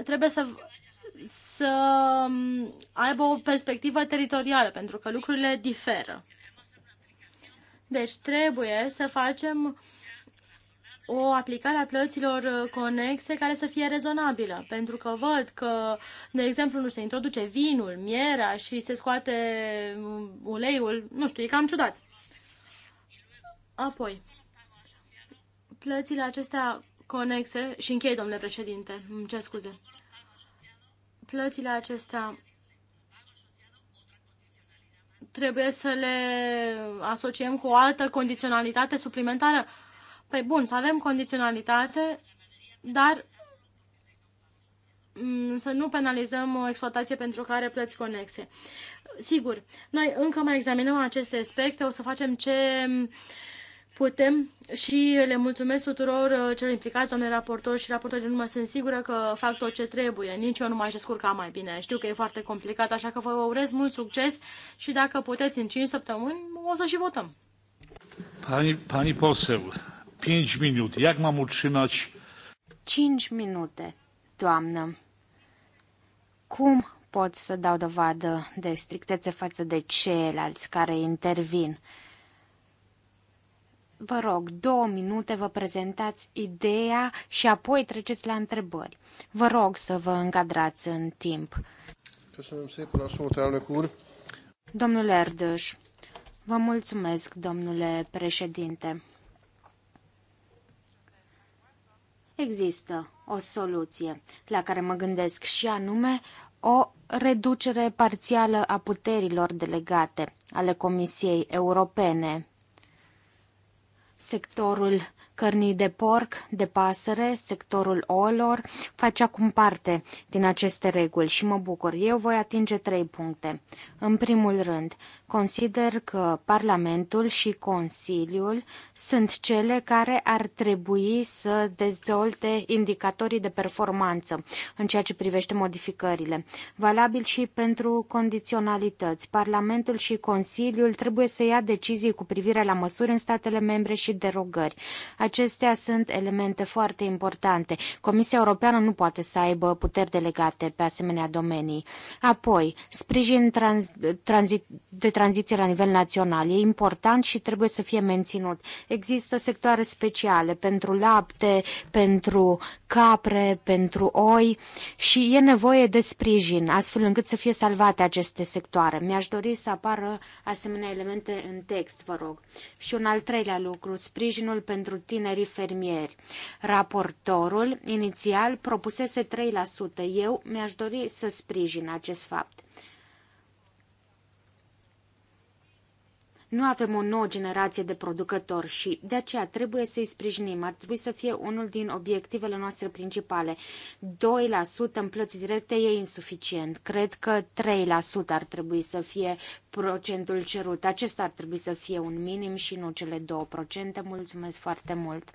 trebuie să să um, aibă o perspectivă teritorială, pentru că lucrurile diferă. Deci trebuie să facem o aplicare a plăților conexe care să fie rezonabilă, pentru că văd că, de exemplu, nu se introduce vinul, mierea și se scoate uleiul, nu știu, e cam ciudat. Apoi, plățile acestea conexe și închei, domnule președinte, îmi cer scuze. Plățile acestea trebuie să le asociem cu o altă condiționalitate suplimentară. Păi bun, să avem condiționalitate, dar mm, să nu penalizăm o exploatație pentru care plăți conexe. Sigur, noi încă mai examinăm aceste aspecte, o să facem ce putem și le mulțumesc tuturor uh, celor implicați, doamne raportori și raportori Nu mă sunt sigură că fac tot ce trebuie, nici eu nu m-aș descurca mai bine, știu că e foarte complicat, așa că vă urez mult succes și dacă puteți în 5 săptămâni o să și votăm. Pani, pani poseu, 5 minute, jak m-am utrzymać? 5 minute, doamnă. Cum pot să dau dovadă de strictețe față de ceilalți care intervin? Vă rog, două minute vă prezentați ideea și apoi treceți la întrebări. Vă rog să vă încadrați în timp. Domnule Erdős, vă mulțumesc, domnule președinte. Există o soluție la care mă gândesc și anume o reducere parțială a puterilor delegate ale Comisiei Europene sectorul cărnii de porc, de pasăre, sectorul oilor face acum parte din aceste reguli și mă bucur. Eu voi atinge trei puncte. În primul rând, consider că Parlamentul și Consiliul sunt cele care ar trebui să dezvolte indicatorii de performanță în ceea ce privește modificările. Valabil și pentru condiționalități. Parlamentul și Consiliul trebuie să ia decizii cu privire la măsuri în statele membre și derogări. Acestea sunt elemente foarte importante. Comisia Europeană nu poate să aibă puteri delegate pe asemenea domenii. Apoi, sprijin trans, tranzi, de tranziție la nivel național e important și trebuie să fie menținut. Există sectoare speciale pentru lapte, pentru capre, pentru oi și e nevoie de sprijin, astfel încât să fie salvate aceste sectoare. Mi-aș dori să apară asemenea elemente în text, vă rog. Și un al treilea lucru, sprijinul pentru tinerii fermieri. Raportorul inițial propusese 3%. Eu mi-aș dori să sprijin acest fapt. Nu avem o nouă generație de producători și de aceea trebuie să-i sprijinim. Ar trebui să fie unul din obiectivele noastre principale. 2% în plăți directe e insuficient. Cred că 3% ar trebui să fie procentul cerut. Acesta ar trebui să fie un minim și nu cele 2%. Mulțumesc foarte mult!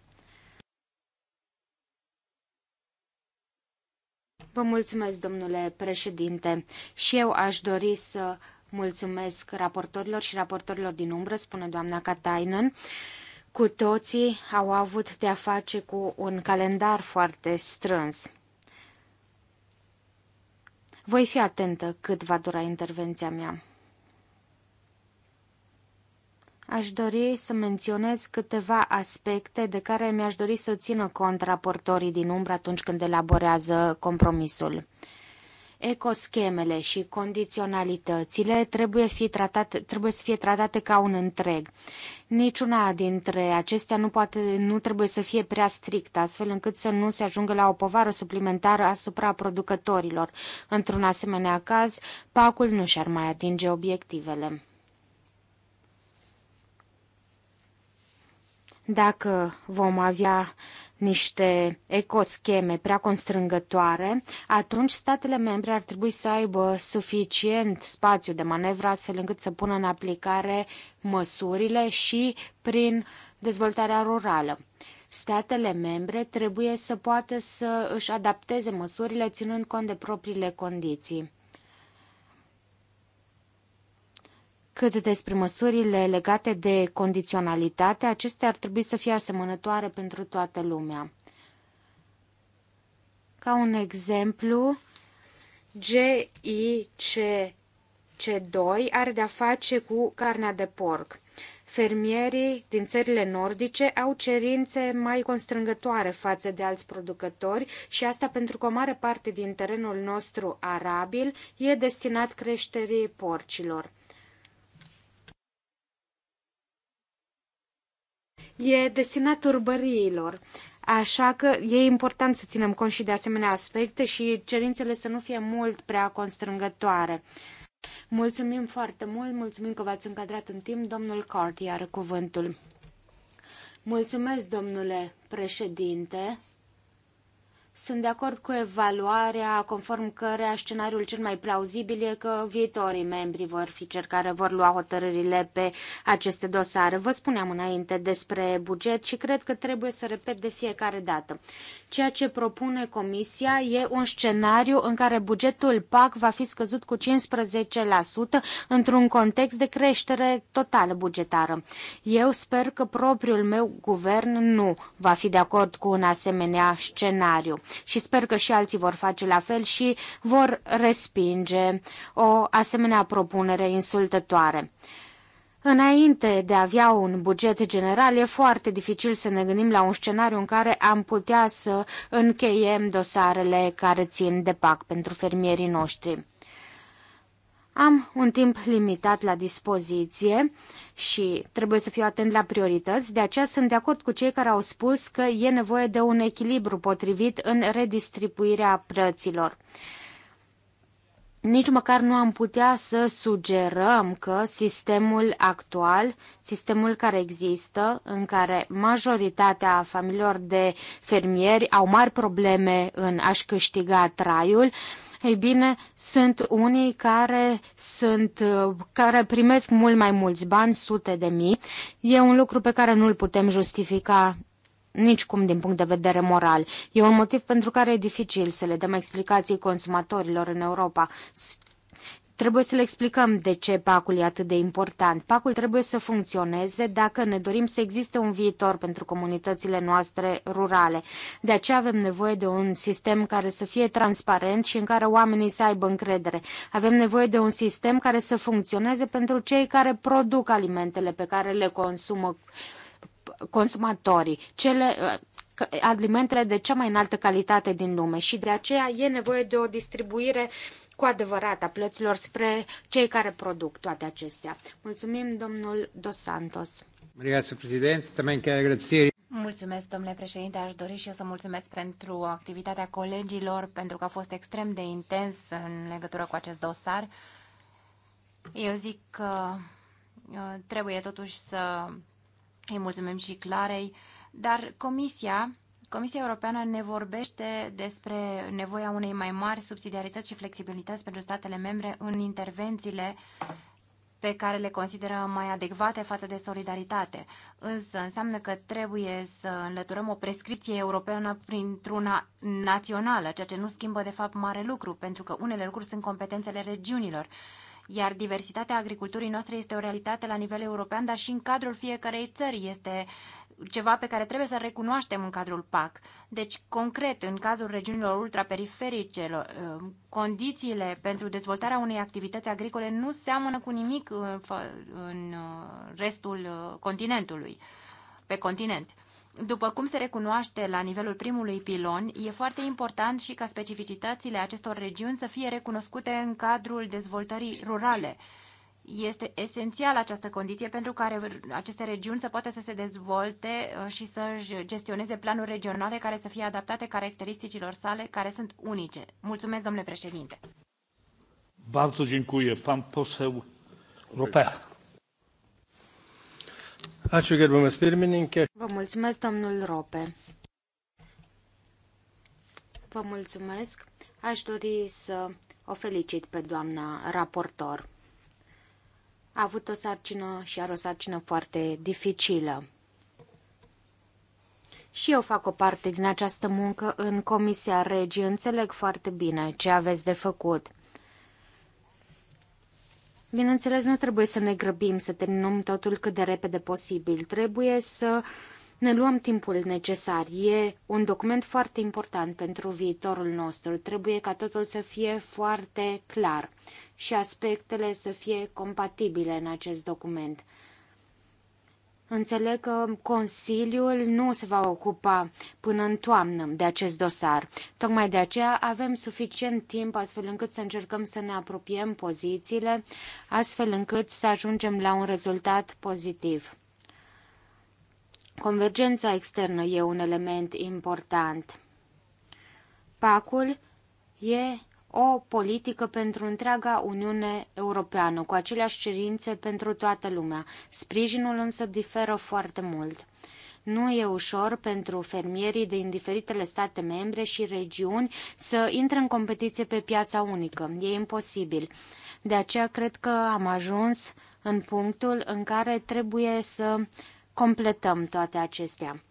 Vă mulțumesc, domnule președinte, și eu aș dori să Mulțumesc raportorilor și raportorilor din umbră, spune doamna Katainen. Cu toții au avut de-a face cu un calendar foarte strâns. Voi fi atentă cât va dura intervenția mea. Aș dori să menționez câteva aspecte de care mi-aș dori să țină cont raportorii din umbră atunci când elaborează compromisul. Ecoschemele și condiționalitățile trebuie, fi tratate, trebuie să fie tratate ca un întreg. Niciuna dintre acestea nu, poate, nu trebuie să fie prea strictă, astfel încât să nu se ajungă la o povară suplimentară asupra producătorilor. Într-un asemenea caz, pacul nu și-ar mai atinge obiectivele. Dacă vom avea niște ecoscheme prea constrângătoare, atunci statele membre ar trebui să aibă suficient spațiu de manevră astfel încât să pună în aplicare măsurile și prin dezvoltarea rurală. Statele membre trebuie să poată să își adapteze măsurile ținând cont de propriile condiții. Cât despre măsurile legate de condiționalitate, acestea ar trebui să fie asemănătoare pentru toată lumea. Ca un exemplu, GICC2 are de-a face cu carnea de porc. Fermierii din țările nordice au cerințe mai constrângătoare față de alți producători și asta pentru că o mare parte din terenul nostru arabil e destinat creșterii porcilor. e destinat urbăriilor. Așa că e important să ținem cont și de asemenea aspecte și cerințele să nu fie mult prea constrângătoare. Mulțumim foarte mult, mulțumim că v-ați încadrat în timp. Domnul Cart iar cuvântul. Mulțumesc, domnule președinte. Sunt de acord cu evaluarea conform cărea scenariul cel mai plauzibil e că viitorii membri vor fi cei care vor lua hotărârile pe aceste dosare. Vă spuneam înainte despre buget și cred că trebuie să repet de fiecare dată. Ceea ce propune Comisia e un scenariu în care bugetul PAC va fi scăzut cu 15% într-un context de creștere totală bugetară. Eu sper că propriul meu guvern nu va fi de acord cu un asemenea scenariu și sper că și alții vor face la fel și vor respinge o asemenea propunere insultătoare. Înainte de a avea un buget general, e foarte dificil să ne gândim la un scenariu în care am putea să încheiem dosarele care țin de PAC pentru fermierii noștri. Am un timp limitat la dispoziție și trebuie să fiu atent la priorități. De aceea sunt de acord cu cei care au spus că e nevoie de un echilibru potrivit în redistribuirea plăților. Nici măcar nu am putea să sugerăm că sistemul actual, sistemul care există, în care majoritatea familiilor de fermieri au mari probleme în a-și câștiga traiul, uh, ei bine, sunt unii care, sunt, care primesc mult mai mulți bani, sute de mii. E un lucru pe care nu-l putem justifica nici cum din punct de vedere moral. E un motiv pentru care e dificil să le dăm explicații consumatorilor în Europa. Trebuie să le explicăm de ce pacul e atât de important. Pacul trebuie să funcționeze dacă ne dorim să existe un viitor pentru comunitățile noastre rurale. De aceea avem nevoie de un sistem care să fie transparent și în care oamenii să aibă încredere. Avem nevoie de un sistem care să funcționeze pentru cei care produc alimentele pe care le consumă consumatorii, cele, alimentele de cea mai înaltă calitate din lume și de aceea e nevoie de o distribuire cu adevărat a plăților spre cei care produc toate acestea. Mulțumim, domnul Dos Santos. Mulțumesc, domnule președinte. Aș dori și eu să mulțumesc pentru activitatea colegilor, pentru că a fost extrem de intens în legătură cu acest dosar. Eu zic că uh, trebuie totuși să îi mulțumim și Clarei, dar comisia Comisia Europeană ne vorbește despre nevoia unei mai mari subsidiarități și flexibilități pentru statele membre în intervențiile pe care le consideră mai adecvate față de solidaritate. Însă înseamnă că trebuie să înlăturăm o prescripție europeană printr-una națională, ceea ce nu schimbă de fapt mare lucru, pentru că unele lucruri sunt competențele regiunilor. Iar diversitatea agriculturii noastre este o realitate la nivel european, dar și în cadrul fiecarei țări este uh, ceva pe care trebuie să recunoaștem în cadrul PAC. Deci, concret, în cazul regiunilor ultraperiferice, uh, condițiile pentru dezvoltarea unei activități agricole nu seamănă cu nimic uh, în uh, restul continentului, pe continent. După cum se recunoaște la nivelul primului pilon, e foarte important și ca specificitățile acestor regiuni să fie recunoscute în cadrul dezvoltării rurale este esențială această condiție pentru care aceste regiuni să poată să se dezvolte uh, și să-și gestioneze planuri regionale care să fie adaptate caracteristicilor sale, care sunt unice. Mulțumesc, domnule președinte. Bardzo dziękuję. Pan poseł Ropea. Ačiū, gerbiamas pirmininkė. Vă mulțumesc, domnul Rope. Vă mulțumesc. Aș dori să o felicit pe doamna raportor a avut o sarcină și are o sarcină foarte dificilă. Și eu fac o parte din această muncă în Comisia Regii. Înțeleg foarte bine ce aveți de făcut. Bineînțeles, nu trebuie să ne grăbim să terminăm totul cât de repede posibil. Trebuie să ne luăm timpul necesar. E un document foarte important pentru viitorul nostru. Trebuie ca totul să fie foarte clar și aspectele să fie compatibile în acest document. Înțeleg că Consiliul nu se va ocupa până în toamnă de acest dosar. Tocmai de aceea avem suficient timp astfel încât să încercăm să ne apropiem pozițiile, astfel încât să ajungem la un rezultat pozitiv. Convergența externă e un element important. Pacul e o politică pentru întreaga Uniune Europeană, cu aceleași cerințe pentru toată lumea. Sprijinul însă diferă foarte mult. Nu e ușor pentru fermierii din diferitele state membre și regiuni să intre în competiție pe piața unică. E imposibil. De aceea cred că am ajuns în punctul în care trebuie să completăm toate acestea.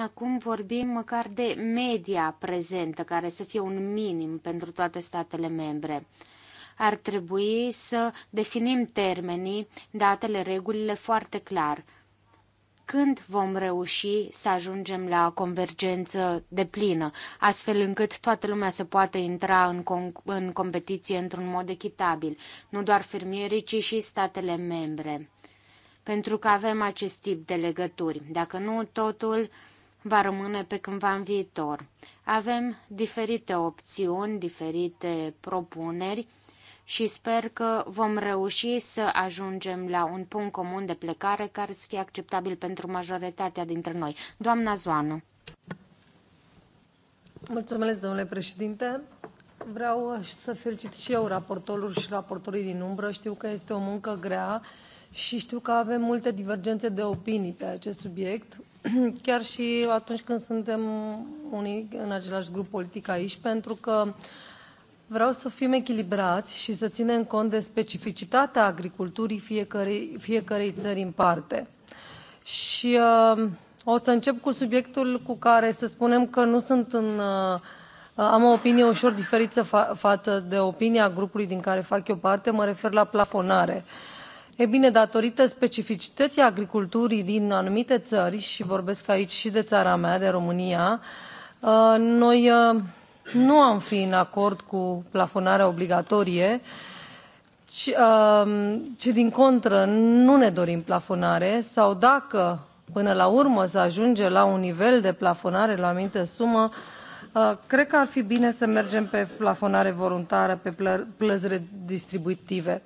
Acum vorbim măcar de media prezentă, care să fie un minim pentru toate statele membre. Ar trebui să definim termenii, datele, regulile foarte clar. Când vom reuși să ajungem la convergență de plină, astfel încât toată lumea să poată intra în, con- în competiție într-un mod echitabil, nu doar fermierii, ci și statele membre? Pentru că avem acest tip de legături. Dacă nu, totul va rămâne pe cândva în viitor. Avem diferite opțiuni, diferite propuneri și sper că vom reuși să ajungem la un punct comun de plecare care să fie acceptabil pentru majoritatea dintre noi. Doamna Zoană. Mulțumesc, domnule președinte. Vreau să felicit și eu raportorul și raportorii din umbră. Știu că este o muncă grea și știu că avem multe divergențe de opinii pe acest subiect, chiar și atunci când suntem unii în același grup politic aici, pentru că vreau să fim echilibrați și să ținem cont de specificitatea agriculturii fiecărei, fiecărei țări în parte. Și uh, o să încep cu subiectul cu care să spunem că nu sunt în... Uh, am o opinie ușor diferită fa față de opinia grupului din care fac eu parte, mă refer la plafonare. Uh, e bine datorită specificității agriculturii din anumite țări și vorbesc aici și de țara mea de românia uh, noi uh, nu am fi în acord cu plafonarea obligatorie ci, uh, ci din contră nu ne dorim plafonare sau dacă până la urmă se ajunge la un nivel de plafonare la o anumită sumă cred că ar fi bine să mergem pe plafonare voluntară pe plăți redistributive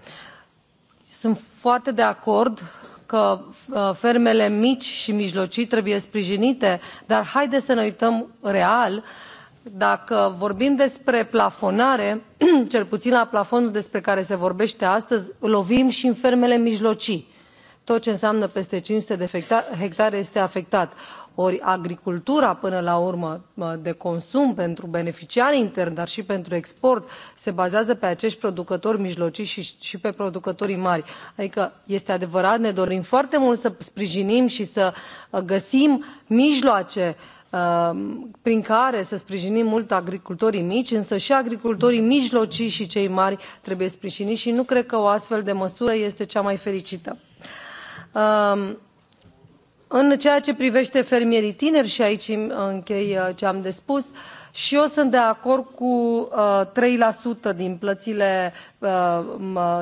sunt foarte de acord că uh, fermele mici și mijlocii trebuie sprijinite dar haideți să ne uităm real dacă vorbim despre plafonare cel puțin la plafonul despre care se vorbește astăzi lovim și în fermele mijlocii tot ce înseamnă peste cinci sute de hectare este afectat. Ori agricultura, până la urmă, de consum pentru beneficiari intern, dar și pentru export, se bazează pe acești producători mijlocii și, și pe producătorii mari. Adică este adevărat, ne dorim foarte mult să sprijinim și să uh, găsim mijloace uh, prin care să sprijinim mult agricultorii mici, însă și agricultorii mijlocii și cei mari trebuie sprijiniți și nu cred că o astfel de măsură este cea mai fericită. Um, în ceea ce privește fermierii tineri, și aici închei uh, ce am de spus, și eu sunt de acord cu uh, 3% din plățile uh,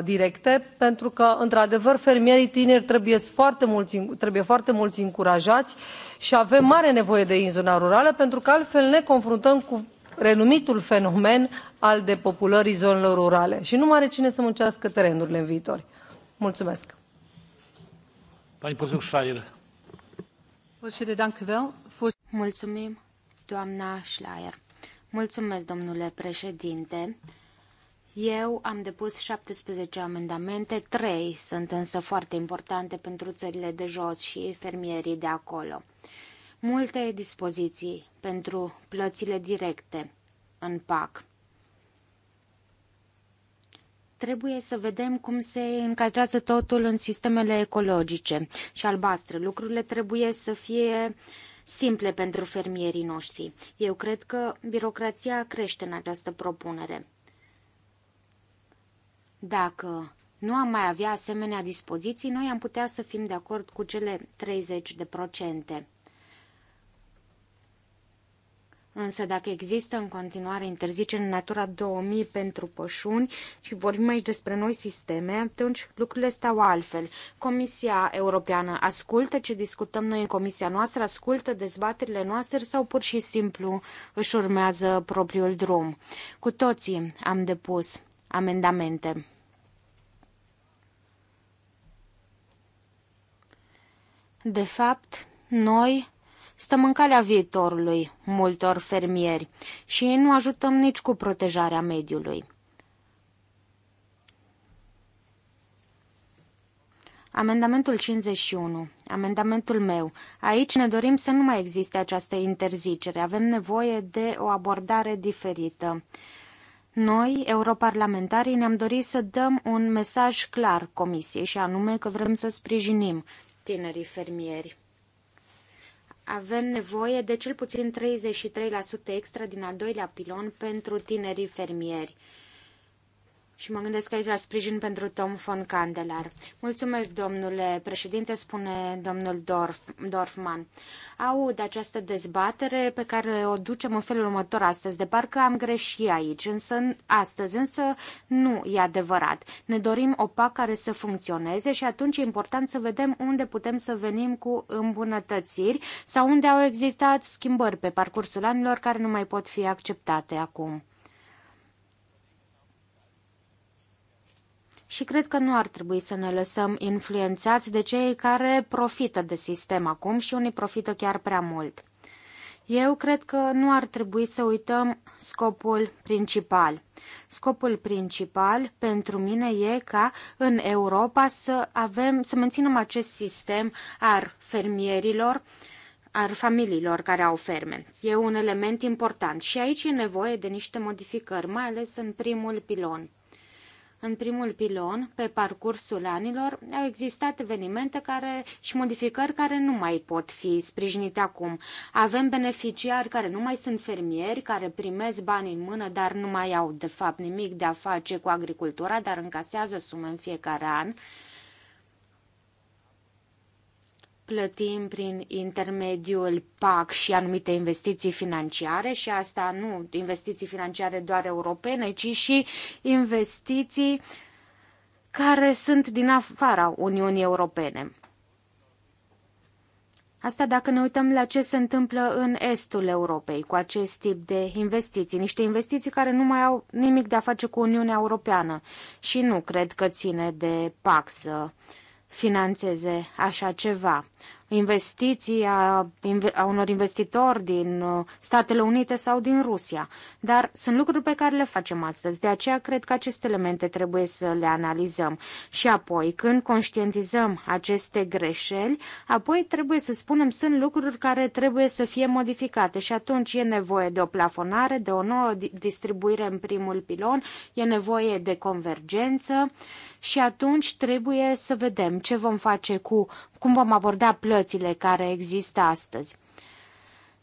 directe, pentru că, într-adevăr, fermierii tineri trebuie foarte, mulți, trebuie foarte mulți încurajați și avem mare nevoie de ei în zona rurală, pentru că altfel ne confruntăm cu renumitul fenomen al depopulării zonelor rurale și nu mai are cine să muncească terenurile în viitor. Mulțumesc! Pani poseł Schreier. Mulțumim, doamna Schleier. Mulțumesc, domnule președinte. Eu am depus 17 amendamente, 3 sunt însă foarte importante pentru țările de jos și fermierii de acolo. Multe dispoziții pentru plățile directe în PAC. Trebuie să vedem cum se încadrează totul în sistemele ecologice și albastre. Lucrurile trebuie să fie simple pentru fermierii noștri. Eu cred că birocrația crește în această propunere. Dacă nu am mai avea asemenea dispoziții, noi am putea să fim de acord cu cele 30 de procente. Însă dacă există în continuare interziceri în Natura 2000 pentru pășuni și vorbim aici despre noi sisteme, atunci lucrurile stau altfel. Comisia Europeană ascultă ce discutăm noi în comisia noastră, ascultă dezbaterile noastre sau pur și simplu își urmează propriul drum. Cu toții am depus amendamente. De fapt, noi stăm în calea viitorului multor fermieri și nu ajutăm nici cu protejarea mediului. Amendamentul 51. Amendamentul meu. Aici ne dorim să nu mai existe această interzicere. Avem nevoie de o abordare diferită. Noi, europarlamentarii, ne-am dorit să dăm un mesaj clar Comisiei și anume că vrem să sprijinim tinerii fermieri. Avem nevoie de cel puțin 33% extra din al doilea pilon pentru tinerii fermieri și mă gândesc aici la sprijin pentru Tom von Candelar. Mulțumesc, domnule președinte, spune domnul Dorf, Dorfman. Aud această dezbatere pe care o ducem în felul următor astăzi. De parcă am greșit aici, însă astăzi, însă nu e adevărat. Ne dorim o PAC care să funcționeze și atunci e important să vedem unde putem să venim cu îmbunătățiri sau unde au existat schimbări pe parcursul anilor care nu mai pot fi acceptate acum. și cred că nu ar trebui să ne lăsăm influențați de cei care profită de sistem acum și unii profită chiar prea mult. Eu cred că nu ar trebui să uităm scopul principal. Scopul principal pentru mine e ca în Europa să avem, să menținem acest sistem al fermierilor, al familiilor care au ferme. E un element important și aici e nevoie de niște modificări, mai ales în primul pilon. În primul pilon, pe parcursul anilor, au existat evenimente care și modificări care nu mai pot fi sprijinite acum. Avem beneficiari care nu mai sunt fermieri, care primesc bani în mână, dar nu mai au de fapt nimic de a face cu agricultura, dar încasează sume în fiecare an plătim prin intermediul PAC și anumite investiții financiare și asta nu investiții financiare doar europene, ci și investiții care sunt din afara Uniunii Europene. Asta dacă ne uităm la ce se întâmplă în estul Europei cu acest tip de investiții, niște investiții care nu mai au nimic de a face cu Uniunea Europeană și nu cred că ține de PAC să uh, financeze așa ceva. Investiții a, a unor investitori din uh, Statele Unite sau din Rusia. Dar sunt lucruri pe care le facem astăzi. De aceea cred că aceste elemente trebuie să le analizăm. Și apoi, când conștientizăm aceste greșeli, apoi trebuie să spunem sunt lucruri care trebuie să fie modificate și atunci e nevoie de o plafonare, de o nouă distribuire în primul pilon, e nevoie de convergență și atunci trebuie să vedem ce vom face cu, cum vom aborda plățile care există astăzi.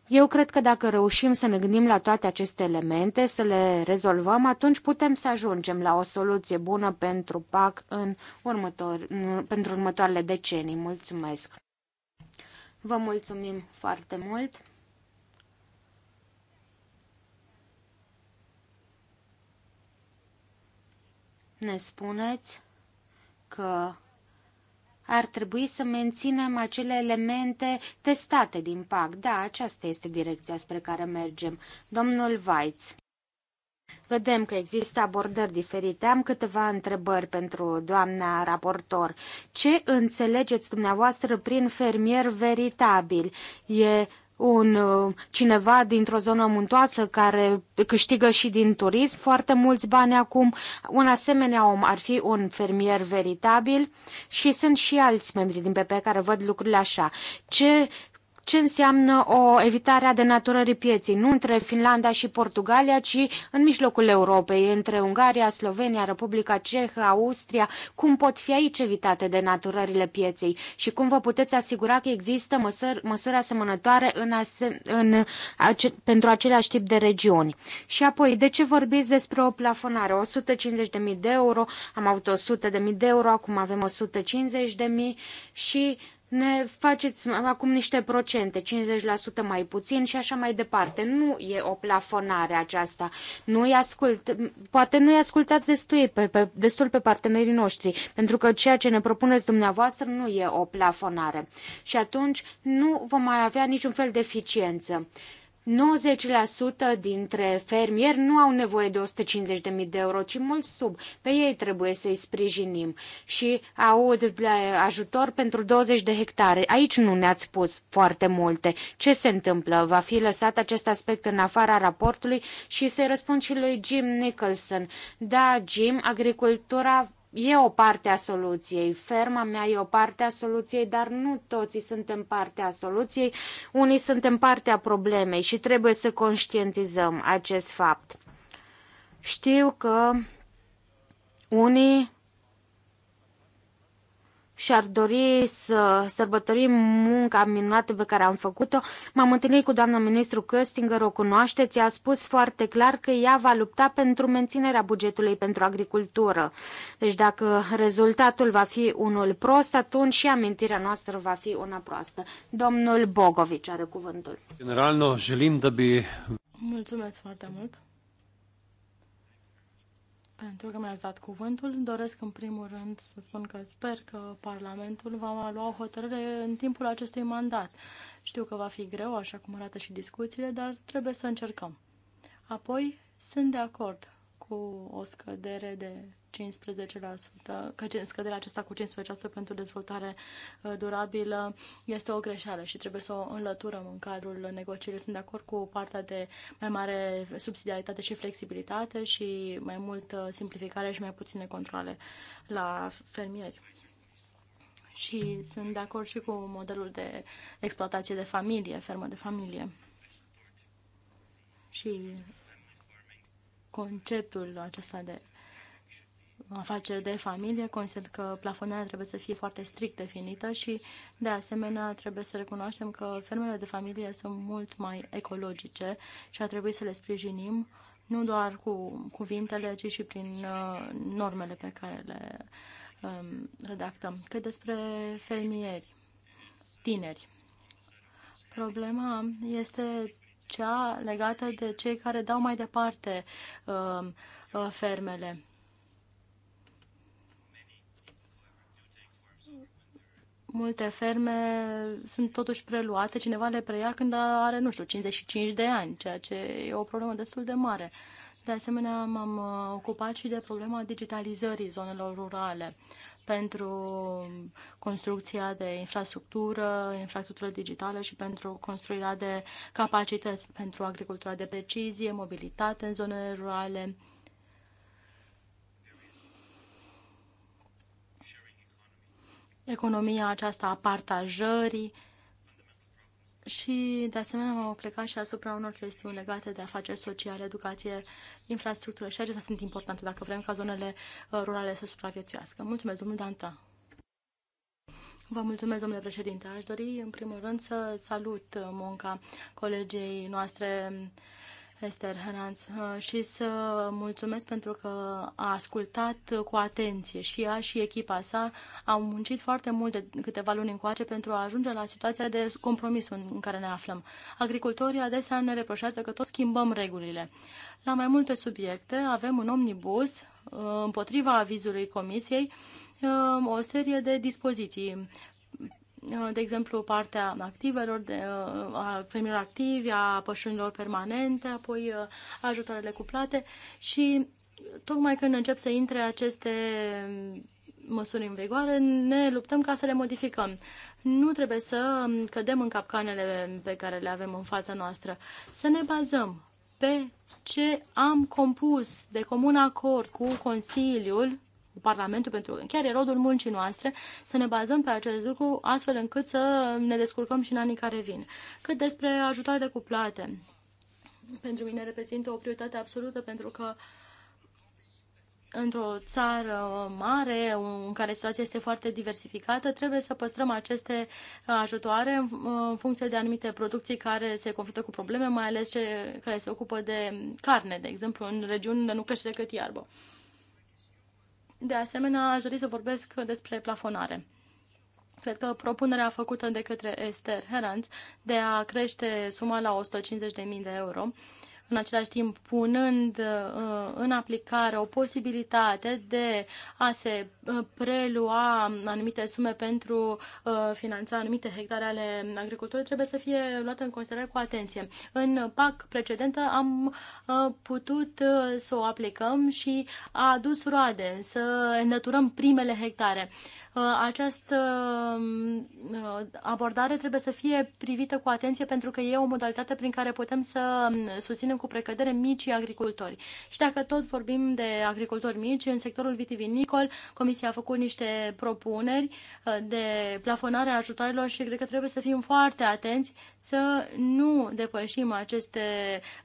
Eu cred că dacă reușim să ne gândim la toate aceste elemente, să le rezolvăm, atunci putem să ajungem la o soluție bună pentru PAC în următor, pentru următoarele decenii. Mulțumesc! Vă mulțumim foarte mult! Ne spuneți că ar trebui să menținem acele elemente testate din PAC. Da, aceasta este direcția spre care mergem. Domnul Weitz. Vedem că există abordări diferite. Am câteva întrebări pentru doamna raportor. Ce înțelegeți dumneavoastră prin fermier veritabil? E un uh, cineva dintr-o zonă muntoasă care câștigă și din turism foarte mulți bani acum. Un asemenea om ar fi un fermier veritabil și sunt și alți membri din PP care văd lucrurile așa. Ce ce înseamnă o evitare a denaturării pieții, nu între Finlanda și Portugalia, ci în mijlocul Europei, între Ungaria, Slovenia, Republica Cehă, Austria, cum pot fi aici evitate denaturările pieței și cum vă puteți asigura că există măsări, măsuri asemănătoare în ase, în, ace, pentru același tip de regiuni. Și apoi, de ce vorbiți despre o plafonare? 150.000 de euro, am avut 100.000 de euro, acum avem 150.000 și ne faceți acum niște procente, 50% mai puțin și așa mai departe. Nu e o plafonare aceasta. Nu-i ascult, poate nu-i ascultați destul pe, pe, destul pe partenerii noștri, pentru că ceea ce ne propuneți dumneavoastră nu e o plafonare. Și atunci nu vom mai avea niciun fel de eficiență. 90% dintre fermieri nu au nevoie de 150.000 de euro, ci mult sub. Pe ei trebuie să-i sprijinim și aud de ajutor pentru 20 de hectare. Aici nu ne-ați spus foarte multe. Ce se întâmplă? Va fi lăsat acest aspect în afara raportului și să-i răspund și lui Jim Nicholson. Da, Jim, agricultura e o parte a soluției. Ferma mea e o parte a soluției, dar nu toții suntem parte a soluției. Unii suntem parte a problemei și trebuie să conștientizăm acest fapt. Știu că unii și ar dori să sărbătorim munca minunată pe care am făcut-o. M-am întâlnit cu doamna ministru Köstinger, o cunoașteți, a spus foarte clar că ea va lupta pentru menținerea bugetului pentru agricultură. Deci dacă rezultatul va fi unul prost, atunci și amintirea noastră va fi una proastă. Domnul Bogovici are cuvântul. General, no, želim bi... Mulțumesc foarte mult pentru că mi-ați dat cuvântul. Doresc în primul rând să spun că sper că Parlamentul va lua o hotărâre în timpul acestui mandat. Știu că va fi greu, așa cum arată și discuțiile, dar trebuie să încercăm. Apoi, sunt de acord cu o scădere de 15%, că scăderea aceasta cu 15% pentru dezvoltare uh, durabilă este o greșeală și trebuie să o înlăturăm în cadrul negocierii. Sunt de acord cu partea de mai mare subsidiaritate și flexibilitate și mai mult uh, simplificare și mai puține controle la fermieri. Și sunt de acord și cu modelul de exploatație de familie, fermă de familie. Și conceptul acesta de afaceri de familie, consider că plafonarea trebuie să fie foarte strict definită și, de asemenea, trebuie să recunoaștem că fermele de familie sunt mult mai ecologice și ar trebui să le sprijinim nu doar cu cuvintele, ci și prin uh, normele pe care le um, redactăm. Cât despre fermieri, tineri. Problema este cea legată de cei care dau mai departe uh, uh, fermele. Multe ferme sunt totuși preluate, cineva le preia când are, nu știu, 55 de ani, ceea ce e o problemă destul de mare. De asemenea, m-am uh, ocupat și de problema digitalizării zonelor rurale. Uh, pentru construcția de infrastructură, infrastructură digitală și pentru construirea de capacități pentru agricultura de precizie, mobilitate în zonele rurale. Economia aceasta a partajării și, de asemenea, m-am plecat și asupra unor chestiuni legate de afaceri sociale, educație, infrastructură și acestea sunt importante dacă vrem ca zonele uh, rurale să supraviețuiască. Mulțumesc, domnul Danta! Vă mulțumesc, domnule președinte. Aș dori, în primul rând, să salut uh, munca colegei noastre Esther Heranz, uh, și să mulțumesc pentru că a ascultat cu atenție și ea și echipa sa au muncit foarte mult de câteva luni încoace pentru a ajunge la situația de compromis în care ne aflăm. Agricultorii adesea ne reproșează că tot schimbăm regulile. La mai multe subiecte avem un omnibus uh, împotriva avizului comisiei uh, o serie de dispoziții Uh, de exemplu, partea activelor, de, uh, a femeilor activi, a pășunilor permanente, apoi uh, ajutoarele cuplate și tocmai când încep să intre aceste măsuri în vigoare, ne luptăm ca să le modificăm. Nu trebuie să cădem în capcanele pe care le avem în fața noastră. Să ne bazăm pe ce am compus de comun acord cu Consiliul Parlamentul, pentru că chiar e rodul muncii noastre să ne bazăm pe acest lucru astfel încât să ne descurcăm și în anii care vin. Cât despre de cuplate, pentru mine reprezintă o prioritate absolută pentru că într-o țară mare în care situația este foarte diversificată, trebuie să păstrăm aceste ajutoare în funcție de anumite producții care se confruntă cu probleme, mai ales ce care se ocupă de carne, de exemplu, în regiuni unde nu crește decât iarbă. De asemenea, aș dori să vorbesc despre plafonare. Cred că propunerea făcută de către Esther Heranz de a crește suma la 150.000 de euro în același timp punând uh, în aplicare o posibilitate de a se uh, prelua anumite sume pentru uh, finanța anumite hectare ale agriculturii, trebuie să fie luată în considerare cu atenție. În PAC precedentă am putut să o aplicăm și a adus roade, să înlăturăm primele hectare. Ă, această ă, abordare trebuie să fie privită cu atenție pentru că e o modalitate prin care putem să ă, susținem cu precădere micii agricultori. Și dacă tot vorbim de agricultori mici, în sectorul vitivinicol, Comisia a făcut niște propuneri de plafonare a ajutoarelor și cred că trebuie să fim foarte atenți să nu depășim aceste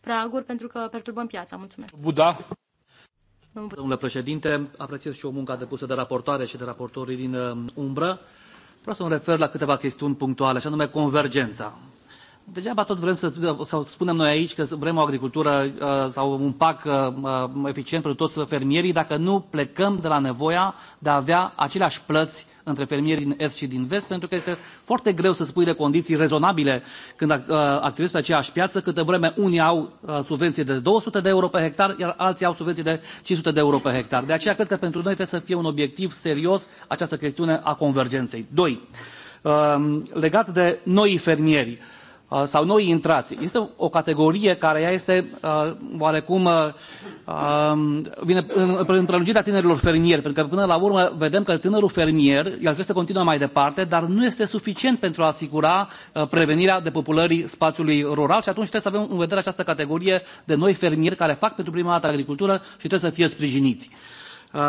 praguri pentru că perturbăm piața. Mulțumesc! Buda! Domnule președinte, apreciez și eu munca depusă de raportoare și de raportorii din uh, umbră. Vreau să mă refer la câteva chestiuni punctuale, și anume convergența. Degeaba tot vrem să, să spunem noi aici că vrem o agricultură uh, sau un pac uh, uh, eficient pentru toți fermierii dacă nu plecăm de la nevoia de a avea aceleași plăți între fermierii din est și din vest, pentru că este foarte greu să spui de condiții rezonabile când activezi pe aceeași piață, câtă vreme unii au subvenții de 200 de euro pe hectar, iar alții au subvenții de 500 de euro pe hectar. De aceea cred că pentru noi trebuie să fie un obiectiv serios această chestiune a convergenței. Doi, um, legat de noi fermieri. Uh, sau noi intrați. Este o categorie care ea este uh, oarecum uh, um, vine în, în prelungirea tinerilor fermieri, pentru că până la urmă vedem că tânărul fermier, el trebuie să continue mai departe, dar nu este suficient pentru a asigura prevenirea depopulării spațiului rural și atunci trebuie să avem în vedere această categorie de noi fermieri care fac pentru prima dată agricultură și trebuie să fie sprijiniți.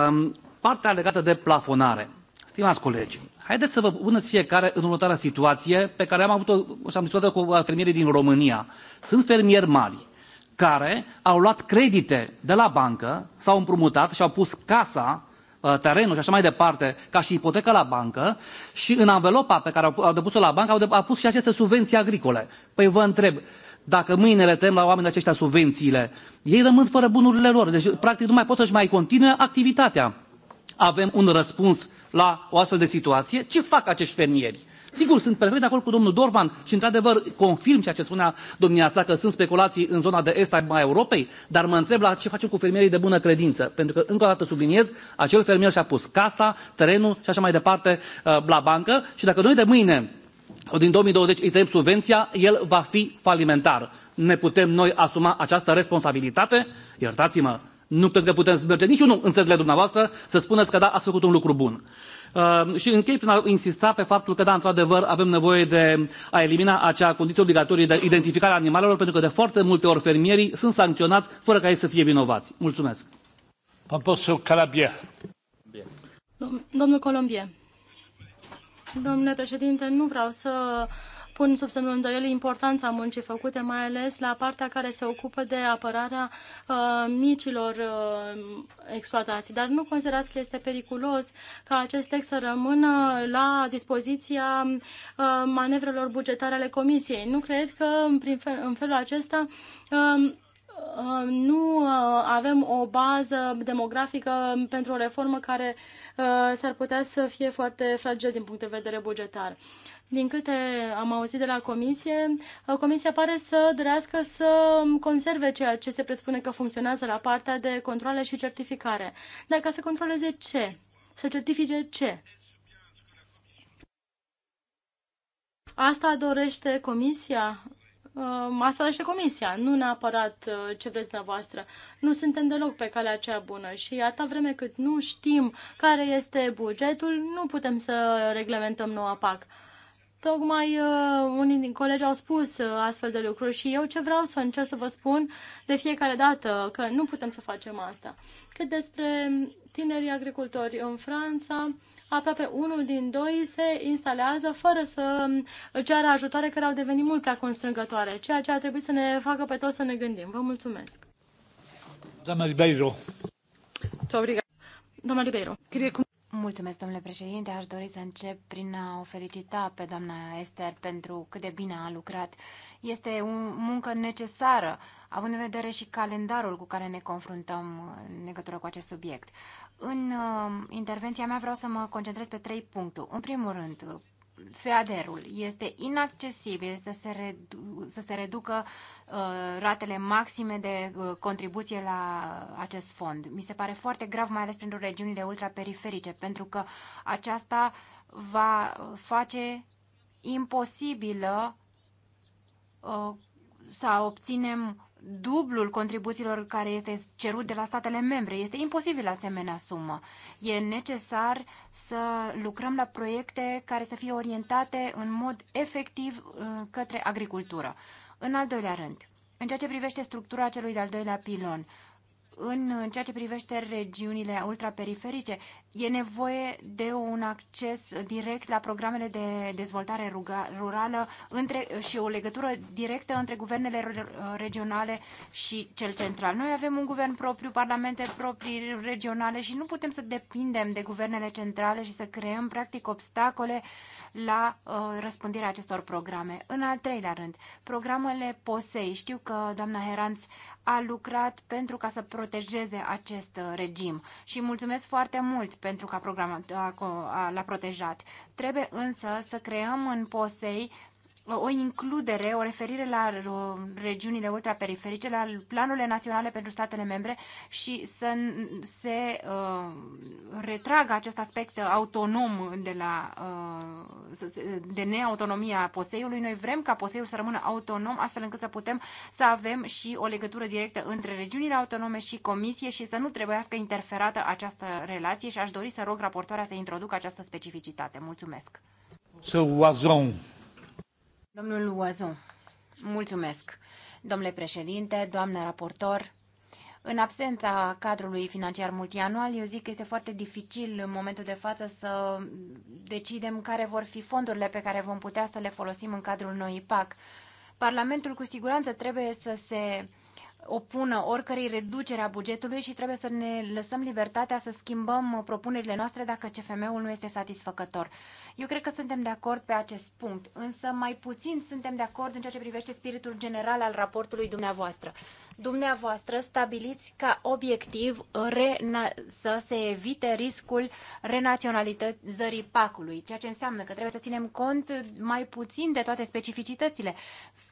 Um, partea legată de plafonare Stimați colegi, haideți să vă puneți fiecare în următoarea situație pe care am avut-o și am discutat-o cu uh, fermierii din România. Sunt fermieri mari care au luat credite de la bancă, s-au împrumutat și au pus casa uh, terenul și așa mai departe, ca și ipoteca la bancă și în anvelopa pe care au depus-o la bancă au, au pus și aceste subvenții agricole. Păi vă întreb, dacă mâine le tăiem la oamenii aceștia subvențiile, ei rămân fără bunurile lor. Deci, practic, nu mai pot să-și mai continue activitatea avem un răspuns la o astfel de situație? Ce fac acești fermieri? Sigur, sunt perfect de acord cu domnul Dorvan și, într-adevăr, confirm ceea ce spunea domnia sa, că sunt speculații în zona de est a Europei, dar mă întreb la ce facem cu fermierii de bună credință. Pentru că, încă o dată subliniez, acel fermier și-a pus casa, terenul și așa mai departe uh, la bancă și dacă noi de mâine uh, din 2020 îi tăiem subvenția, el va fi falimentar. Ne putem noi asuma această responsabilitate? Iertați-mă, nu cred că putem merge niciunul în țările dumneavoastră să spuneți că da, ați făcut un lucru bun. Uh, și închei prin a insista pe faptul că, da, într-adevăr, avem nevoie de a elimina acea condiție obligatorie de identificare a animalelor, pentru că de foarte multe ori fermierii sunt sancționați fără ca ei să fie vinovați. Mulțumesc. Domnul Colombie. Domnule președinte, nu vreau să pun sub semnul îndoielii importanța muncii făcute, mai ales la partea care se ocupă de apărarea uh, micilor uh, exploatații. Dar nu considerați că este periculos ca acest text să rămână la dispoziția uh, manevrelor bugetare ale Comisiei. Nu crezi că prin fel, în felul acesta um, uh, nu uh, avem o bază demografică pentru o reformă care uh, s-ar putea să fie foarte fragil din punct de vedere bugetar. Din câte am auzit de la comisie, uh, comisia pare să dorească să conserve ceea ce se presupune că funcționează la partea de controle și certificare. Dar ca să controleze ce? Să certifice ce? Asta dorește comisia? Uh, asta dorește comisia, nu neapărat uh, ce vreți dumneavoastră. Nu suntem deloc pe calea cea bună și atâta vreme cât nu știm care este bugetul, nu putem să reglementăm noua PAC. Tocmai uh, unii din colegi au spus uh, astfel de lucruri și eu ce vreau să încerc să vă spun de fiecare dată, că nu putem să facem asta. Cât despre tinerii agricultori în Franța, aproape unul din doi se instalează fără să ceară ajutoare care au devenit mult prea constrângătoare, ceea ce ar trebui să ne facă pe toți să ne gândim. Vă mulțumesc! Doamna Ribeiro. Doamna Ribeiro. Mulțumesc, domnule președinte. Aș dori să încep prin a o felicita pe doamna Esther pentru cât de bine a lucrat. Este o muncă necesară, având în vedere și calendarul cu care ne confruntăm în legătură cu acest subiect. În uh, intervenția mea vreau să mă concentrez pe trei puncte. În primul rând, FEADER-ul. Este inaccesibil să se, redu- să se reducă uh, ratele maxime de uh, contribuție la acest fond. Mi se pare foarte grav, mai ales pentru regiunile ultraperiferice, pentru că aceasta va face imposibilă uh, să obținem dublul contribuțiilor care este cerut de la statele membre. Este imposibil asemenea sumă. E necesar să lucrăm la proiecte care să fie orientate în mod efectiv uh, către agricultură. În al doilea rând, în ceea ce privește structura celui de-al doilea pilon, în ceea ce privește regiunile ultraperiferice, e nevoie de un acces direct la programele de dezvoltare rurală între, și o legătură directă între guvernele regionale și cel central. Noi avem un guvern propriu, parlamente proprii regionale și nu putem să depindem de guvernele centrale și să creăm practic obstacole la uh, răspândirea acestor programe. În al treilea rând, programele POSEI. Știu că doamna Heranț a lucrat pentru ca să protejeze acest uh, regim și mulțumesc foarte mult pentru că a, l-a protejat. Trebuie însă să creăm în POSEI o includere, o referire la regiunile ultraperiferice, la planurile naționale pentru statele membre și să se uh, retragă acest aspect autonom de, la, uh, de neautonomia poseiului. Noi vrem ca poseiul să rămână autonom, astfel încât să putem să avem și o legătură directă între regiunile autonome și comisie și să nu trebuiască interferată această relație și aș dori să rog raportoarea să introducă această specificitate. Mulțumesc! So, Domnul Oazu, mulțumesc. Domnule președinte, doamnă raportor, în absența cadrului financiar multianual, eu zic că este foarte dificil în momentul de față să decidem care vor fi fondurile pe care vom putea să le folosim în cadrul noii PAC. Parlamentul cu siguranță trebuie să se opună oricărei reducere a bugetului și trebuie să ne lăsăm libertatea să schimbăm uh, propunerile noastre dacă CFM-ul nu este satisfăcător. Eu cred că suntem de acord pe acest punct, însă mai puțin suntem de acord în ceea ce privește spiritul general al raportului dumneavoastră dumneavoastră stabiliți ca obiectiv să se evite riscul renaționalizării pacului, ceea ce înseamnă că trebuie să ținem cont mai puțin de toate specificitățile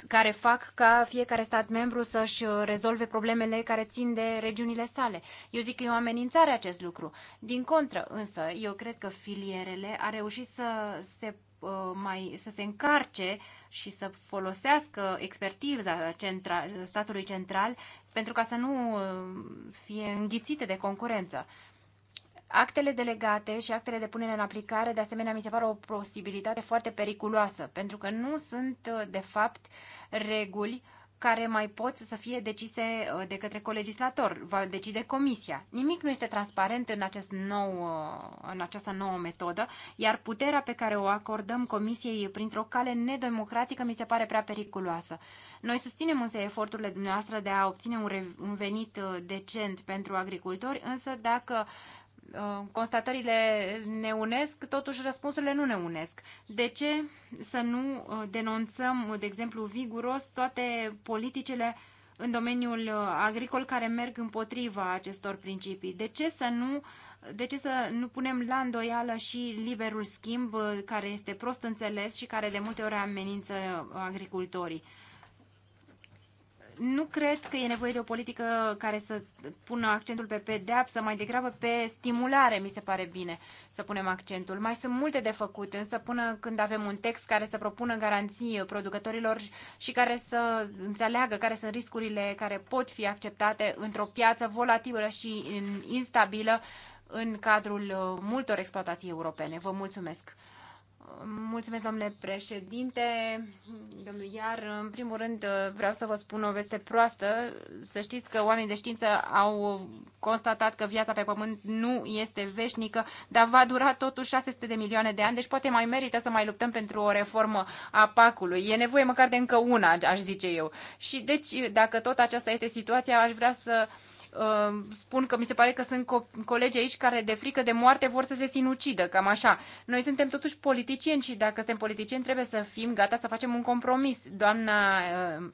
care fac ca fiecare stat membru să-și rezolve problemele care țin de regiunile sale. Eu zic că e o amenințare acest lucru. Din contră, însă, eu cred că filierele a reușit să se Uh, mai să se încarce și să folosească expertiza central, statului central pentru ca să nu uh, fie înghițite de concurență. Actele delegate și actele de punere în aplicare, de asemenea, mi se pare o posibilitate foarte periculoasă, pentru că nu sunt, uh, de fapt, reguli uh, care mai pot să fie decise uh, de către colegislator, va decide comisia. Nimic nu este transparent în, acest nou, uh, în această nouă metodă, iar puterea pe care o acordăm comisiei printr-o cale nedemocratică mi se pare prea periculoasă. Noi susținem însă eforturile dumneavoastră de a obține un, un venit uh, decent pentru agricultori, însă dacă Uh, constatările ne unesc, totuși răspunsurile nu ne unesc. De ce să nu uh, denunțăm, de exemplu, viguros toate politicele în domeniul uh, agricol care merg împotriva acestor principii? De ce să nu, de ce să nu punem la îndoială și liberul schimb care este prost înțeles și care de multe ori amenință agricultorii? nu cred că e nevoie de o politică care să pună accentul pe pedeapsă, mai degrabă pe stimulare, mi se pare bine să punem accentul. Mai sunt multe de făcut, însă până când avem un text care să propună garanții producătorilor și care să înțeleagă care sunt riscurile care pot fi acceptate într-o piață volatilă și instabilă în cadrul uh, multor exploatații europene. Vă mulțumesc! Mulțumesc, domnule președinte, domnul Iar. În primul rând, uh, vreau să vă spun o veste proastă. Să știți că oamenii de știință au constatat că viața pe Pământ nu este veșnică, dar va dura totuși 600 de milioane de ani, deci poate mai merită să mai luptăm pentru o reformă a pacului. E nevoie măcar de încă una, aș zice eu. Și deci, dacă tot aceasta este situația, aș vrea să uh, Um, spun că mi se pare că sunt co- colegi aici care de frică de moarte vor să se sinucidă, cam așa. Noi suntem totuși politicieni și dacă suntem politicieni trebuie să fim gata să facem un compromis. Doamna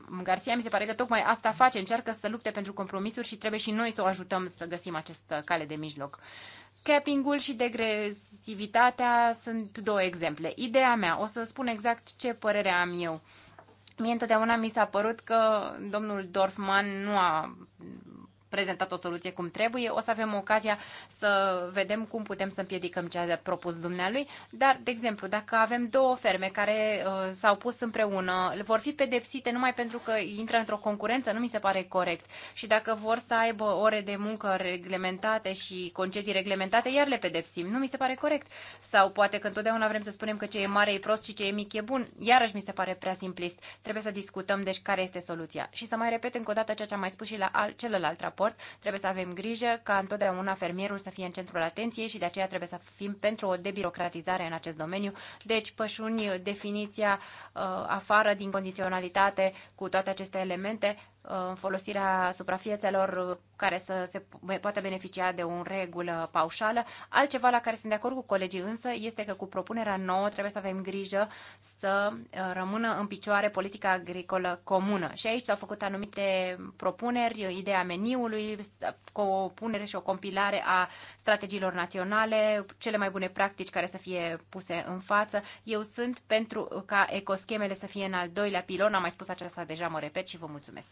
um, Garcia mi se pare că tocmai asta face, încearcă să lupte pentru compromisuri și trebuie și noi să o ajutăm să găsim această cale de mijloc. Capping-ul și degresivitatea sunt două exemple. Ideea mea, o să spun exact ce părere am eu. Mie întotdeauna mi s-a părut că domnul Dorfman nu a prezentat o soluție cum trebuie, o să avem ocazia să vedem cum putem să împiedicăm ce a propus dumnealui, dar, de exemplu, dacă avem două ferme care uh, s-au pus împreună, vor fi pedepsite numai pentru că intră într-o concurență, nu mi se pare corect. Și dacă vor să aibă ore de muncă reglementate și concedii reglementate, iar le pedepsim. Nu mi se pare corect. Sau poate că întotdeauna vrem să spunem că ce e mare e prost și ce e mic e bun. Iarăși mi se pare prea simplist. Trebuie să discutăm, deci, care este soluția. Și să mai repet încă o dată ceea ce am mai spus și la al- celălalt raport raport. Trebuie să avem grijă ca întotdeauna fermierul să fie în centrul atenției și de aceea trebuie să fim pentru o debirocratizare în acest domeniu. Deci, pășuni, definiția uh, afară din condiționalitate cu toate aceste elemente folosirea suprafiețelor care să se poată beneficia de o regulă paușală. Altceva la care sunt de acord cu colegii însă este că cu propunerea nouă trebuie să avem grijă să uh, rămână în picioare politica agricolă comună. Și aici s-au făcut anumite propuneri, ideea meniului, cu o punere și o compilare a strategiilor naționale, cele mai bune practici care să fie puse în față. Eu sunt pentru ca ecoschemele să fie în al doilea pilon, am mai spus aceasta deja, mă repet și vă mulțumesc.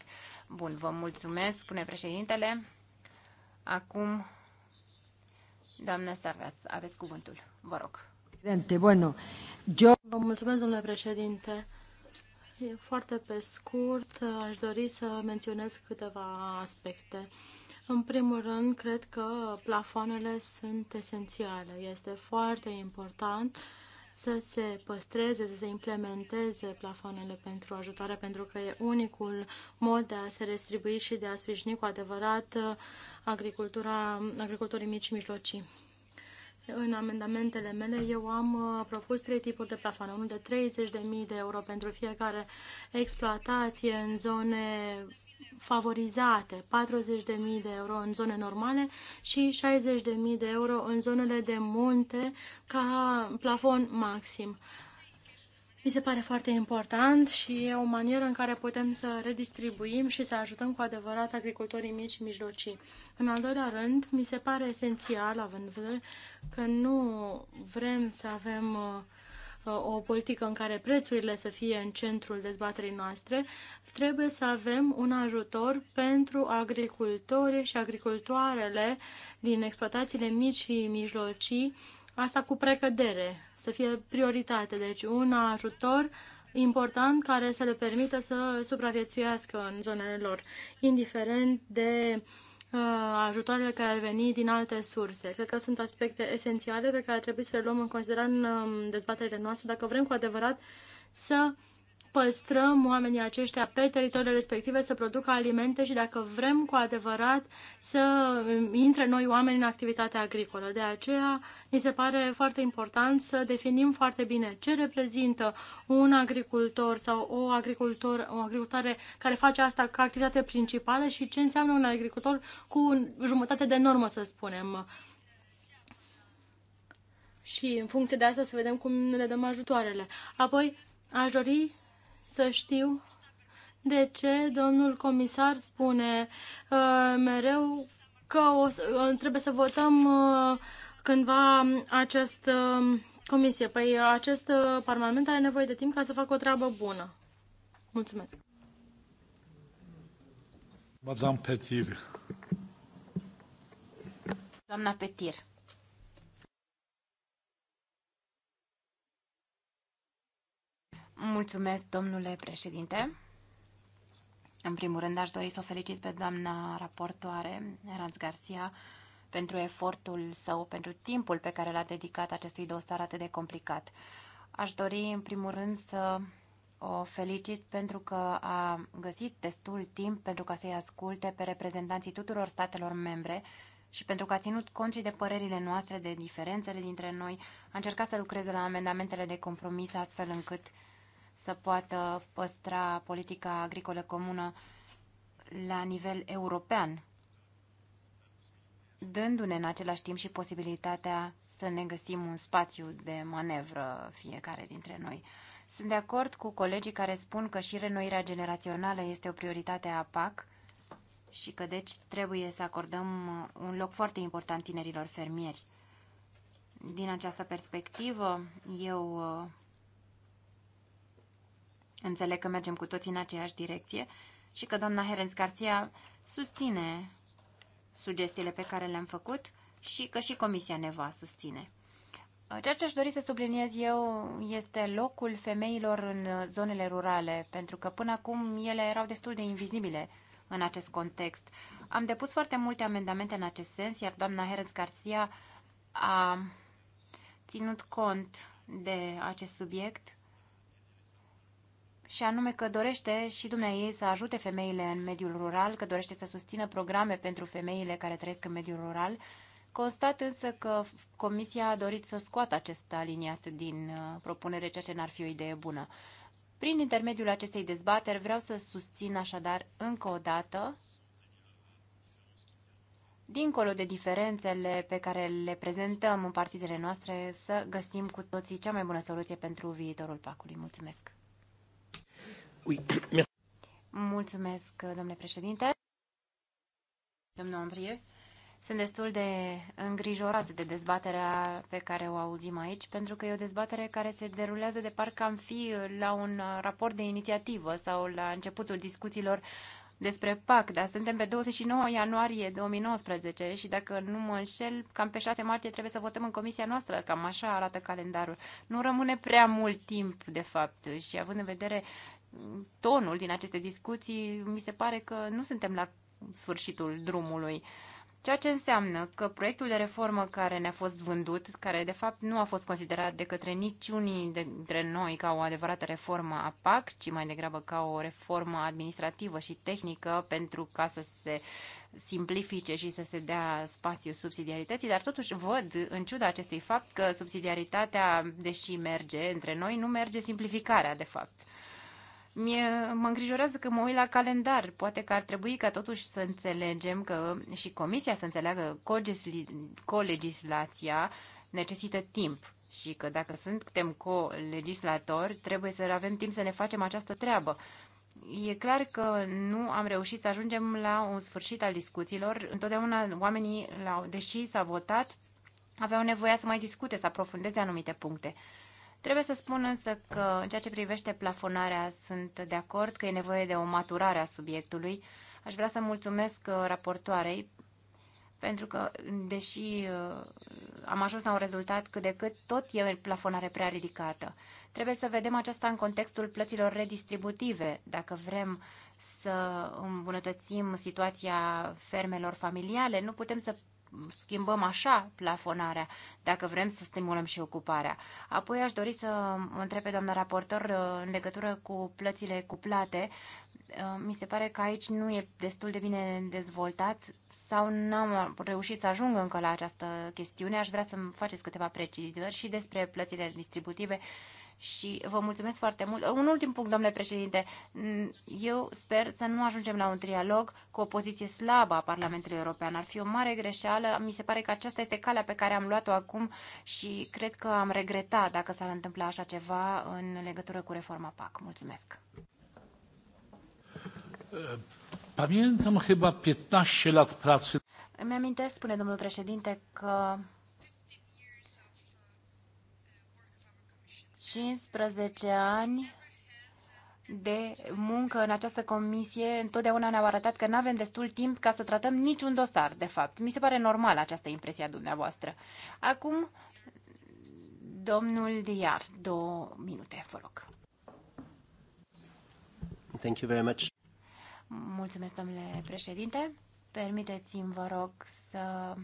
Bun, vă mulțumesc, spune președintele. Acum, doamna Sargas, aveți cuvântul. Vă rog. Bueno, yo... Vă mulțumesc, domnule președinte. E Foarte pe scurt, aș dori să menționez câteva aspecte. În primul rând, cred că plafoanele sunt esențiale. Este foarte important uh, să se păstreze, să se implementeze plafoanele pentru ajutoare, pentru că e unicul mod de a se restribui și de a sprijini cu adevărat uh, agricultura, agricultorii mici și mijlocii. În amendamentele mele eu am uh, propus trei tipuri de plafoane. Unul de 30.000 de euro pentru fiecare exploatație în zone favorizate, 40.000 de euro în zone normale și 60.000 de euro în zonele de munte ca plafon maxim. Mi se pare foarte important și e o manieră în care putem să redistribuim și să ajutăm cu adevărat agricultorii mici și mijlocii. În al doilea rând, mi se pare esențial, având în vedere că nu vrem să avem uh, Uh, o politică în care prețurile să fie în centrul dezbaterii noastre, trebuie să avem un ajutor pentru agricultorii și agricultoarele din exploatațiile mici și mijlocii, asta cu precădere, să fie prioritate, deci un ajutor important care să le permită să supraviețuiască în zonele lor, indiferent de uh, Uh, ajutoarele care ar veni din alte surse. Cred că sunt aspecte esențiale pe care trebuie să le luăm în considerare în um, dezbaterile noastre dacă vrem cu adevărat să uh, păstrăm oamenii aceștia pe teritoriile respective să producă alimente și dacă vrem cu adevărat să intre noi oameni în activitatea agricolă. De aceea, mi se pare foarte important să definim foarte bine ce reprezintă un agricultor sau o, agricultor, o agricultare care face asta ca activitate principală și ce înseamnă un agricultor cu jumătate de normă, să spunem. Și în funcție de asta să vedem cum le dăm ajutoarele. Apoi, aș dori să știu de ce domnul comisar spune uh, mereu că o să, uh, trebuie să votăm uh, cândva această uh, comisie. Păi uh, acest uh, parlament are nevoie de timp ca să facă o treabă bună. Mulțumesc. Madame Petir. Doamna Petir. Mulțumesc, domnule președinte. În primul rând, aș dori să o felicit pe doamna raportoare, Eranț Garcia, pentru efortul său, pentru timpul pe care l-a dedicat acestui dosar atât de complicat. Aș dori, în primul rând, să o felicit pentru că a găsit destul timp pentru ca să-i asculte pe reprezentanții tuturor statelor membre și pentru că a ținut cont și de părerile noastre, de diferențele dintre noi, a încercat să lucreze la amendamentele de compromis astfel încât să poată păstra politica agricolă comună la nivel european, dându-ne în același timp și posibilitatea să ne găsim un spațiu de manevră fiecare dintre noi. Sunt de acord cu colegii care spun că și renoirea generațională este o prioritate a PAC și că deci trebuie să acordăm un loc foarte important tinerilor fermieri. Din această perspectivă, eu Înțeleg că mergem cu toții în aceeași direcție și că doamna Herenz Garcia susține sugestiile pe care le-am făcut și că și comisia ne va susține. Ceea ce aș dori să subliniez eu este locul femeilor în zonele rurale, pentru că până acum ele erau destul de invizibile în acest context. Am depus foarte multe amendamente în acest sens, iar doamna Herenz Garcia a ținut cont de acest subiect și anume că dorește și ei să ajute femeile în mediul rural, că dorește să susțină programe pentru femeile care trăiesc în mediul rural. Constat însă că Comisia a dorit să scoată acest aliniat din uh, propunere, ceea ce n-ar fi o idee bună. Prin intermediul acestei dezbateri vreau să susțin așadar încă o dată, dincolo de diferențele pe care le prezentăm în partidele noastre, să găsim cu toții cea mai bună soluție pentru viitorul pacului. Mulțumesc! Oui. Mulțumesc, domnule președinte. Domnul Andrie, sunt destul de îngrijorat de dezbaterea pe care o auzim aici, pentru că e o dezbatere care se derulează de parcă am fi la un raport de inițiativă sau la începutul discuțiilor despre PAC, dar suntem pe 29 ianuarie 2019 și dacă nu mă înșel, cam pe 6 martie trebuie să votăm în comisia noastră, cam așa arată calendarul. Nu rămâne prea mult timp, de fapt, și având în vedere tonul din aceste discuții, mi se pare că nu suntem la sfârșitul drumului. Ceea ce înseamnă că proiectul de reformă care ne-a fost vândut, care de fapt nu a fost considerat de către niciunii dintre noi ca o adevărată reformă a PAC, ci mai degrabă ca o reformă administrativă și tehnică pentru ca să se simplifice și să se dea spațiu subsidiarității, dar totuși văd, în ciuda acestui fapt, că subsidiaritatea, deși merge între noi, nu merge simplificarea, de fapt. Mie, mă îngrijorează că mă uit la calendar. Poate că ar trebui ca totuși să înțelegem că și Comisia să înțeleagă colegislația necesită timp și că dacă suntem co-legislatori, trebuie să avem timp să ne facem această treabă. E clar că nu am reușit să ajungem la un sfârșit al discuțiilor. Întotdeauna oamenii, deși s-a votat, aveau nevoia să mai discute, să aprofundeze anumite puncte. Trebuie să spun însă că în ceea ce privește plafonarea sunt de acord că e nevoie de o maturare a subiectului. Aș vrea să mulțumesc uh, raportoarei pentru că, deși uh, am ajuns la un rezultat cât de cât, tot e plafonare prea ridicată. Trebuie să vedem aceasta în contextul plăților redistributive, dacă vrem să îmbunătățim situația fermelor familiale, nu putem să schimbăm așa plafonarea, dacă vrem să stimulăm și ocuparea. Apoi aș dori să întreb pe doamna raportor uh, în legătură cu plățile cuplate. Uh, mi se pare că aici nu e destul de bine dezvoltat sau n-am reușit să ajung încă la această chestiune. Aș vrea să-mi faceți câteva precizări și despre plățile distributive și vă mulțumesc foarte mult. Un ultim punct, domnule președinte. Eu sper să nu ajungem la un trialog cu o poziție slabă a Parlamentului European. Ar fi o mare greșeală. Mi se pare că aceasta este calea pe care am luat-o acum și cred că am regretat dacă s-ar întâmpla așa ceva în legătură cu reforma PAC. Mulțumesc. Pamiętam chyba 15 lat pracy. Îmi amintesc, spune domnul președinte, că 15 ani de muncă în această comisie întotdeauna ne-au arătat că nu avem destul timp ca să tratăm niciun dosar, de fapt. Mi se pare normal această impresie a dumneavoastră. Acum, domnul Diar, două minute, vă rog. Thank you very much. Mulțumesc, domnule președinte. Permiteți-mi, vă rog, să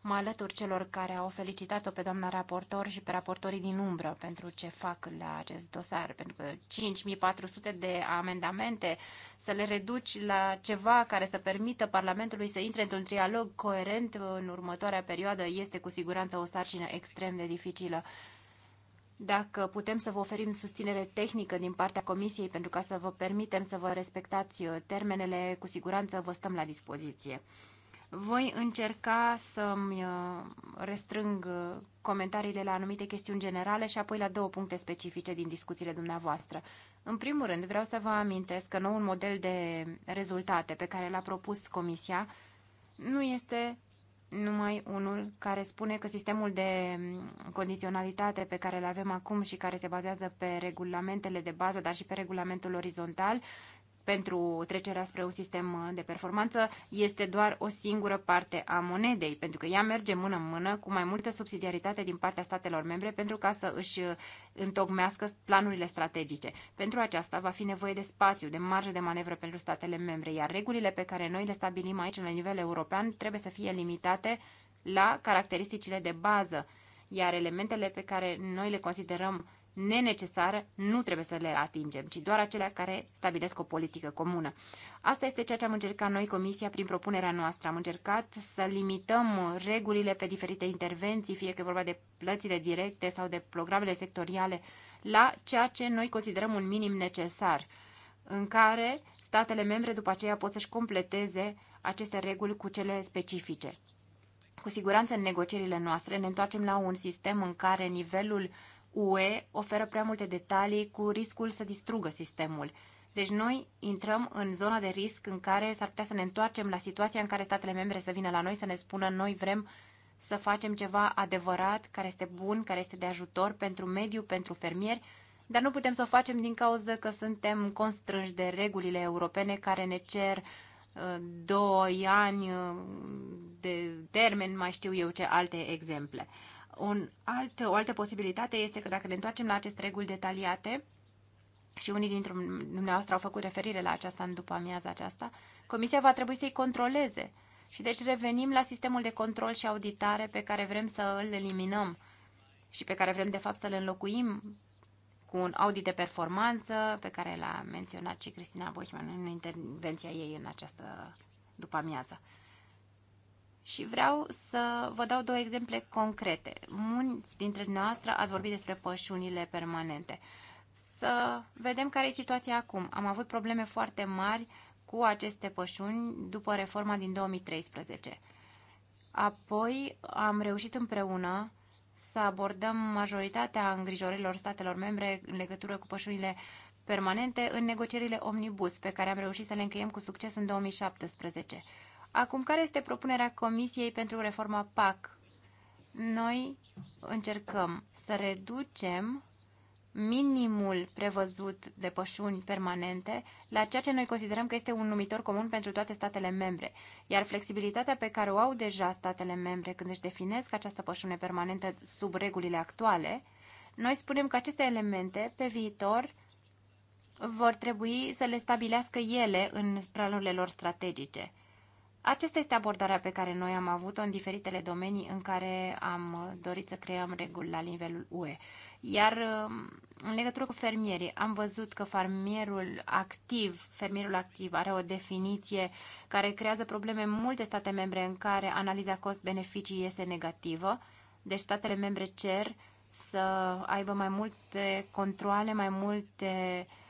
mă alătur celor care au felicitat-o pe doamna raportor și pe raportorii din umbră pentru ce fac la acest dosar, pentru că 5400 de amendamente să le reduci la ceva care să permită Parlamentului să intre într-un trialog coerent în următoarea perioadă este cu siguranță o sarcină extrem de dificilă dacă putem să vă oferim susținere tehnică din partea Comisiei pentru ca să vă permitem să vă respectați uh, termenele, cu siguranță vă stăm la dispoziție. Voi încerca să-mi uh, restrâng uh, comentariile la anumite chestiuni generale și apoi la două puncte specifice din discuțiile dumneavoastră. În primul rând, vreau să vă amintesc că noul model de rezultate pe care l-a propus Comisia nu este numai unul care spune că sistemul de condiționalitate pe care îl avem acum și care se bazează pe regulamentele de bază, dar și pe regulamentul orizontal, pentru trecerea spre un sistem uh, de performanță este doar o singură parte a monedei, pentru că ea merge mână în mână cu mai multă subsidiaritate din partea statelor membre pentru ca să își uh, întocmească planurile strategice. Pentru aceasta va fi nevoie de spațiu, de marjă de manevră pentru statele membre, iar regulile pe care noi le stabilim aici la nivel european trebuie să fie limitate la caracteristicile de bază, iar elementele pe care noi le considerăm nenecesară, nu trebuie să le atingem, ci doar acelea care stabilesc o politică comună. Asta este ceea ce am încercat noi, Comisia, prin propunerea noastră. Am încercat să limităm regulile pe diferite intervenții, fie că e vorba de plățile directe sau de programele sectoriale, la ceea ce noi considerăm un minim necesar, în care statele membre după aceea pot să-și completeze aceste reguli cu cele specifice. Cu siguranță în negocierile noastre ne întoarcem la un sistem în care nivelul uh, UE oferă prea multe detalii cu riscul să distrugă sistemul. Deci noi intrăm în zona de risc în care s-ar putea să ne întoarcem la situația în care statele membre să vină la noi să ne spună noi vrem să facem ceva adevărat, care este bun, care este de ajutor pentru mediu, pentru fermieri, dar nu putem să o facem din cauza că suntem constrânși de regulile europene care ne cer uh, doi ani uh, de termen, mai știu eu ce alte exemple. Un alt, o altă posibilitate este că dacă ne întoarcem la aceste reguli detaliate, și unii dintre dumneavoastră au făcut referire la aceasta în după amiaza aceasta, Comisia va trebui să-i controleze. Și deci revenim la sistemul de control și auditare pe care vrem să îl eliminăm și pe care vrem de fapt să-l înlocuim cu un audit de performanță pe care l-a menționat și Cristina Bochman în intervenția ei în această după amiază. Și vreau să vă dau două exemple concrete. Mulți dintre noastre ați vorbit despre pășunile permanente. Să vedem care e situația acum. Am avut probleme foarte mari cu aceste pășuni după reforma din 2013. Apoi am reușit împreună să abordăm majoritatea îngrijorilor statelor membre în legătură cu pășunile permanente în negocierile omnibus, pe care am reușit să le încheiem cu succes în 2017. Acum, care este propunerea Comisiei pentru reforma PAC? Noi încercăm să reducem minimul prevăzut de pășuni permanente la ceea ce noi considerăm că este un numitor comun pentru toate statele membre, iar flexibilitatea pe care o au deja statele membre când își definesc această pășune permanentă sub regulile actuale, noi spunem că aceste elemente pe viitor vor trebui să le stabilească ele în planurile lor strategice. Aceasta este abordarea pe care noi am avut-o în diferitele domenii în care am dorit să creăm reguli la nivelul UE. Iar um, în legătură cu fermierii, am văzut că fermierul activ, fermierul activ are o definiție care creează probleme în multe state membre în care analiza cost-beneficii este negativă. Deci statele membre cer să aibă mai multe controle, mai multe uh,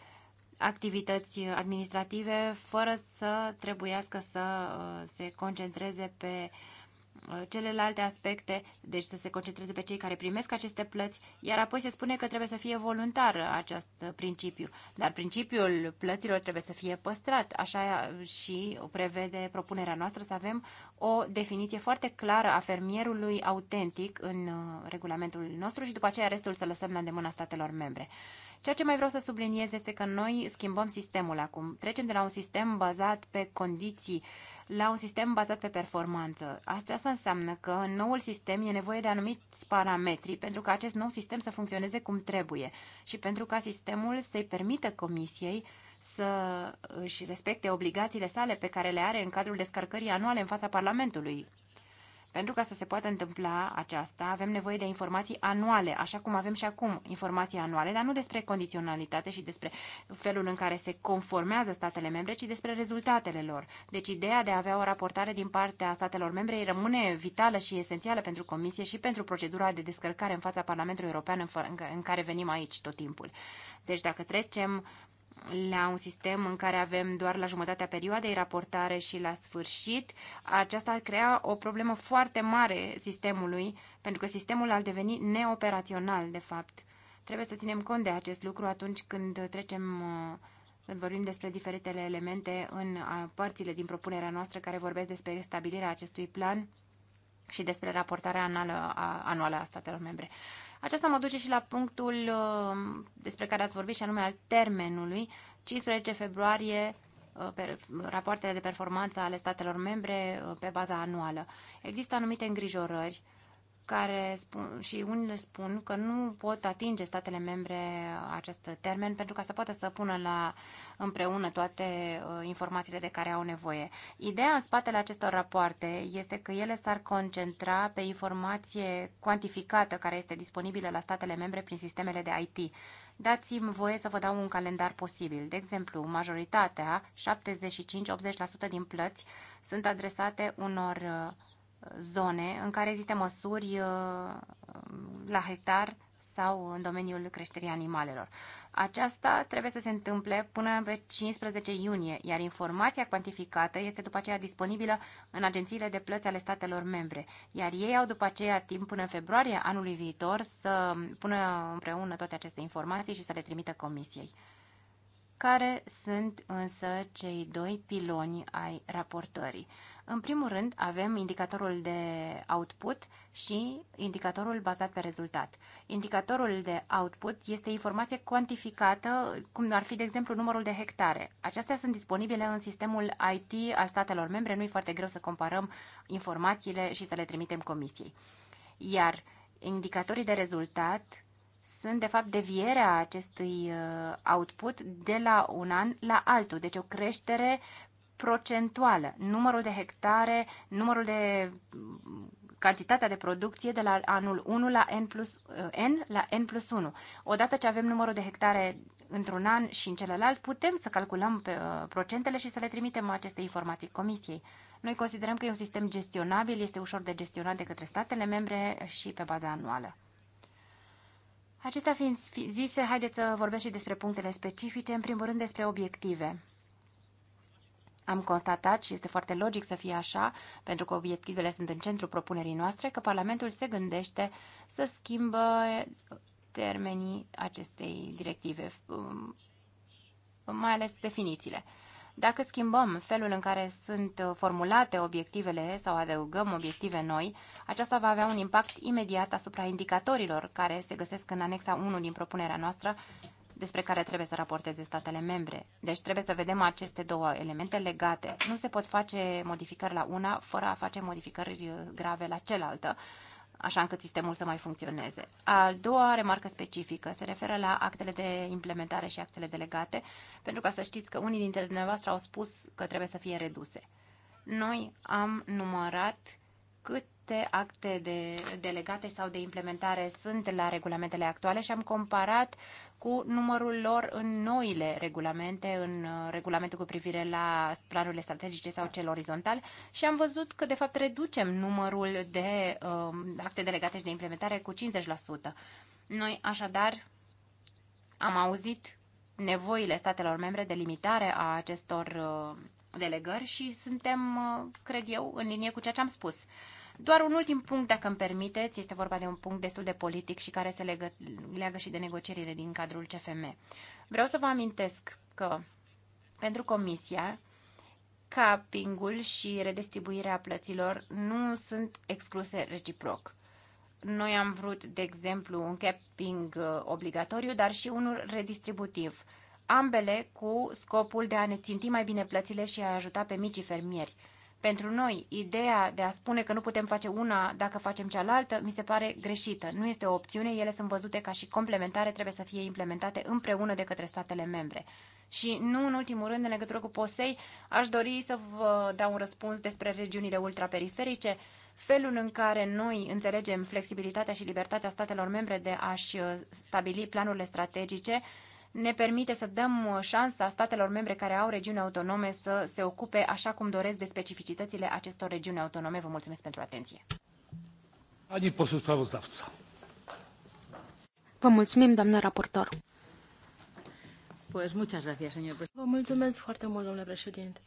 activități administrative fără să trebuiască să uh, se concentreze pe uh, celelalte aspecte, deci să se concentreze pe cei care primesc aceste plăți, iar apoi se spune că trebuie să fie voluntar acest principiu. Dar principiul plăților trebuie să fie păstrat, așa și prevede propunerea noastră să avem o definiție foarte clară a fermierului autentic în uh, regulamentul nostru și după aceea restul să lăsăm la îndemâna statelor membre. Ceea ce mai vreau să subliniez este că noi schimbăm sistemul acum. Trecem de la un sistem bazat pe condiții la un sistem bazat pe performanță. Asta înseamnă că în noul sistem e nevoie de anumiți parametri pentru ca acest nou sistem să funcționeze cum trebuie și pentru ca sistemul să-i permită comisiei să își respecte obligațiile sale pe care le are în cadrul descărcării anuale în fața Parlamentului pentru ca să se poată întâmpla aceasta, avem nevoie de informații anuale, așa cum avem și acum informații anuale, dar nu despre condiționalitate și despre felul în care se conformează statele membre, ci despre rezultatele lor. Deci ideea de a avea o raportare din partea statelor membre rămâne vitală și esențială pentru Comisie și pentru procedura de descărcare în fața Parlamentului European în care venim aici tot timpul. Deci dacă trecem la un sistem în care avem doar la jumătatea perioadei raportare și la sfârșit, aceasta ar crea o problemă foarte mare sistemului, pentru că sistemul ar deveni neoperațional, de fapt. Trebuie să ținem cont de acest lucru atunci când trecem, uh, când vorbim despre diferitele elemente în uh, părțile din propunerea noastră care vorbesc despre stabilirea acestui plan și despre raportarea anuală a, anuală a statelor membre. Aceasta mă duce și la punctul uh, despre care ați vorbit și anume al termenului, 15 februarie uh, pe rapoartele de performanță ale statelor membre uh, pe baza anuală. Există anumite îngrijorări care spun, și unele spun că nu pot atinge statele membre acest termen pentru ca să poată să pună la împreună toate uh, informațiile de care au nevoie. Ideea în spatele acestor rapoarte este că ele s-ar concentra pe informație cuantificată care este disponibilă la statele membre prin sistemele de IT. Dați-mi voie să vă dau un calendar posibil. De exemplu, majoritatea, 75-80% din plăți, sunt adresate unor uh, zone în care există măsuri uh, la hectar sau în domeniul creșterii animalelor. Aceasta trebuie să se întâmple până pe 15 iunie, iar informația cuantificată este după aceea disponibilă în agențiile de plăți ale statelor membre, iar ei au după aceea timp până în februarie anului viitor să pună împreună toate aceste informații și să le trimită comisiei. Care sunt însă cei doi piloni ai raportării? În primul rând, avem indicatorul de output și indicatorul bazat pe rezultat. Indicatorul de output este informație cuantificată, cum ar fi, de exemplu, numărul de hectare. Acestea sunt disponibile în sistemul IT al statelor membre, nu-i foarte greu să comparăm informațiile și să le trimitem comisiei. Iar indicatorii de rezultat sunt, de fapt, devierea acestui uh, output de la un an la altul. Deci o creștere procentuală, numărul de hectare, numărul de cantitatea de producție de la anul 1 la N, plus, eh, N la N plus 1. Odată ce avem numărul de hectare într-un an și în celălalt, putem să calculăm pe, uh, procentele și să le trimitem aceste informații comisiei. Noi considerăm că e un sistem gestionabil, este ușor de gestionat de către statele membre și pe baza anuală. Acestea fiind zise, haideți să vorbesc și despre punctele specifice, în primul rând despre obiective. Am constatat, și este foarte logic să fie așa, pentru că obiectivele sunt în centrul propunerii noastre, că Parlamentul se gândește să schimbă termenii acestei directive, um, mai ales definițiile. Dacă schimbăm felul în care sunt formulate obiectivele sau adăugăm obiective noi, aceasta va avea un impact imediat asupra indicatorilor care se găsesc în anexa 1 din propunerea noastră despre care trebuie să raporteze statele membre. Deci trebuie să vedem aceste două elemente legate. Nu se pot face modificări la una fără a face modificări uh, grave la cealaltă, așa încât sistemul să mai funcționeze. A doua remarcă specifică se referă la actele de implementare și actele delegate, pentru ca să știți că unii dintre dumneavoastră au spus că trebuie să fie reduse. Noi am numărat cât câte acte de delegate sau de implementare sunt la regulamentele actuale și am comparat cu numărul lor în noile regulamente, în uh, regulamentul cu privire la planurile strategice sau cel orizontal și am văzut că, de fapt, reducem numărul de uh, acte delegate și de implementare cu 50%. Noi, așadar, am auzit nevoile statelor membre de limitare a acestor uh, delegări și suntem, uh, cred eu, în linie cu ceea ce am spus. Doar un ultim punct, dacă îmi permiteți, este vorba de un punct destul de politic și care se legă, leagă și de negocierile din cadrul CFM. Vreau să vă amintesc că pentru Comisia, capingul și redistribuirea plăților nu sunt excluse reciproc. Noi am vrut, de exemplu, un capping uh, obligatoriu, dar și unul redistributiv, ambele cu scopul de a ne ținti mai bine plățile și a ajuta pe micii fermieri. Pentru noi, ideea de a spune că nu putem face una dacă facem cealaltă, mi se pare greșită. Nu este o opțiune, ele sunt văzute ca și complementare, trebuie să fie implementate împreună de către statele membre. Și nu în ultimul rând, în legătură cu POSEI, aș dori să vă dau un răspuns despre regiunile ultraperiferice, felul în care noi înțelegem flexibilitatea și libertatea statelor membre de a-și stabili planurile strategice, ne permite să dăm uh, șansa statelor membre care au regiuni autonome să se ocupe așa cum doresc de specificitățile acestor regiuni autonome. Vă mulțumesc pentru atenție. Ani Vă mulțumim, doamnă raportor. Vă mulțumesc foarte mult, domnule președinte.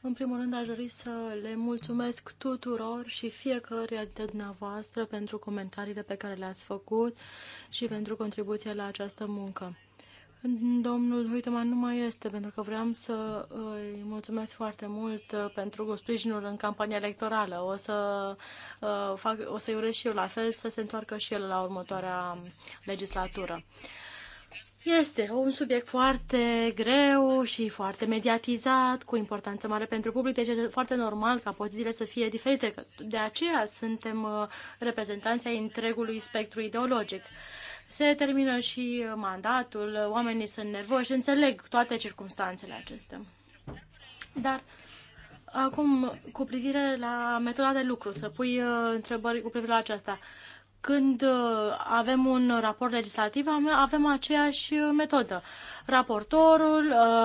În primul rând, aș dori să le mulțumesc tuturor și fiecare dintre dumneavoastră pentru comentariile pe care le-ați făcut și pentru contribuția la această muncă. Domnul Huiteman nu mai este, pentru că vreau să îi mulțumesc foarte mult uh, pentru sprijinul în campania electorală. O, să, uh, fac, o să-i urez și eu la fel să se întoarcă și el la următoarea legislatură. Este un subiect foarte greu și foarte mediatizat, cu importanță mare pentru public, deci este foarte normal ca pozițiile să fie diferite. De aceea suntem uh, reprezentanții ai întregului spectru ideologic. Se termină și uh, mandatul, uh, oamenii sunt nervoși, înțeleg toate circunstanțele acestea. Dar acum, cu privire la metoda de lucru, să pui întrebări cu privire la aceasta când uh, avem un raport legislativ, avem aceeași metodă. Raportorul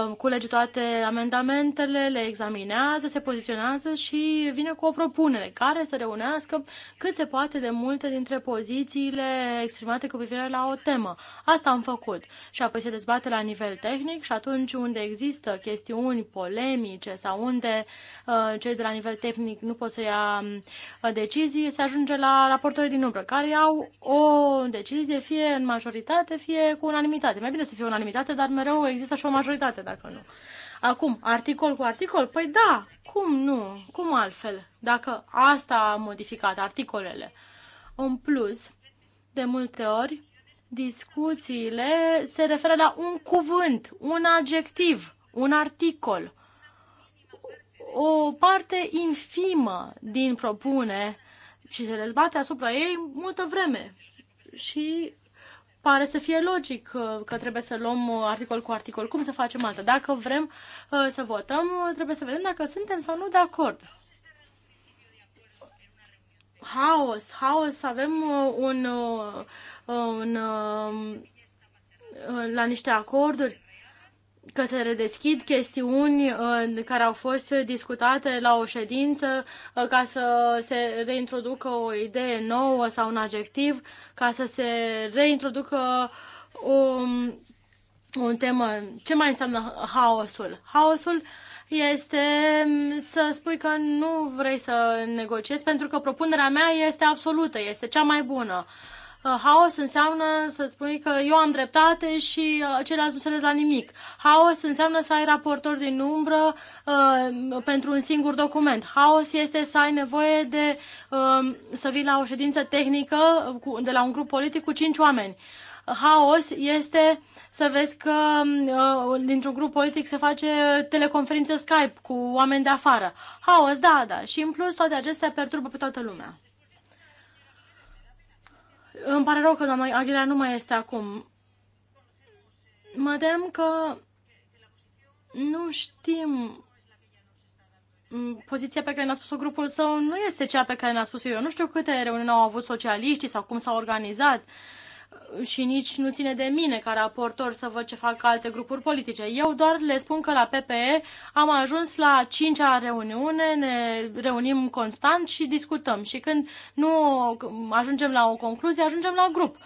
uh, culege toate amendamentele, le examinează, se poziționează și vine cu o propunere care să reunească cât se poate de multe dintre pozițiile exprimate cu privire la o temă. Asta am făcut. Și apoi se dezbate la nivel tehnic și atunci unde există chestiuni polemice sau unde uh, cei de la nivel tehnic nu pot să ia uh, decizii, se ajunge la raportorii din umbră, care au o decizie fie în majoritate, fie cu unanimitate. Mai bine să fie unanimitate, dar dar mereu există și o majoritate, dacă nu. Acum, articol cu articol? Păi da, cum nu? Cum altfel? Dacă asta a modificat articolele. În plus, de multe ori, discuțiile se referă la un cuvânt, un adjectiv, un articol. O parte infimă din propune și se dezbate asupra ei multă vreme. Și pare să fie logic uh, că trebuie să luăm uh, articol cu articol. Cum să facem altă? Dacă vrem uh, să votăm, trebuie să vedem dacă suntem sau nu de acord. Haos, haos, avem un, un, la niște acorduri că se redeschid chestiuni care au fost discutate la o ședință uh, ca să se reintroducă o idee nouă sau un adjectiv, ca să se reintroducă o, o temă. Ce mai înseamnă haosul? Haosul este mm, să spui că nu vrei să negociezi pentru că propunerea mea este absolută, este cea mai bună. Uh, Uh, haos înseamnă să spui că eu am dreptate și uh, ceilalți nu se la nimic. Haos înseamnă să ai raportor din umbră uh, pentru un singur document. Haos este să ai nevoie de uh, să vii la o ședință tehnică uh, cu, de la un grup politic cu cinci oameni. Haos este să vezi că uh, dintr-un grup politic se face teleconferință Skype cu oameni de afară. Haos, da, da. Și în plus toate acestea perturbă pe toată lumea. Îmi pare rău că doamna Aguilar nu mai este acum. Mă tem că nu știm poziția pe care ne-a spus-o grupul său nu este cea pe care ne-a spus-o eu. Nu știu câte reuniuni au avut socialiștii sau cum s-au organizat. Uh, și nici nu ține de mine ca raportor să văd ce fac alte grupuri politice. Eu doar le spun că la PPE am ajuns la cincea reuniune, ne reunim constant și discutăm. Și când nu ajungem la o concluzie, ajungem la grup.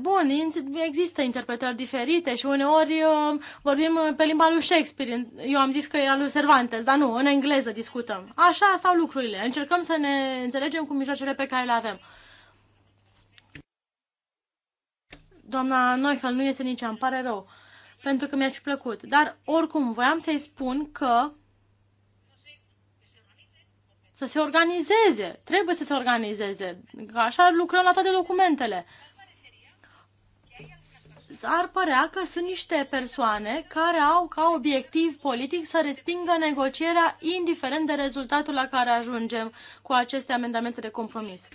Bun, există interpretări diferite și uneori uh, vorbim pe limba lui Shakespeare. Eu am zis că e al lui Cervantes, dar nu, în engleză discutăm. Așa stau lucrurile. Încercăm să ne înțelegem cu mijloacele pe care le avem. doamna Noichel nu iese nici, îmi pare rău, pentru că mi-ar fi plăcut. Dar, oricum, voiam să-i spun că să se organizeze, trebuie să se organizeze, așa lucrăm la toate documentele. Ar părea că sunt niște persoane care au ca obiectiv politic să respingă negocierea indiferent de rezultatul la care ajungem cu aceste amendamente de compromis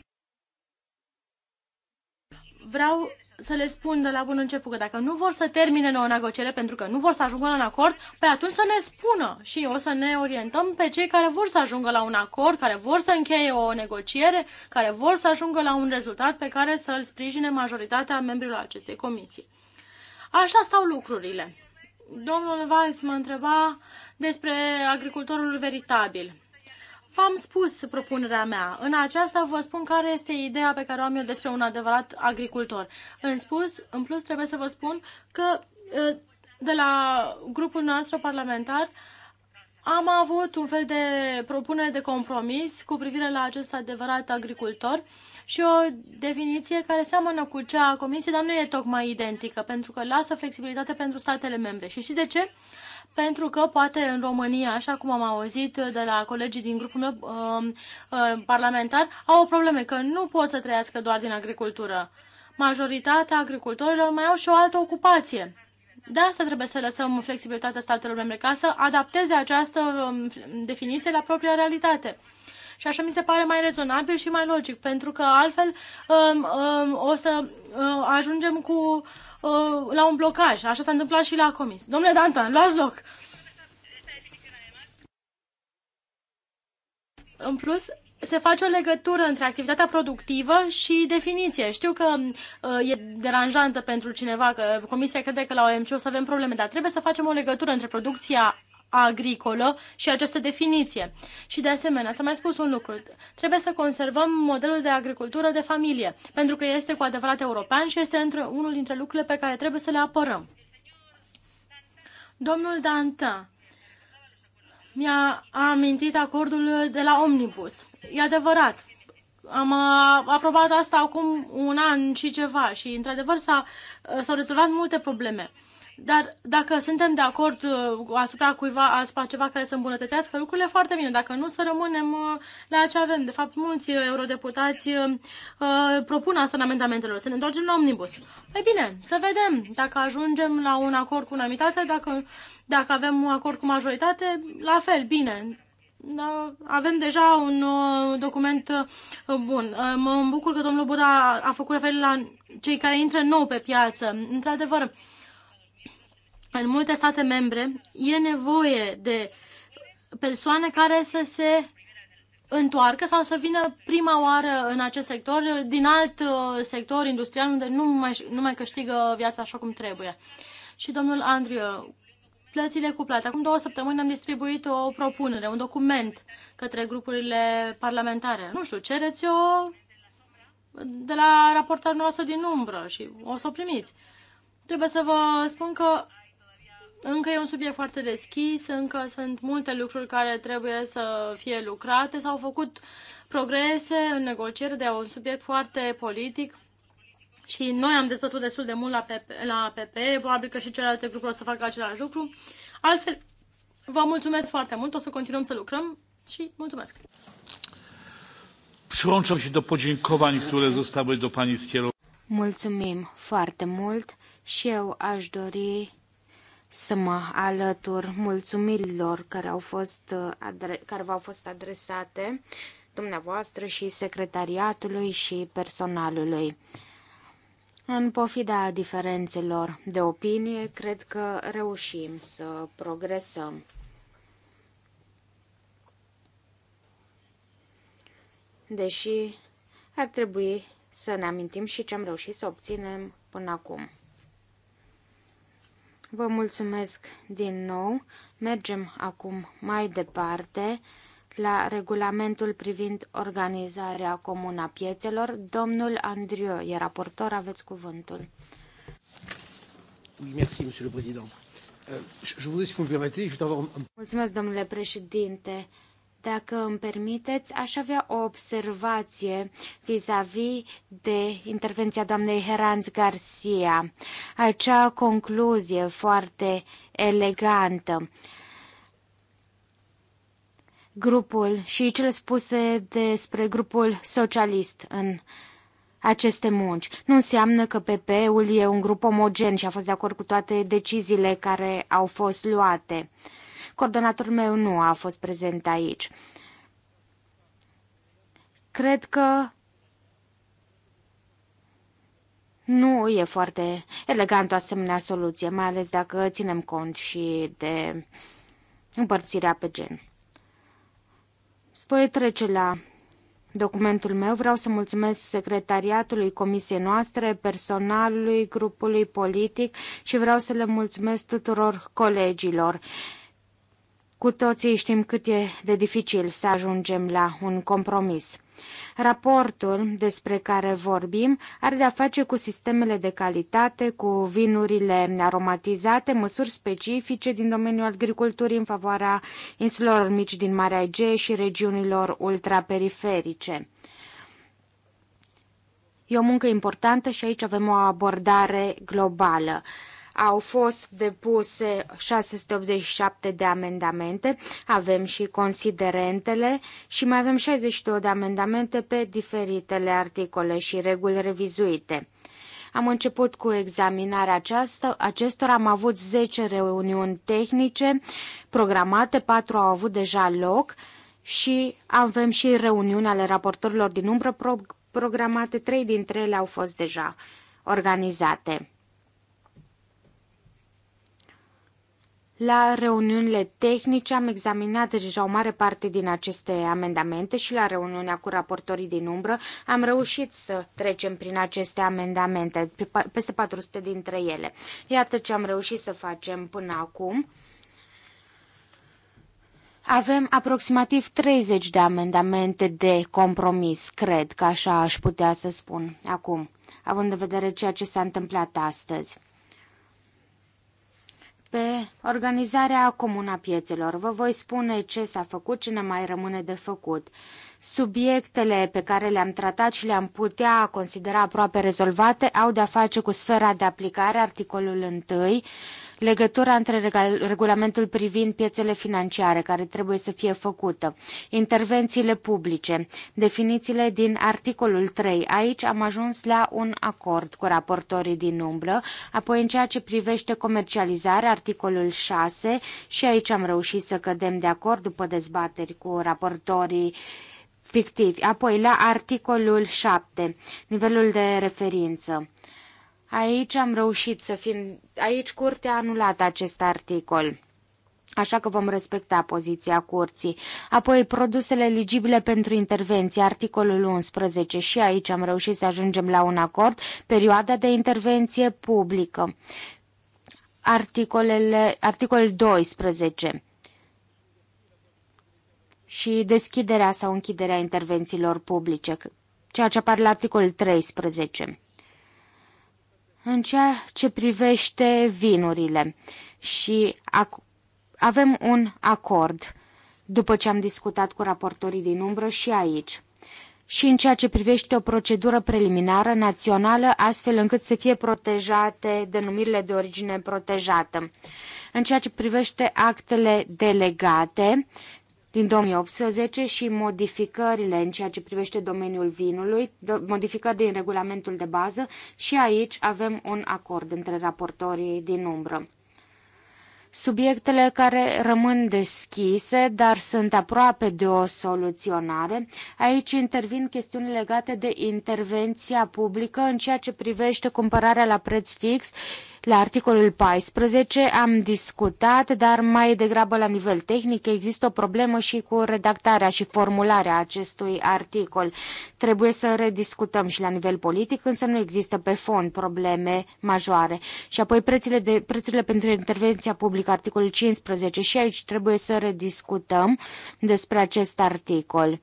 vreau să le spun de la bun început că dacă nu vor să termine nouă negociere pentru că nu vor să ajungă la un acord, pe atunci să ne spună și o să ne orientăm pe cei care vor să ajungă la un acord, care vor să încheie o negociere, care vor să ajungă la un rezultat pe care să l sprijine majoritatea membrilor acestei comisii. Așa stau lucrurile. Domnul Valț mă întreba despre agricultorul veritabil. V-am spus propunerea mea. În aceasta vă spun care este ideea pe care o am eu despre un adevărat agricultor. În, spus, în plus, trebuie să vă spun că eh, de la grupul nostru parlamentar uh, am avut un fel de propunere de compromis cu privire la acest adevărat agricultor și o definiție care seamănă cu cea a Comisiei, dar nu e tocmai identică, pentru că lasă flexibilitate pentru statele membre. Și știți de ce? Pentru că poate în România, așa cum am auzit de la colegii din grupul meu uh, uh, parlamentar, au o problemă că nu pot să trăiască doar din agricultură. Majoritatea agricultorilor mai au și o altă ocupație de asta trebuie să lăsăm flexibilitatea statelor membre ca să adapteze această um, definiție la propria realitate. Și așa mi se pare mai rezonabil și mai logic, pentru că altfel um, um, o să um, ajungem cu uh, la un blocaj. Așa s-a întâmplat și la comis. Domnule Dantan, luați loc! În plus, se face o legătură între activitatea productivă și definiție. Știu că uh, e deranjantă pentru cineva, că Comisia crede că la OMC o să avem probleme, dar trebuie să facem o legătură între producția agricolă și această definiție. Și de asemenea, s-a mai spus un lucru, trebuie să conservăm modelul de agricultură de familie, pentru că este cu adevărat european și este între, unul dintre lucrurile pe care trebuie să le apărăm. Domnul Dantin mi-a amintit acordul de la Omnibus. E adevărat, am uh, aprobat asta acum un an și ceva și, într-adevăr, uh, s-au rezolvat multe probleme. Dar dacă suntem de acord uh, asupra cuiva, asupra ceva care să îmbunătățească lucrurile, foarte bine. Dacă nu, să rămânem uh, la ce avem. De fapt, mulți uh, eurodeputați uh, propun asta în amendamentelor, să ne întoarcem la omnibus. Mai păi bine, să vedem dacă ajungem la un acord cu unanimitate, dacă, dacă avem un acord cu majoritate, la fel, bine. Da, avem deja un uh, document uh, bun. Uh, mă bucur că domnul Buda a făcut referire la cei care intră nou pe piață. Într-adevăr, uh, în multe state membre e nevoie de persoane care să se întoarcă sau să vină prima oară în acest sector din alt uh, sector industrial unde nu mai, nu mai câștigă viața așa cum trebuie. Și domnul Andriu, plățile cuplate. Acum două săptămâni am distribuit o propunere, un document către grupurile parlamentare. Nu știu, cereți-o de la raportarul noastră din umbră și o să o primiți. Trebuie să vă spun că încă e un subiect foarte deschis, încă sunt multe lucruri care trebuie să fie lucrate. S-au făcut progrese în negocieri de un subiect foarte politic și noi am dezbătut destul de mult la PP, la PP probabil că și celelalte grupuri o să facă același lucru. Altfel, vă mulțumesc foarte mult, o să continuăm să lucrăm și mulțumesc! Przyłączam się do podziękowań, które zostały do Pani skierowane. Mulțumim foarte mult și eu aș dori să mă alătur mulțumirilor care, au fost uh, adre- care v-au fost adresate dumneavoastră și secretariatului și personalului. În pofida diferențelor de opinie, cred că reușim să progresăm. Deși ar trebui să ne amintim și ce am reușit să obținem până acum. Vă mulțumesc din nou. Mergem acum mai departe la regulamentul privind organizarea comună a piețelor. Domnul Andriu e raportor, aveți cuvântul. Oui, merci, monsieur le président. Mulțumesc, domnule președinte. Dacă îmi permiteți, aș avea o observație vis-a-vis -vis de intervenția doamnei Heranz Garcia, acea concluzie foarte elegantă grupul și cele spuse despre grupul socialist în aceste munci. Nu înseamnă că PP-ul e un grup omogen și a fost de acord cu toate deciziile care au fost luate. Coordonatorul meu nu a fost prezent aici. Cred că nu e foarte elegant o asemenea soluție, mai ales dacă ținem cont și de împărțirea pe gen. Voi trece la documentul meu. Vreau să mulțumesc secretariatului comisiei noastre, personalului grupului politic și vreau să le mulțumesc tuturor colegilor cu toții știm cât e de dificil să ajungem la un compromis. Raportul despre care vorbim are de-a face cu sistemele de calitate, cu vinurile aromatizate, măsuri specifice din domeniul agriculturii în favoarea insulelor mici din Marea Egee și regiunilor ultraperiferice. E o muncă importantă și aici avem o abordare globală. Au fost depuse 687 de amendamente, avem și considerentele și mai avem 62 de amendamente pe diferitele articole și reguli revizuite. Am început cu examinarea aceasta, acestora, am avut 10 reuniuni tehnice programate, 4 au avut deja loc și avem și reuniuni ale raportorilor din umbră pro programate, 3 dintre ele au fost deja organizate. La reuniunile tehnice am examinat deja o mare parte din aceste amendamente și la reuniunea cu raportorii din umbră am reușit să trecem prin aceste amendamente, peste 400 dintre ele. Iată ce am reușit să facem până acum. Avem aproximativ 30 de amendamente de compromis, cred că așa aș putea să spun acum, având în vedere ceea ce s-a întâmplat astăzi pe organizarea comună a piețelor. Vă voi spune ce s-a făcut, ce ne mai rămâne de făcut. Subiectele pe care le-am tratat și le-am putea considera aproape rezolvate au de-a face cu sfera de aplicare, articolul 1, legătura între regulamentul privind piețele financiare care trebuie să fie făcută, intervențiile publice, definițiile din articolul 3. Aici am ajuns la un acord cu raportorii din umbră, apoi în ceea ce privește comercializarea, articolul 6, și aici am reușit să cădem de acord după dezbateri cu raportorii fictivi. Apoi la articolul 7, nivelul de referință. Aici am reușit să fim, aici curtea a anulat acest articol așa că vom respecta poziția curții. Apoi, produsele eligibile pentru intervenție, articolul 11, și aici am reușit să ajungem la un acord, perioada de intervenție publică. Articolele, articolul 12 și deschiderea sau închiderea intervențiilor publice, ceea ce apare la articolul 13 în ceea ce privește vinurile și avem un acord după ce am discutat cu raportorii din umbră și aici și în ceea ce privește o procedură preliminară națională, astfel încât să fie protejate denumirile de origine protejată. În ceea ce privește actele delegate, din 2018 și modificările în ceea ce privește domeniul vinului, modificări din regulamentul de bază și aici avem un acord între raportorii din umbră subiectele care rămân deschise, dar sunt aproape de o soluționare. Aici intervin chestiuni legate de intervenția publică în ceea ce privește cumpărarea la preț fix la articolul 14 am discutat, dar mai degrabă la nivel tehnic există o problemă și cu redactarea și formularea acestui articol. Trebuie să rediscutăm și la nivel politic, însă nu există pe fond probleme majore. Și apoi prețurile, de, prețurile pentru intervenția publică, articolul 15, și aici trebuie să rediscutăm despre acest articol.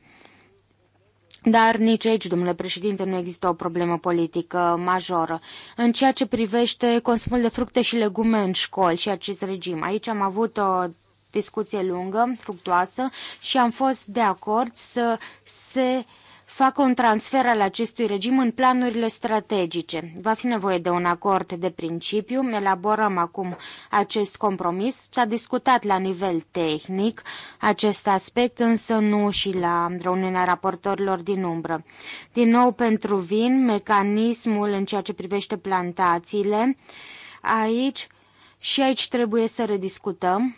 Dar nici aici, domnule președinte, nu există o problemă politică majoră. În ceea ce privește consumul de fructe și legume în școli și acest regim, aici am avut o discuție lungă, fructuoasă și am fost de acord să se facă un transfer al acestui regim în planurile strategice. Va fi nevoie de un acord de principiu, elaborăm acum acest compromis. S-a discutat la nivel tehnic acest aspect, însă nu și la reuniunea raportorilor din umbră. Din nou, pentru vin, mecanismul în ceea ce privește plantațiile, aici și aici trebuie să rediscutăm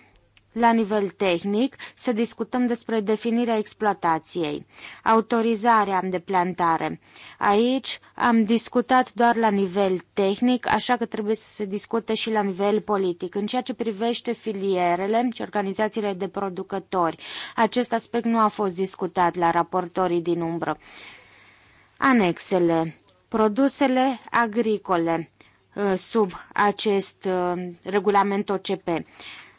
la nivel tehnic, să discutăm despre definirea exploatației, autorizarea de plantare. Aici am discutat doar la nivel tehnic, așa că trebuie să se discute și la nivel politic. În ceea ce privește filierele și organizațiile de producători, acest aspect nu a fost discutat la raportorii din umbră. Anexele. Produsele agricole ă, sub acest ă, regulament OCP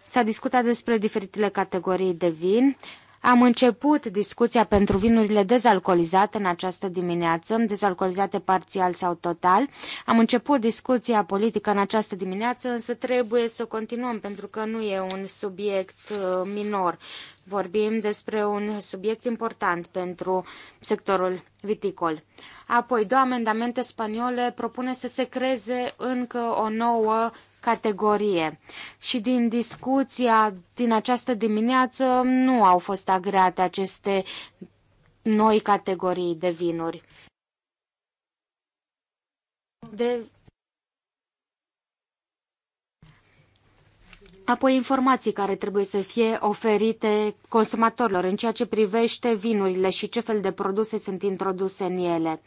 S-a discutat despre diferitele categorii de vin. Am început discuția pentru vinurile dezalcoolizate în această dimineață, dezalcoolizate parțial sau total. Am început discuția politică în această dimineață, însă trebuie să o continuăm pentru că nu e un subiect uh, minor. Vorbim despre un subiect important pentru sectorul viticol. Apoi, două amendamente spaniole propune să se creeze încă o nouă categorie. Și din discuția din această dimineață nu au fost agreate aceste noi categorii de vinuri. De... Apoi informații care trebuie să fie oferite consumatorilor în ceea ce privește vinurile și ce fel de produse sunt introduse în ele.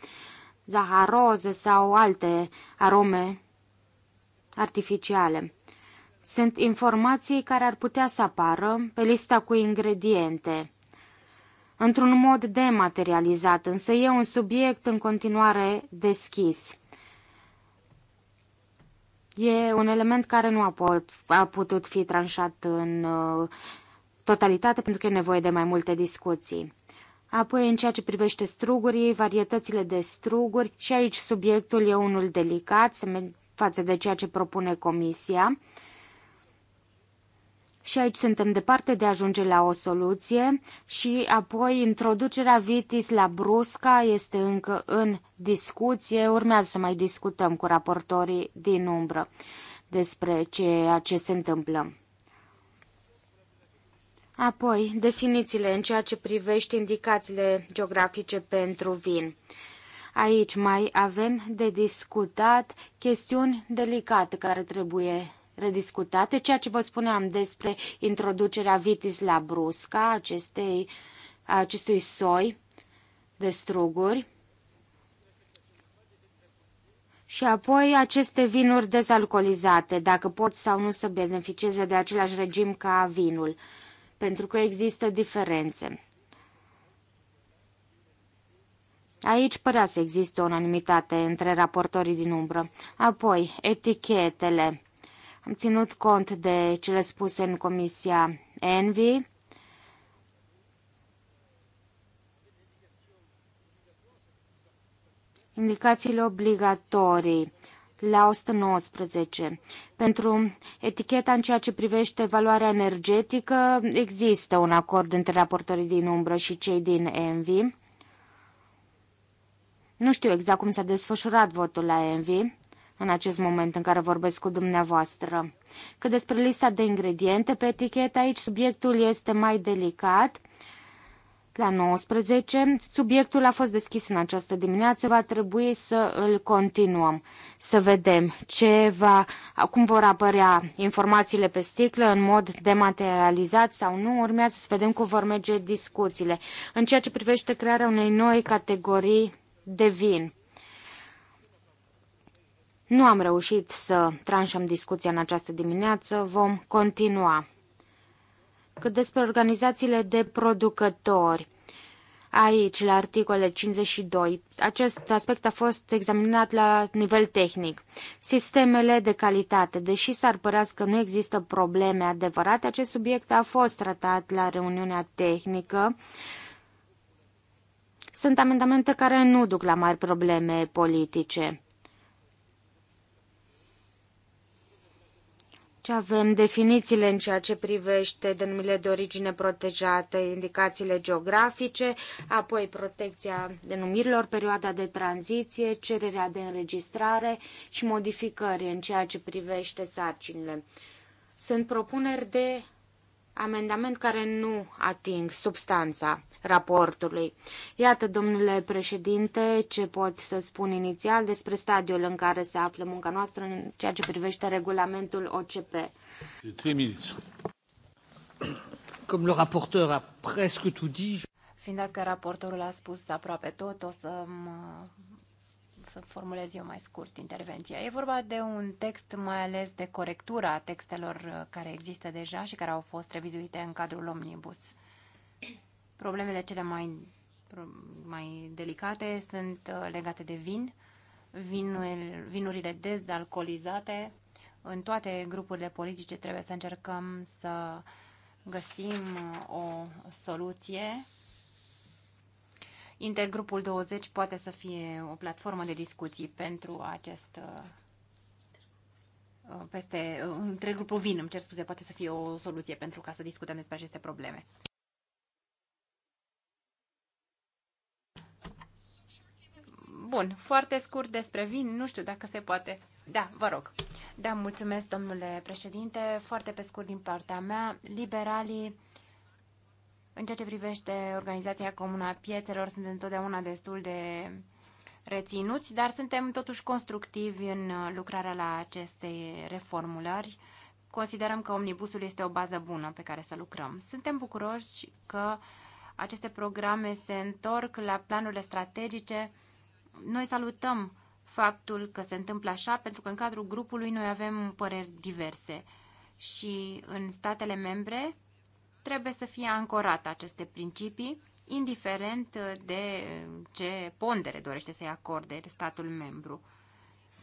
Zaharoze sau alte arome artificiale. Sunt informații care ar putea să apară pe lista cu ingrediente într-un mod dematerializat, însă e un subiect în continuare deschis. E un element care nu a, pot, a putut fi tranșat în uh, totalitate pentru că e nevoie de mai multe discuții. Apoi, în ceea ce privește strugurii, varietățile de struguri, și aici subiectul e unul delicat, se față de ceea ce propune Comisia. Și aici suntem departe de a ajunge la o soluție și apoi introducerea Vitis la Brusca este încă în discuție. Urmează să mai discutăm cu raportorii din umbră despre ceea ce se întâmplă. Apoi, definițiile în ceea ce privește indicațiile geografice pentru vin. Aici mai avem de discutat chestiuni delicate care trebuie rediscutate, ceea ce vă spuneam despre introducerea vitis la brusca acestei, acestui soi de struguri. Și apoi aceste vinuri dezalcoolizate, dacă pot sau nu să beneficieze de același regim ca vinul, pentru că există diferențe. Aici părea să existe o unanimitate între raportorii din umbră. Apoi, etichetele. Am ținut cont de cele spuse în comisia Envy. Indicațiile obligatorii la 119. Pentru eticheta în ceea ce privește valoarea energetică, există un acord între raportorii din umbră și cei din Envi. Nu știu exact cum s-a desfășurat votul la Envy în acest moment în care vorbesc cu dumneavoastră. Că despre lista de ingrediente pe etichetă, aici subiectul este mai delicat. La 19, subiectul a fost deschis în această dimineață, va trebui să îl continuăm, să vedem ce va, cum vor apărea informațiile pe sticlă în mod dematerializat sau nu, urmează să vedem cum vor merge discuțiile. În ceea ce privește crearea unei noi categorii vin. Nu am reușit să tranșăm discuția în această dimineață, vom continua. Cât despre organizațiile de producători, aici, la articole 52. Acest aspect a fost examinat la nivel tehnic. Sistemele de calitate. Deși s-ar părea că nu există probleme adevărate, acest subiect a fost tratat la reuniunea tehnică sunt amendamente care nu duc la mari probleme politice. Ce avem? Definițiile în ceea ce privește denumirile de origine protejată, indicațiile geografice, apoi protecția denumirilor, perioada de tranziție, cererea de înregistrare și modificări în ceea ce privește sarcinile. Sunt propuneri de amendament care nu ating substanța raportului. Iată, domnule președinte, ce pot să spun inițial despre stadiul în care se află munca noastră în ceea ce privește regulamentul OCP. 3 minute. Cum le raporteur a presque tout dit, Fiind dat că raportorul a spus aproape tot, o să mă să formulez eu mai scurt intervenția. E vorba de un text mai ales de corectura textelor uh, care există deja și care au fost revizuite în cadrul Omnibus. Problemele cele mai, mai delicate sunt uh, legate de vin, vinul, vinurile dezalcoolizate. În toate grupurile politice trebuie să încercăm să găsim uh, o soluție Intergrupul 20 poate să fie o platformă de discuții pentru acest uh, uh, peste între uh, grupul vin, îmi cer scuze, poate să fie o soluție pentru ca să discutăm despre aceste probleme. Bun, foarte scurt despre vin, nu știu dacă se poate. Da, vă rog. Da, mulțumesc, domnule președinte. Foarte pe scurt din partea mea, liberalii în ceea ce privește Organizația Comună a Piețelor, sunt întotdeauna destul de reținuți, dar suntem totuși constructivi în lucrarea la acestei reformulări. Considerăm că omnibusul este o bază bună pe care să lucrăm. Suntem bucuroși că aceste programe se întorc la planurile strategice. Noi salutăm faptul că se întâmplă așa, pentru că în cadrul grupului noi avem păreri diverse. Și în statele membre, trebuie să fie ancorate aceste principii, indiferent uh, de uh, ce pondere dorește să-i acorde statul membru.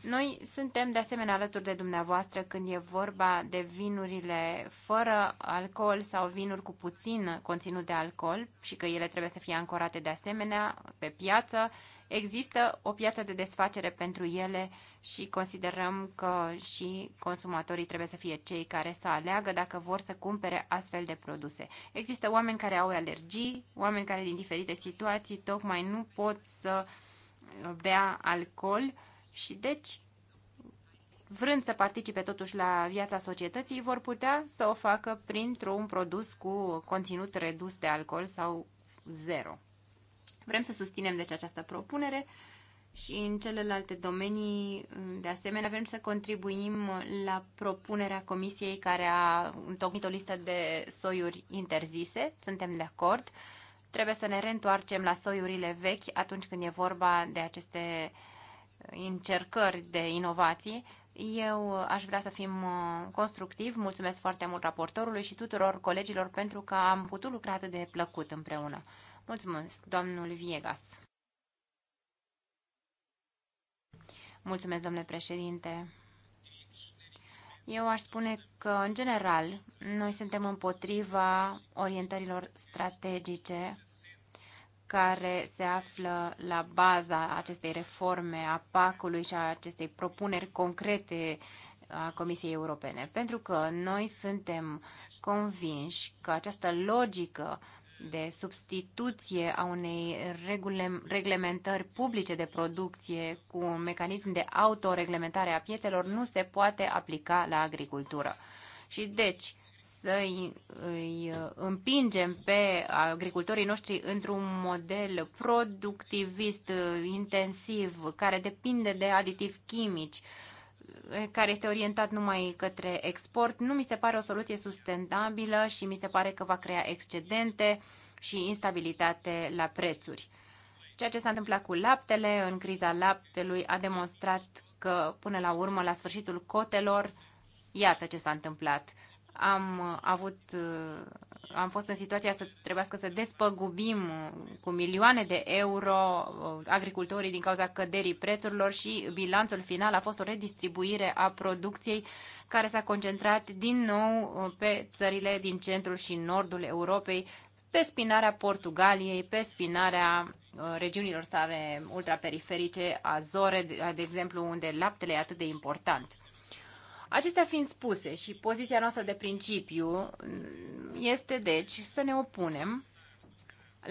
Noi suntem de asemenea alături de dumneavoastră când e vorba de vinurile fără alcool sau vinuri cu puțin conținut de alcool și că ele trebuie să fie ancorate de asemenea pe piață există o piață de desfacere pentru ele și considerăm că și consumatorii trebuie să fie cei care să aleagă dacă vor să cumpere astfel de produse. Există oameni care au alergii, oameni care din diferite situații tocmai nu pot să bea alcool și deci vrând să participe totuși la viața societății, vor putea să o facă printr-un produs cu conținut redus de alcool sau zero. Vrem să susținem deci această propunere și în celelalte domenii, mm, de asemenea, vrem să contribuim la propunerea comisiei care a întocmit o listă de soiuri interzise. Suntem de acord. Trebuie să ne reîntoarcem la soiurile vechi atunci când e vorba de aceste încercări de inovații. Eu aș vrea să fim uh, constructivi. Mulțumesc foarte mult raportorului și tuturor colegilor pentru că am putut lucra atât de plăcut împreună. Mulțumesc, domnul Viegas. Mulțumesc, domnule președinte. Eu aș spune că, în general, noi suntem împotriva orientărilor strategice care se află la baza acestei reforme a PAC-ului și a acestei propuneri concrete a Comisiei Europene. Pentru că noi suntem convinși că această logică de substituție a unei reglementări publice de producție cu un mecanism de autoreglementare a piețelor nu se poate aplica la agricultură. Și deci să îi împingem pe agricultorii noștri într-un model productivist, intensiv, care depinde de aditivi chimici, care este orientat numai către export, nu mi se pare o soluție sustenabilă și mi se pare că va crea excedente și instabilitate la prețuri. Ceea ce s-a întâmplat cu laptele, în criza laptelui, a demonstrat că, până la urmă, la sfârșitul cotelor, iată ce s-a întâmplat am uh, avut, uh, am fost în situația să trebuiască să despăgubim uh, cu milioane de euro agricultorii din cauza căderii prețurilor și bilanțul final a fost o redistribuire a producției care s-a concentrat din nou pe țările din centrul și nordul Europei, pe spinarea Portugaliei, pe spinarea regiunilor sale ultraperiferice, Azore, de exemplu, unde laptele e atât de important. Acestea fiind spuse și poziția noastră de principiu este deci să ne opunem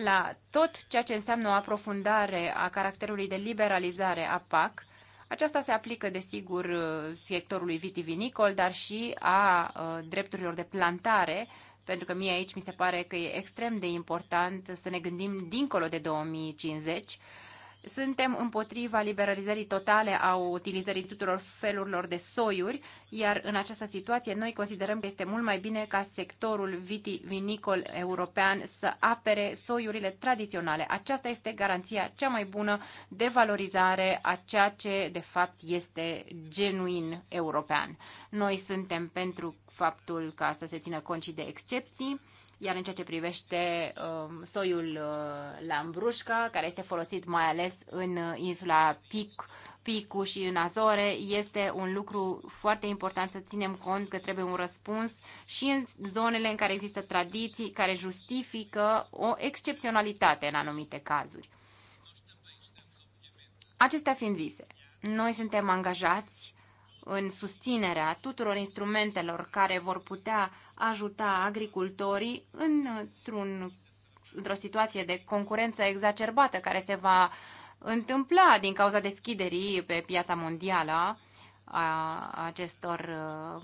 la tot ceea ce înseamnă o aprofundare a caracterului de liberalizare a PAC. Aceasta se aplică, desigur, sectorului vitivinicol, dar și a drepturilor de plantare, pentru că mie aici mi se pare că e extrem de important să ne gândim dincolo de 2050 suntem împotriva liberalizării totale a utilizării tuturor felurilor de soiuri, iar în această situație noi considerăm că este mult mai bine ca sectorul vitivinicol european să apere soiurile tradiționale. Aceasta este garanția cea mai bună de valorizare a ceea ce de fapt este genuin european. Noi suntem pentru faptul ca să se țină cont și de excepții, iar în ceea ce privește um, soiul uh, lambrușca, care este folosit mai ales în uh, insula Pic, Picu și în Azore, este un lucru foarte important să ținem cont că trebuie un răspuns și în zonele în care există tradiții care justifică o excepționalitate în anumite cazuri. Acestea fiind zise, noi suntem angajați în susținerea tuturor instrumentelor care vor putea ajuta agricultorii într-un, într-o situație de concurență exacerbată care se va întâmpla din cauza deschiderii pe piața mondială a acestor, uh,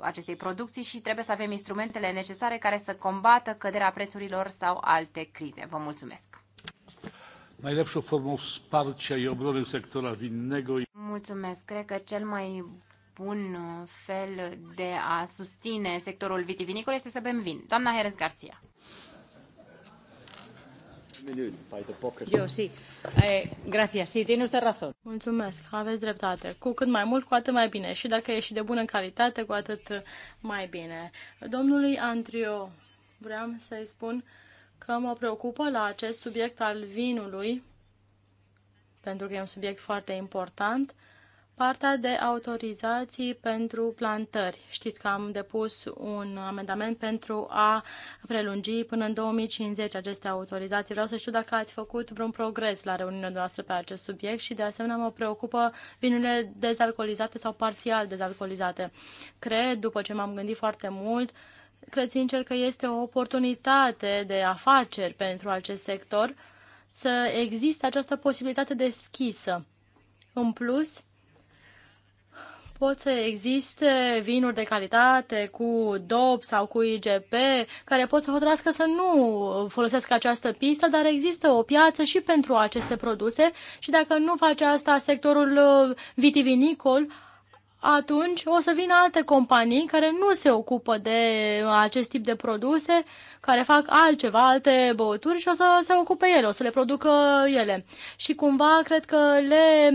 acestei producții și trebuie să avem instrumentele necesare care să combată căderea prețurilor sau alte crize. Vă mulțumesc! Najlepszą formą wsparcia i obrony sektora winnego. Mulțumesc. Cred că cel mai bun fel de a susține sectorul vitivinicol este să bem vin. Doamna Heres Garcia. Eu, sí. Eh, gracias, sí, tiene usted razón. Mulțumesc, aveți dreptate. Cu cât mai mult, cu atât mai bine. Și dacă e și de bună calitate, cu atât mai bine. Domnului Andrio, vreau să-i spun uh, că mă preocupă la acest subiect al vinului, pentru că e un subiect foarte important, partea de autorizații pentru plantări. Știți că am depus un amendament pentru a prelungi până în 2050 aceste autorizații. Vreau să știu dacă ați făcut vreun progres la reuniunea noastră pe acest subiect și de asemenea mă preocupă vinurile dezalcoolizate sau parțial dezalcoolizate. Cred, după ce m-am gândit foarte mult, cred sincer că este o oportunitate de afaceri pentru acest sector să existe această posibilitate deschisă. În plus, pot să existe vinuri de calitate cu DOP sau cu IGP care pot să hotărască să nu folosească această pistă, dar există o piață și pentru aceste produse și dacă nu face asta sectorul vitivinicol, atunci o să vină alte companii care nu se ocupă de acest tip de produse, care fac altceva, alte băuturi și o să se ocupe ele, o să le producă ele. Și cumva cred că le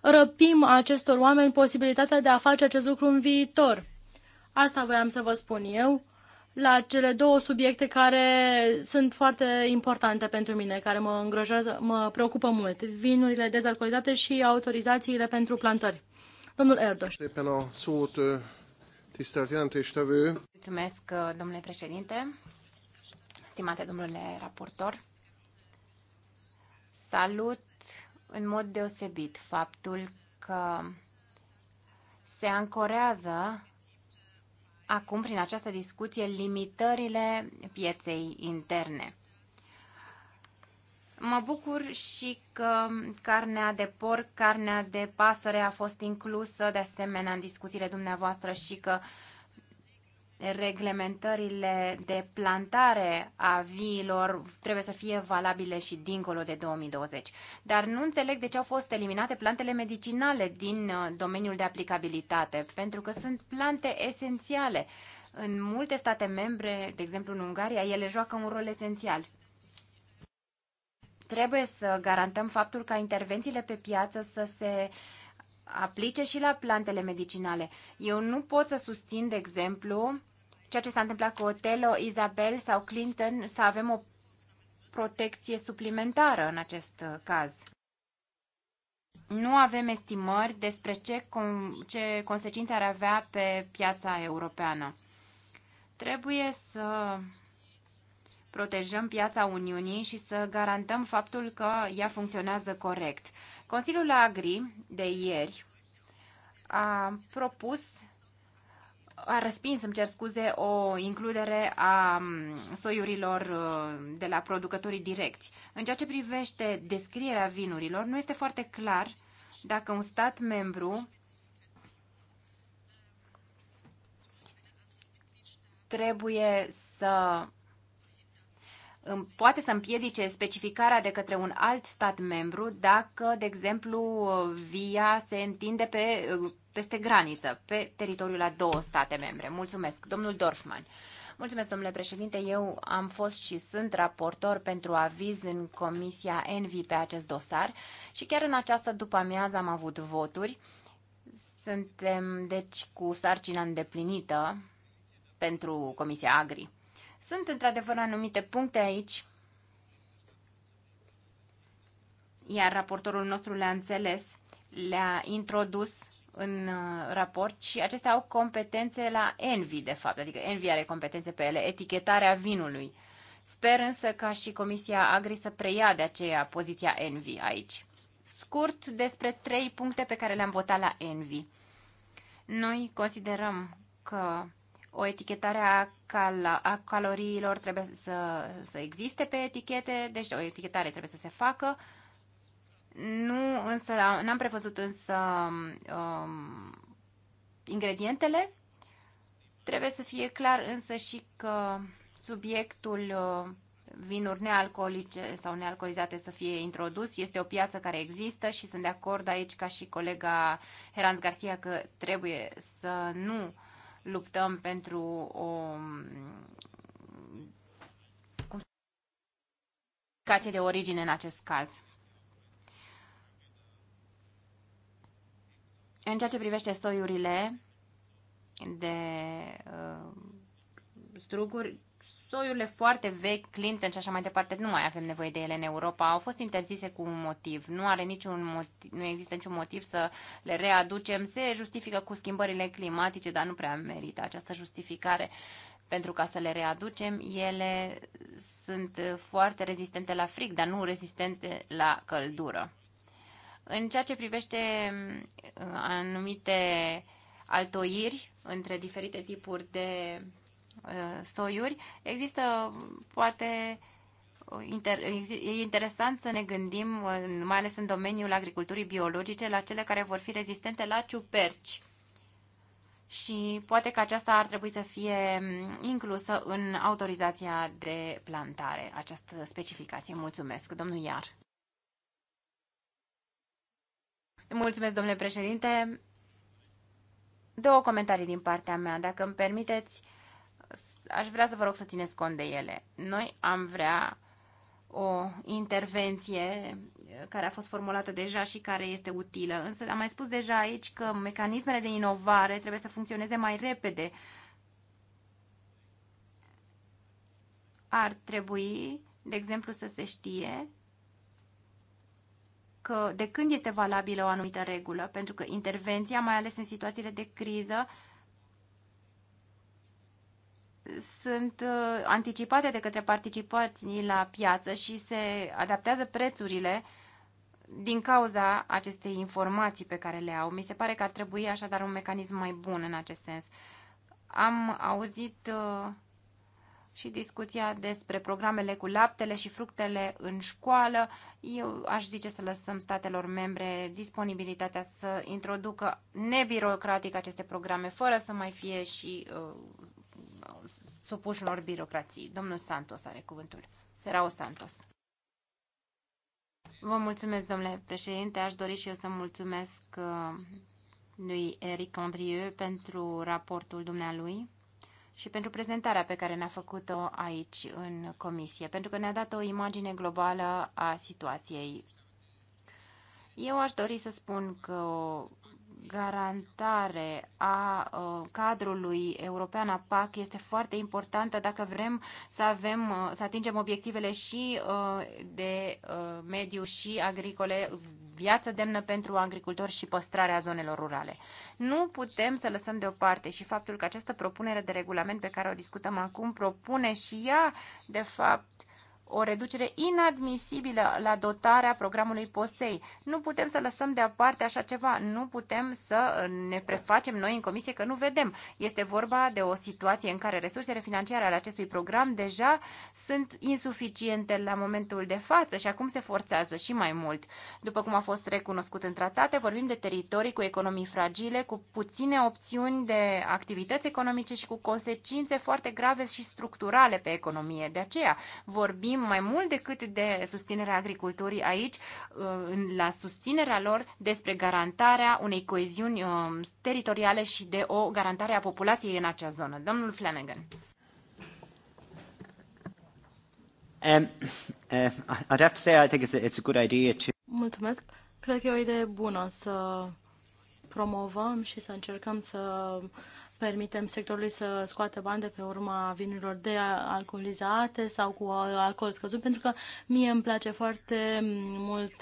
răpim acestor oameni posibilitatea de a face acest lucru în viitor. Asta voiam să vă spun eu la cele două subiecte care sunt foarte importante pentru mine, care mă îngrojează, mă preocupă mult. Vinurile dezalcoolizate și autorizațiile pentru plantări. Domnul Erdos. Mulțumesc, domnule președinte, stimate domnule raportor. Salut în mod deosebit faptul că se ancorează acum prin această discuție limitările pieței interne. Mă bucur și că carnea de porc, carnea de pasăre a fost inclusă de asemenea în discuțiile dumneavoastră și că reglementările de plantare a viilor trebuie să fie valabile și dincolo de 2020. Dar nu înțeleg de ce au fost eliminate plantele medicinale din uh, domeniul de aplicabilitate, pentru că sunt plante esențiale. În multe state membre, de exemplu în Ungaria, ele joacă un rol esențial. Trebuie să garantăm faptul ca intervențiile pe piață să se aplice și la plantele medicinale. Eu nu pot să susțin, de exemplu, ceea ce s-a întâmplat cu Otelo, Isabel sau Clinton, să avem o protecție suplimentară în acest uh, caz. Nu avem estimări despre ce, com- ce consecințe ar avea pe piața europeană. Trebuie să protejăm piața Uniunii și să garantăm faptul că ea funcționează corect. Consiliul Agri de ieri a propus a răspins, îmi cer scuze, o includere a mm, soiurilor uh, de la producătorii direcți. În ceea ce privește descrierea vinurilor, nu este foarte clar dacă un stat membru trebuie să poate să împiedice specificarea de către un alt stat membru dacă, de exemplu, via se întinde pe, peste graniță, pe teritoriul a două state membre. Mulțumesc, domnul Dorfman. Mulțumesc, domnule președinte. Eu am fost și sunt raportor pentru aviz în Comisia Envi pe acest dosar și chiar în această după-amiază am avut voturi. Suntem, deci, cu sarcina îndeplinită pentru Comisia Agri. Sunt într-adevăr anumite puncte aici, iar raportorul nostru le-a înțeles, le-a introdus în uh, raport și acestea au competențe la Envi, de fapt, adică Envi are competențe pe ele, etichetarea vinului. Sper însă ca și Comisia Agri să preia de aceea poziția Envi aici. Scurt despre trei puncte pe care le-am votat la Envi. Noi considerăm că o etichetare a, cal- a caloriilor trebuie să, să existe pe etichete, deci o etichetare trebuie să se facă. Nu, însă, n-am prevăzut însă um, ingredientele. Trebuie să fie clar însă și că subiectul uh, vinuri nealcoolice sau nealcoolizate să fie introdus. Este o piață care există și sunt de acord aici ca și colega Heranz Garcia că trebuie să nu luptăm pentru o indicație de origine în acest caz. În ceea ce privește soiurile de uh, struguri, soiurile foarte vechi, Clinton și așa mai departe, nu mai avem nevoie de ele în Europa. Au fost interzise cu un motiv. Nu are niciun motiv, nu există niciun motiv să le readucem. Se justifică cu schimbările climatice, dar nu prea merită această justificare pentru ca să le readucem. Ele sunt foarte rezistente la frig, dar nu rezistente la căldură. În ceea ce privește uh, anumite altoiri între diferite tipuri de Uh, soiuri, există poate Inter, e interesant să ne gândim, uh, mai ales în domeniul agriculturii biologice, la cele care vor fi rezistente la ciuperci. Și poate că aceasta ar trebui să fie um, inclusă în autorizația de plantare, această specificație. Mulțumesc, domnul Iar. Mulțumesc, domnule președinte. Două comentarii din partea mea, dacă îmi permiteți aș vrea să vă rog să țineți cont de ele. Noi am vrea o intervenție eh, care a fost formulată deja și care este utilă. Însă am mai spus deja aici că mecanismele de inovare trebuie să funcționeze mai repede. Ar trebui, de exemplu, să se știe că de când este valabilă o anumită regulă, pentru că intervenția, mai ales în situațiile de criză, sunt uh, anticipate de către participații la piață și se adaptează prețurile din cauza acestei informații pe care le au. Mi se pare că ar trebui așadar un mecanism mai bun în acest sens. Am auzit uh, și discuția despre programele cu laptele și fructele în școală. Eu aș zice să lăsăm statelor membre disponibilitatea să introducă nebirocratic aceste programe, fără să mai fie și uh, supuși unor birocrații. Domnul Santos are cuvântul. Serau Santos. Vă mulțumesc, domnule președinte. Aș dori și eu să mulțumesc uh, lui Eric Andrieu pentru raportul dumnealui și pentru prezentarea pe care ne-a făcut-o aici în comisie, pentru că ne-a dat o imagine globală a situației. Eu aș dori să spun că o garantare a uh, cadrului european a PAC este foarte importantă dacă vrem să avem, uh, să atingem obiectivele și uh, de mediu și agricole, viață demnă pentru agricultori și păstrarea zonelor rurale. Nu putem să lăsăm deoparte și faptul că această propunere de regulament pe care o discutăm acum propune și ea, de fapt, o reducere inadmisibilă la dotarea programului POSEI. Nu putem să lăsăm deoparte așa ceva, nu putem să ne prefacem noi în comisie că nu vedem. Este vorba de o situație în care resursele financiare ale acestui program deja sunt insuficiente la momentul de față și acum se forțează și mai mult. După cum a fost recunoscut în tratate, vorbim de teritorii cu economii fragile, cu puține opțiuni de activități economice și cu consecințe foarte grave și structurale pe economie. De aceea vorbim vorbim mai mult decât de susținerea agriculturii aici, uh, la susținerea lor despre garantarea unei coeziuni uh, teritoriale și de o garantare a populației în acea zonă. Domnul Flanagan. Um, uh, Mulțumesc. Cred că e o idee bună să promovăm și să încercăm să permitem sectorului să scoată bani de pe urma vinurilor de alcoolizate sau cu alcool scăzut, pentru că mie îmi place foarte mult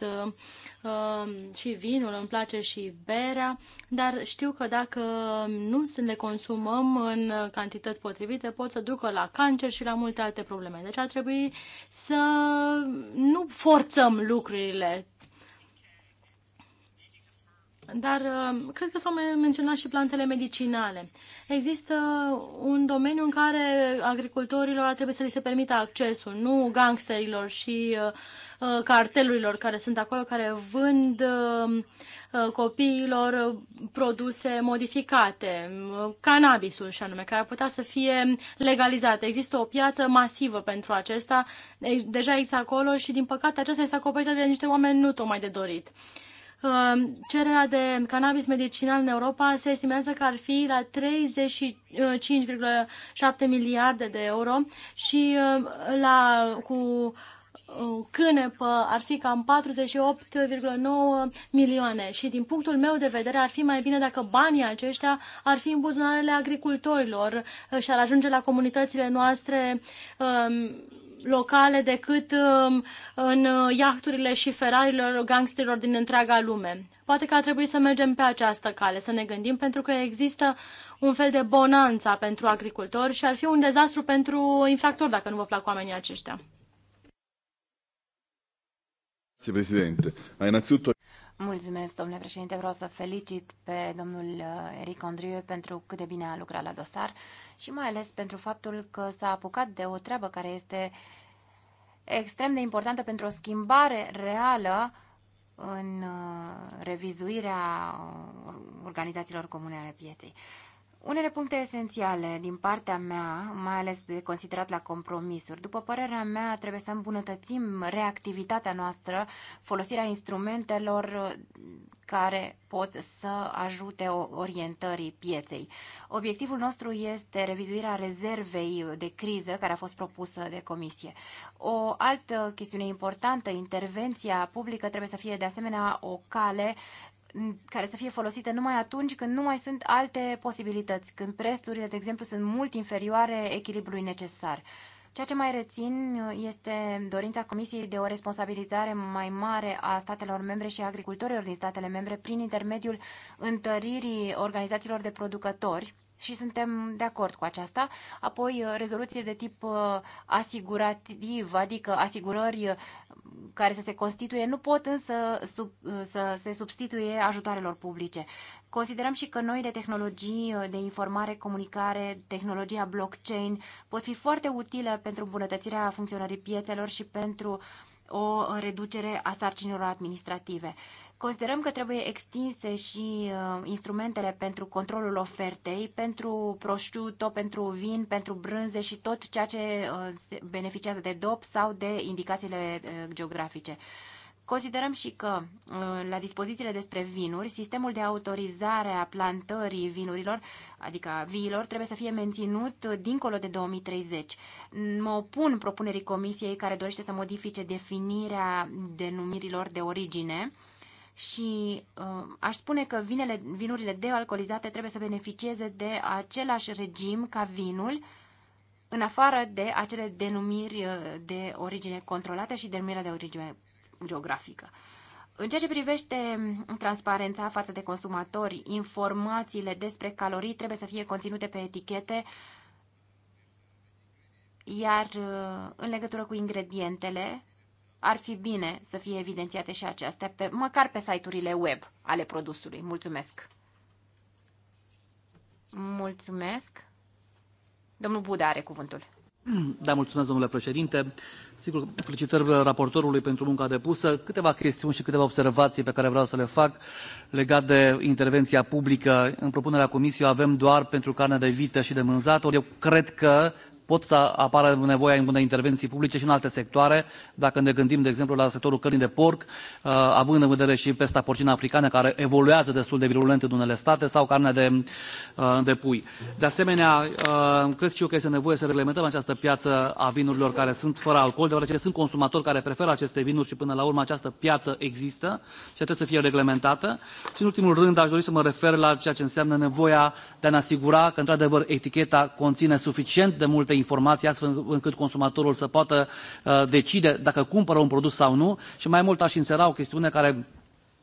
uh, și vinul, îmi place și berea, dar știu că dacă nu se le consumăm în cantități potrivite, pot să ducă la cancer și la multe alte probleme. Deci ar trebui să nu forțăm lucrurile, dar uh, cred că s-au menționat și plantele medicinale. Există un domeniu în care agricultorilor ar trebui să li se permită accesul, nu gangsterilor și uh, uh, cartelurilor care sunt acolo, care vând copiilor produse modificate, cannabisul și anume, care ar putea să fie legalizate. Există o piață masivă pentru acesta, deci deja există acolo și din păcate aceasta este acoperită de niște oameni nu tocmai de dorit. Uh, Um, cererea de cannabis medicinal în Europa se estimează că ar fi la 35,7 uh, miliarde de euro și um, la, cu uh, cânepă ar fi cam 48,9 milioane și din punctul meu de vedere ar fi mai bine dacă banii aceștia ar fi în buzunarele agricultorilor și ar ajunge la comunitățile noastre um, locale decât um, în uh, iahturile și ferarilor gangsterilor din întreaga lume. Poate că ar trebui să mergem pe această cale, să ne gândim, pentru că există un fel de bonanța pentru agricultori și ar fi un dezastru pentru infractori dacă nu vă plac oamenii aceștia. Grazie Presidente. Ma innanzitutto Mulțumesc, domnule președinte. Vreau să felicit pe domnul uh, Eric Andriu pentru cât de bine a lucrat la dosar și mai ales pentru faptul că s-a apucat de o treabă care este extrem de importantă pentru o schimbare reală în uh, revizuirea organizațiilor comune ale pieței. Unele puncte esențiale din partea mea, mai ales de considerat la compromisuri, după părerea mea, trebuie să îmbunătățim reactivitatea noastră, folosirea instrumentelor uh, care pot să ajute orientării pieței. Obiectivul nostru este revizuirea rezervei de criză care a fost propusă de comisie. O altă chestiune importantă, intervenția publică trebuie să fie de asemenea o cale care să fie folosite numai atunci când nu mai sunt alte posibilități, când prețurile, de exemplu, sunt mult inferioare echilibrului necesar. Ceea ce mai rețin uh, este dorința Comisiei de o responsabilizare mai mare a statelor membre și a agricultorilor din statele membre prin intermediul întăririi organizațiilor de producători și suntem de acord cu aceasta. Apoi, uh, rezoluție de tip uh, asigurativ, adică asigurări uh, care să se constituie, nu pot însă sub, să se substituie ajutoarelor publice. Considerăm și că noile tehnologii de informare, comunicare, tehnologia blockchain pot fi foarte utile pentru îmbunătățirea funcționării piețelor și pentru o reducere a sarcinilor administrative. Considerăm că trebuie extinse și uh, instrumentele pentru controlul ofertei, pentru prosciutto, pentru vin, pentru brânze și tot ceea ce uh, beneficiază de DOP sau de indicațiile uh, geografice. Considerăm și că uh, la dispozițiile despre vinuri, sistemul de autorizare a plantării vinurilor, adică a viilor, trebuie să fie menținut dincolo de 2030. Mă opun propunerii comisiei care dorește să modifice definirea denumirilor de origine și uh, aș spune că vinele, vinurile dealcoolizate trebuie să beneficieze de același regim ca vinul, în afară de acele denumiri uh, de origine controlată și denumirea de origine geografică. În ceea ce privește mm, transparența față de consumatori, informațiile despre calorii trebuie să fie conținute pe etichete, iar uh, în legătură cu ingredientele, ar fi bine să fie evidențiate și acestea, pe, măcar pe site-urile web ale produsului. Mulțumesc! Mulțumesc! Domnul Buda are cuvântul. Mm, da, mulțumesc, domnule președinte. Sigur, felicitări raportorului pentru munca depusă. Câteva chestiuni și câteva observații pe care vreau să le fac legat de intervenția publică. În propunerea comisiei avem doar pentru carne de vită și de mânzator. eu cred că pot să apară nevoia unei intervenții publice și în alte sectoare, dacă ne gândim, de exemplu, la sectorul cărnii de porc, uh, având în vedere și pesta porcină africană, care evoluează destul de virulent în unele state, sau carnea de, uh, de pui. De asemenea, uh, cred și eu că este nevoie să reglementăm această piață a vinurilor care sunt fără alcool, deoarece sunt consumatori care preferă aceste vinuri și până la urmă această piață există și trebuie să fie reglementată. Și în ultimul rând aș dori să mă refer la ceea ce înseamnă nevoia de a ne asigura că într-adevăr eticheta conține suficient de multe informații astfel încât consumatorul să poată uh, decide dacă cumpără un produs sau nu și mai mult aș insera o chestiune care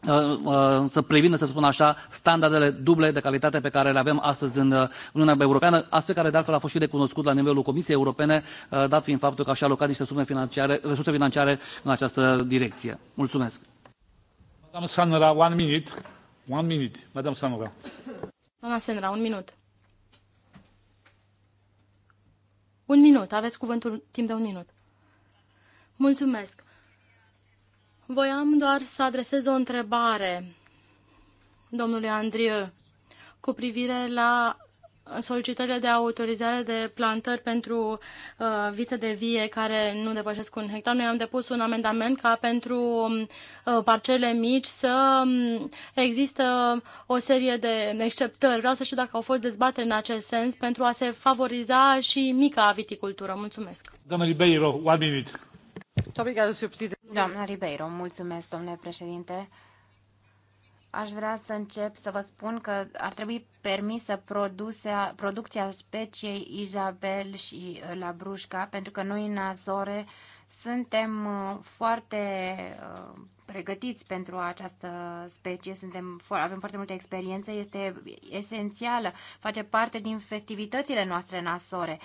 uh, uh, să prevină, să spun așa, standardele duble de calitate pe care le avem astăzi în Uniunea Europeană, aspect care de altfel a fost și recunoscut la nivelul Comisiei Europene, dat fiind faptul că așa alocat niște sume financiare, resurse financiare în această direcție. Mulțumesc. Madame Sanra, one minute. One minute. Madame Sanra. Doamna Senra, un minut. Un minut, aveți cuvântul timp de un minut. Mulțumesc. Voiam doar să adresez o întrebare domnului Andrieu cu privire la solicitările de autorizare de plantări pentru uh, vițe de vie care nu depășesc un hectar. Noi am depus un amendament ca pentru um, uh, parcele mici să um, există o serie de exceptări. Vreau să știu dacă au fost dezbateri în acest sens pentru a se favoriza și mica viticultură. Mulțumesc. Doamna Ribeiro, one minute. Doamna Ribeiro, mulțumesc, domnule președinte aș vrea să încep să vă spun că ar trebui permisă produsea, producția speciei Isabel și uh, la Brușca, pentru că noi în Azore suntem uh, foarte uh, pregătiți pentru această specie, suntem, avem foarte multă experiență, este esențială, face parte din festivitățile noastre în Azore.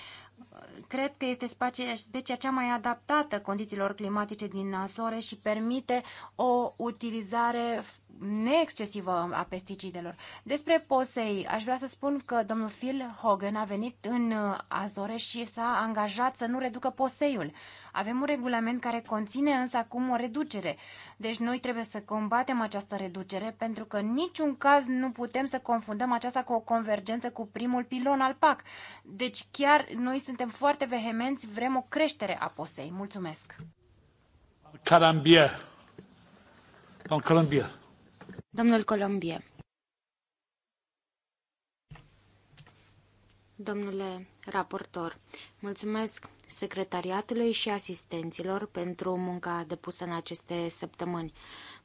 Cred că este specia, cea mai adaptată condițiilor climatice din Azore și permite o utilizare neexcesivă a pesticidelor. Despre posei, aș vrea să spun că domnul Phil Hogan a venit în Azore și s-a angajat să nu reducă poseiul. Avem un regulament care conține însă acum o reducere. Deci noi trebuie să combatem această reducere pentru că în niciun caz nu putem să confundăm aceasta cu o convergență cu primul pilon al PAC. Deci chiar noi suntem foarte vehemenți, vrem o creștere a posei. Mulțumesc! Carambia. Don Columbia. Domnul Colombie. Domnule raportor, mulțumesc secretariatului și asistenților pentru munca depusă în aceste săptămâni.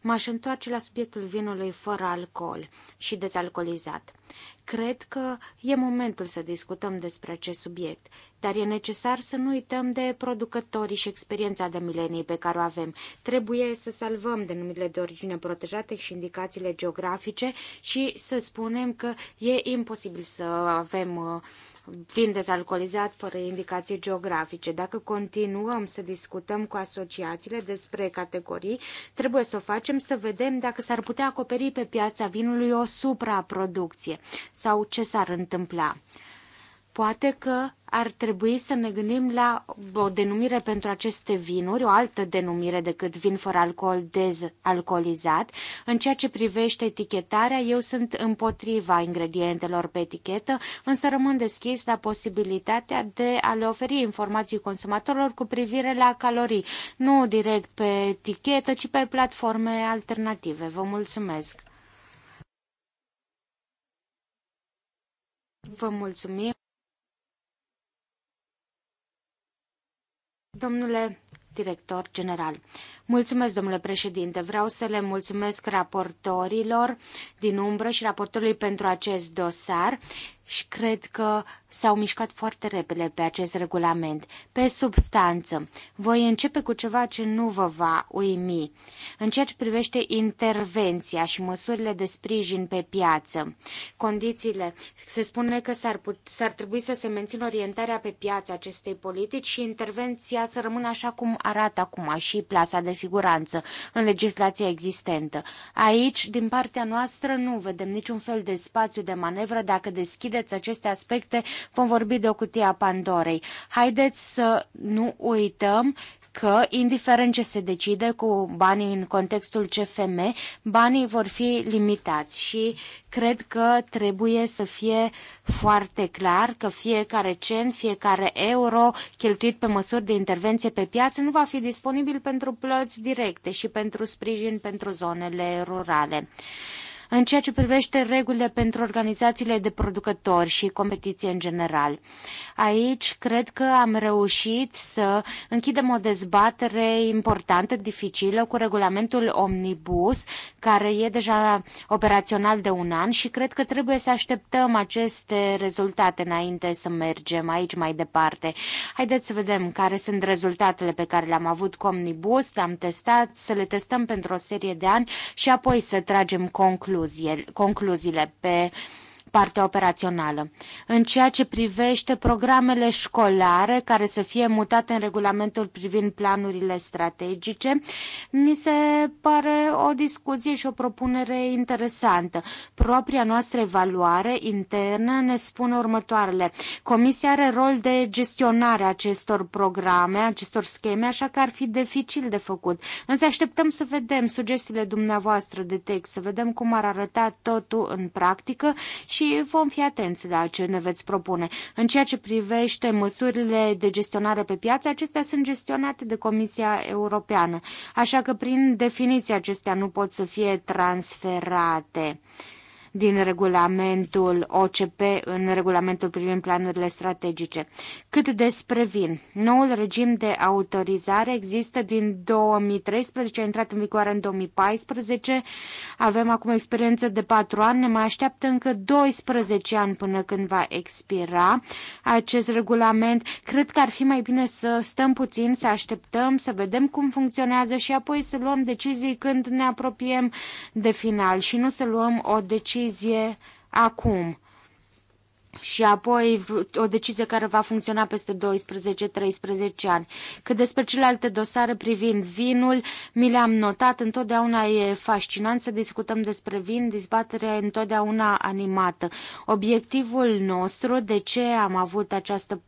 M-aș întoarce la subiectul vinului fără alcool și dezalcoolizat. Cred că e momentul să discutăm despre acest subiect, dar e necesar să nu uităm de producătorii și experiența de milenii pe care o avem. Trebuie să salvăm denumirile de origine protejate și indicațiile geografice și să spunem că e imposibil să avem uh, vin dezalcoolizat fără indicații geografice. Dacă continuăm să discutăm cu asociațiile despre categorii, trebuie să o facem să vedem dacă s-ar putea acoperi pe piața vinului o supraproducție sau ce s-ar întâmpla. Poate că ar trebui să ne gândim la o denumire pentru aceste vinuri, o altă denumire decât vin fără alcool dezalcoolizat. În ceea ce privește etichetarea, eu sunt împotriva ingredientelor pe etichetă, însă rămân deschis la posibilitatea de a le oferi informații consumatorilor cu privire la calorii, nu direct pe etichetă, ci pe platforme alternative. Vă mulțumesc! Vă mulțumim. Domnule director general, Mulțumesc, domnule președinte. Vreau să le mulțumesc raportorilor din umbră și raportorului pentru acest dosar și cred că s-au mișcat foarte repede pe acest regulament. Pe substanță, voi începe cu ceva ce nu vă va uimi. În ceea ce privește intervenția și măsurile de sprijin pe piață, condițiile, se spune că s-ar, put- trebui să se mențină orientarea pe piață acestei politici și intervenția să rămână așa cum arată acum și plasa de siguranță în legislația existentă. Aici, din partea noastră, nu vedem niciun fel de spațiu de manevră. Dacă deschideți aceste aspecte, vom vorbi de o cutie a Pandorei. Haideți să nu uităm că, indiferent ce se decide cu banii în contextul CFM, banii vor fi limitați și cred că trebuie să fie foarte clar că fiecare cen fiecare euro cheltuit pe măsuri de intervenție pe piață nu va fi disponibil pentru plăți directe și pentru sprijin pentru zonele rurale în ceea ce privește regulile pentru organizațiile de producători și competiție în general. Aici cred că am reușit să închidem o dezbatere importantă, dificilă, cu regulamentul Omnibus, care e deja operațional de un an și cred că trebuie să așteptăm aceste rezultate înainte să mergem aici mai departe. Haideți să vedem care sunt rezultatele pe care le-am avut cu Omnibus, le-am testat, să le testăm pentru o serie de ani și apoi să tragem concluzii concluziile pe partea operațională. În ceea ce privește programele școlare care să fie mutate în regulamentul privind planurile strategice, mi se pare o discuție și o propunere interesantă. Propria noastră evaluare internă ne spune următoarele. Comisia are rol de gestionare a acestor programe, acestor scheme, așa că ar fi dificil de făcut. Însă așteptăm să vedem sugestiile dumneavoastră de text, să vedem cum ar arăta totul în practică și și vom fi atenți la ce ne veți propune. În ceea ce privește măsurile de gestionare pe piață, acestea sunt gestionate de Comisia Europeană, așa că prin definiție acestea nu pot să fie transferate din regulamentul OCP în regulamentul privind planurile strategice. Cât despre vin, noul regim de autorizare există din 2013, a intrat în vigoare în 2014, avem acum experiență de 4 ani, ne mai așteaptă încă 12 ani până când va expira acest regulament. Cred că ar fi mai bine să stăm puțin, să așteptăm, să vedem cum funcționează și apoi să luăm decizii când ne apropiem de final și nu să luăm o decizie decizie acum și apoi o decizie care va funcționa peste 12-13 ani. Cât despre celelalte dosare privind vinul, mi le-am notat, întotdeauna e fascinant să discutăm despre vin, dezbaterea e întotdeauna animată. Obiectivul nostru, de ce am avut această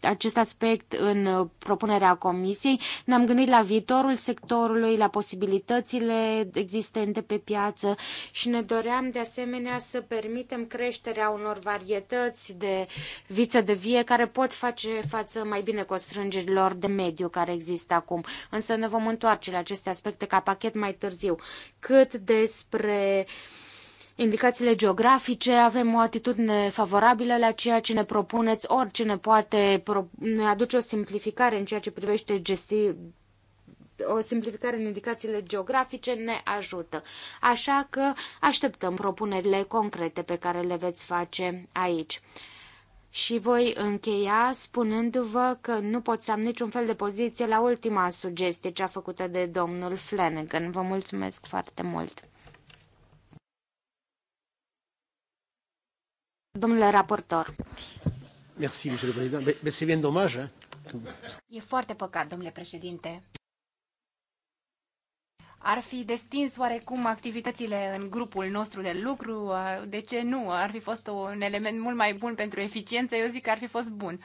acest aspect în uh, propunerea comisiei. Ne-am gândit la viitorul sectorului, la posibilitățile existente pe piață și ne doream de asemenea să permitem creșterea unor varietăți de viță de vie care pot face față mai bine constrângerilor de mediu care există acum. Însă ne vom întoarce la aceste aspecte ca pachet mai târziu. Cât despre uh, indicațiile geografice, avem o atitudine favorabilă la ceea ce ne propuneți, ne poate ne aduce o simplificare în ceea ce privește gestii o simplificare în indicațiile geografice ne ajută. Așa că așteptăm propunerile concrete pe care le veți face aici. Și voi încheia spunându-vă că nu pot să am niciun fel de poziție la ultima sugestie cea făcută de domnul Flanagan. Vă mulțumesc foarte mult! Domnule raportor. Merci, domnule Președinte. Mais c'est bien dommage, hein? E foarte păcat, domnule președinte. Ar fi destins oarecum activitățile în grupul nostru de lucru? De ce nu? Ar fi fost un element mult mai bun pentru eficiență? Eu zic că ar fi fost bun.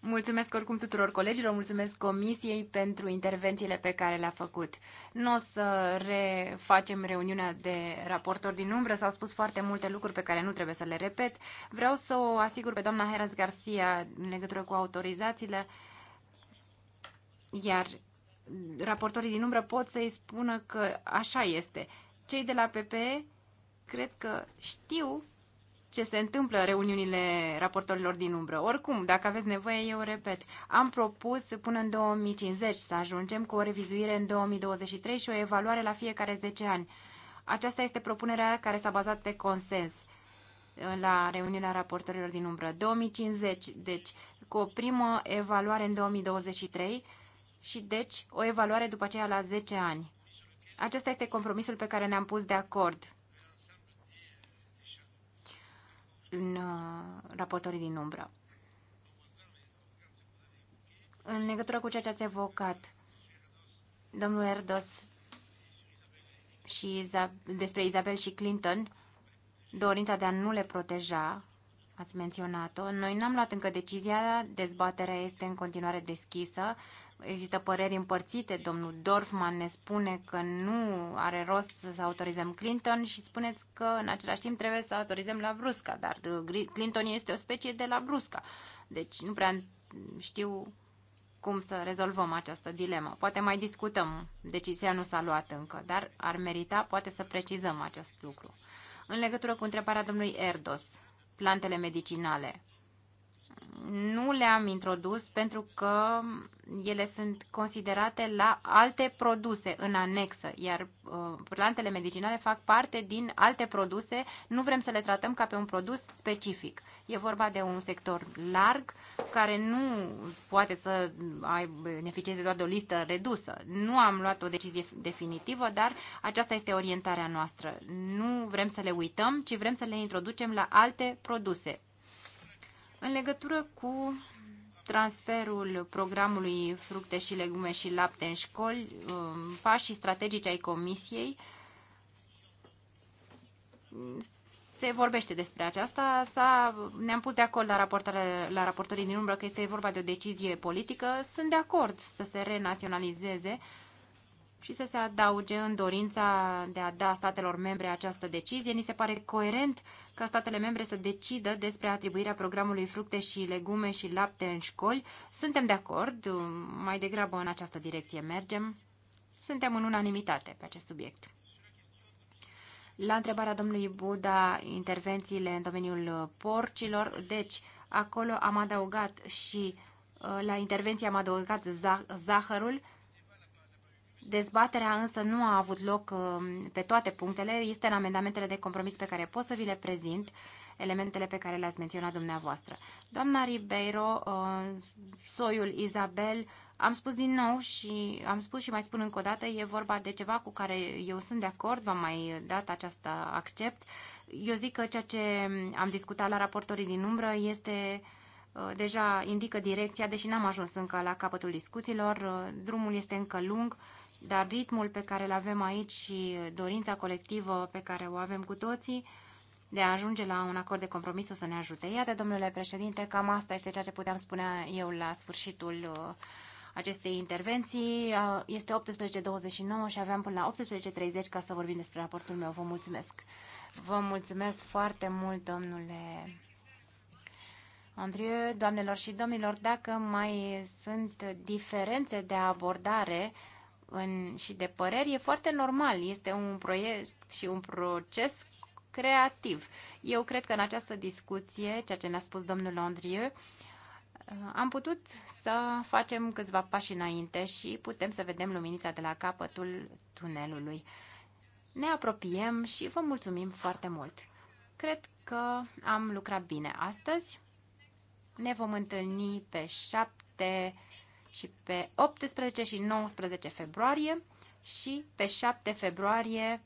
Mulțumesc oricum tuturor colegilor, mulțumesc comisiei pentru intervențiile pe care le-a făcut. Nu o să refacem reuniunea de raportori din umbră, s-au spus foarte multe lucruri pe care nu trebuie să le repet. Vreau să o asigur pe doamna Heras Garcia în legătură cu autorizațiile, iar raportorii din umbră pot să-i spună că așa este. Cei de la PP cred că știu ce se întâmplă reuniunile raportorilor din umbră. Oricum, dacă aveți nevoie, eu repet, am propus până în 2050 să ajungem cu o revizuire în 2023 și o evaluare la fiecare 10 ani. Aceasta este propunerea care s-a bazat pe consens uh, la reuniunea raportorilor din umbră. 2050, deci cu o primă evaluare în 2023 și deci o evaluare după aceea la 10 ani. Acesta este compromisul pe care ne-am pus de acord în uh, raportorii din umbră. În legătură cu ceea ce ați evocat, domnul Erdos și despre Isabel și Clinton, dorința de a nu le proteja, ați menționat-o. Noi n-am luat încă decizia, dezbaterea este în continuare deschisă. Există păreri împărțite. Domnul Dorfman ne spune că nu are rost să autorizăm Clinton și spuneți că în același timp trebuie să autorizăm la brusca, dar uh, Clinton este o specie de la brusca. Deci nu prea știu cum să rezolvăm această dilemă. Poate mai discutăm, decizia nu s-a luat încă, dar ar merita poate să precizăm acest lucru. În legătură cu întrebarea domnului Erdos, plantele medicinale, nu le-am introdus pentru că ele sunt considerate la alte produse în anexă, iar uh, plantele medicinale fac parte din alte produse, nu vrem să le tratăm ca pe un produs specific. E vorba de un sector larg care nu poate să ai beneficieze doar de o listă redusă. Nu am luat o decizie definitivă, dar aceasta este orientarea noastră. Nu vrem să le uităm, ci vrem să le introducem la alte produse, în legătură cu transferul programului fructe și legume și lapte în școli, um, pașii strategici ai Comisiei, se vorbește despre aceasta. ne-am pus de acord la, la raportorii din umbră că este vorba de o decizie politică. Sunt de acord să se renaționalizeze și să se adauge în dorința de a da statelor membre această decizie. Ni se pare coerent uh, ca statele membre să decidă despre atribuirea programului fructe și legume și lapte în școli. Suntem de acord, mai degrabă în această direcție mergem. Suntem în unanimitate pe acest subiect. La întrebarea domnului Buda, intervențiile în domeniul porcilor, deci acolo am adăugat și uh, la intervenție am adăugat zah zahărul, Dezbaterea însă nu a avut loc um, pe toate punctele, este în amendamentele de compromis pe care pot să vi le prezint, elementele pe care le-ați menționat dumneavoastră. Doamna Ribeiro, uh, soiul Isabel, am spus din nou și am spus și mai spun încă o dată, e vorba de ceva cu care eu sunt de acord, v-am mai dat această accept. Eu zic că ceea ce am discutat la raportorii din umbră este uh, deja indică direcția, deși n-am ajuns încă la capătul discuțiilor, uh, drumul este încă lung, dar ritmul pe care îl avem aici și dorința colectivă pe care o avem cu toții de a ajunge la un acord de compromis o să ne ajute. Iată, domnule președinte, cam asta este ceea ce puteam spune eu la sfârșitul uh, acestei intervenții. Uh, este 18.29 și aveam până la 18.30 ca să vorbim despre raportul meu. Vă mulțumesc! Vă mulțumesc foarte mult, domnule Andrie, doamnelor și domnilor, dacă mai sunt diferențe de abordare în, și de păreri, e foarte normal. Este un proiect și un proces creativ. Eu cred că în această discuție, ceea ce ne-a spus domnul Andrieu, uh, am putut să facem câțiva pași înainte și putem să vedem luminița de la capătul tunelului. Ne apropiem și vă mulțumim foarte mult. Cred că am lucrat bine astăzi. Ne vom întâlni pe 7 și pe 18 și 19 februarie și pe 7 februarie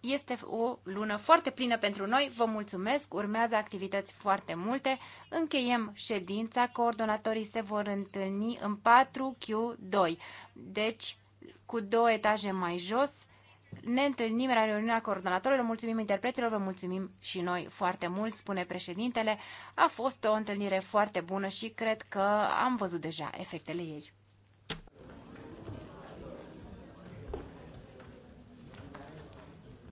este o lună foarte plină pentru noi. Vă mulțumesc, urmează activități foarte multe. Încheiem ședința, coordonatorii se vor întâlni în 4Q2, deci cu două etaje mai jos, ne întâlnim la reuniunea coordonatorilor. Mulțumim interpreților, vă mulțumim și noi foarte mult, spune președintele. A fost o întâlnire foarte bună și cred că am văzut deja efectele ei.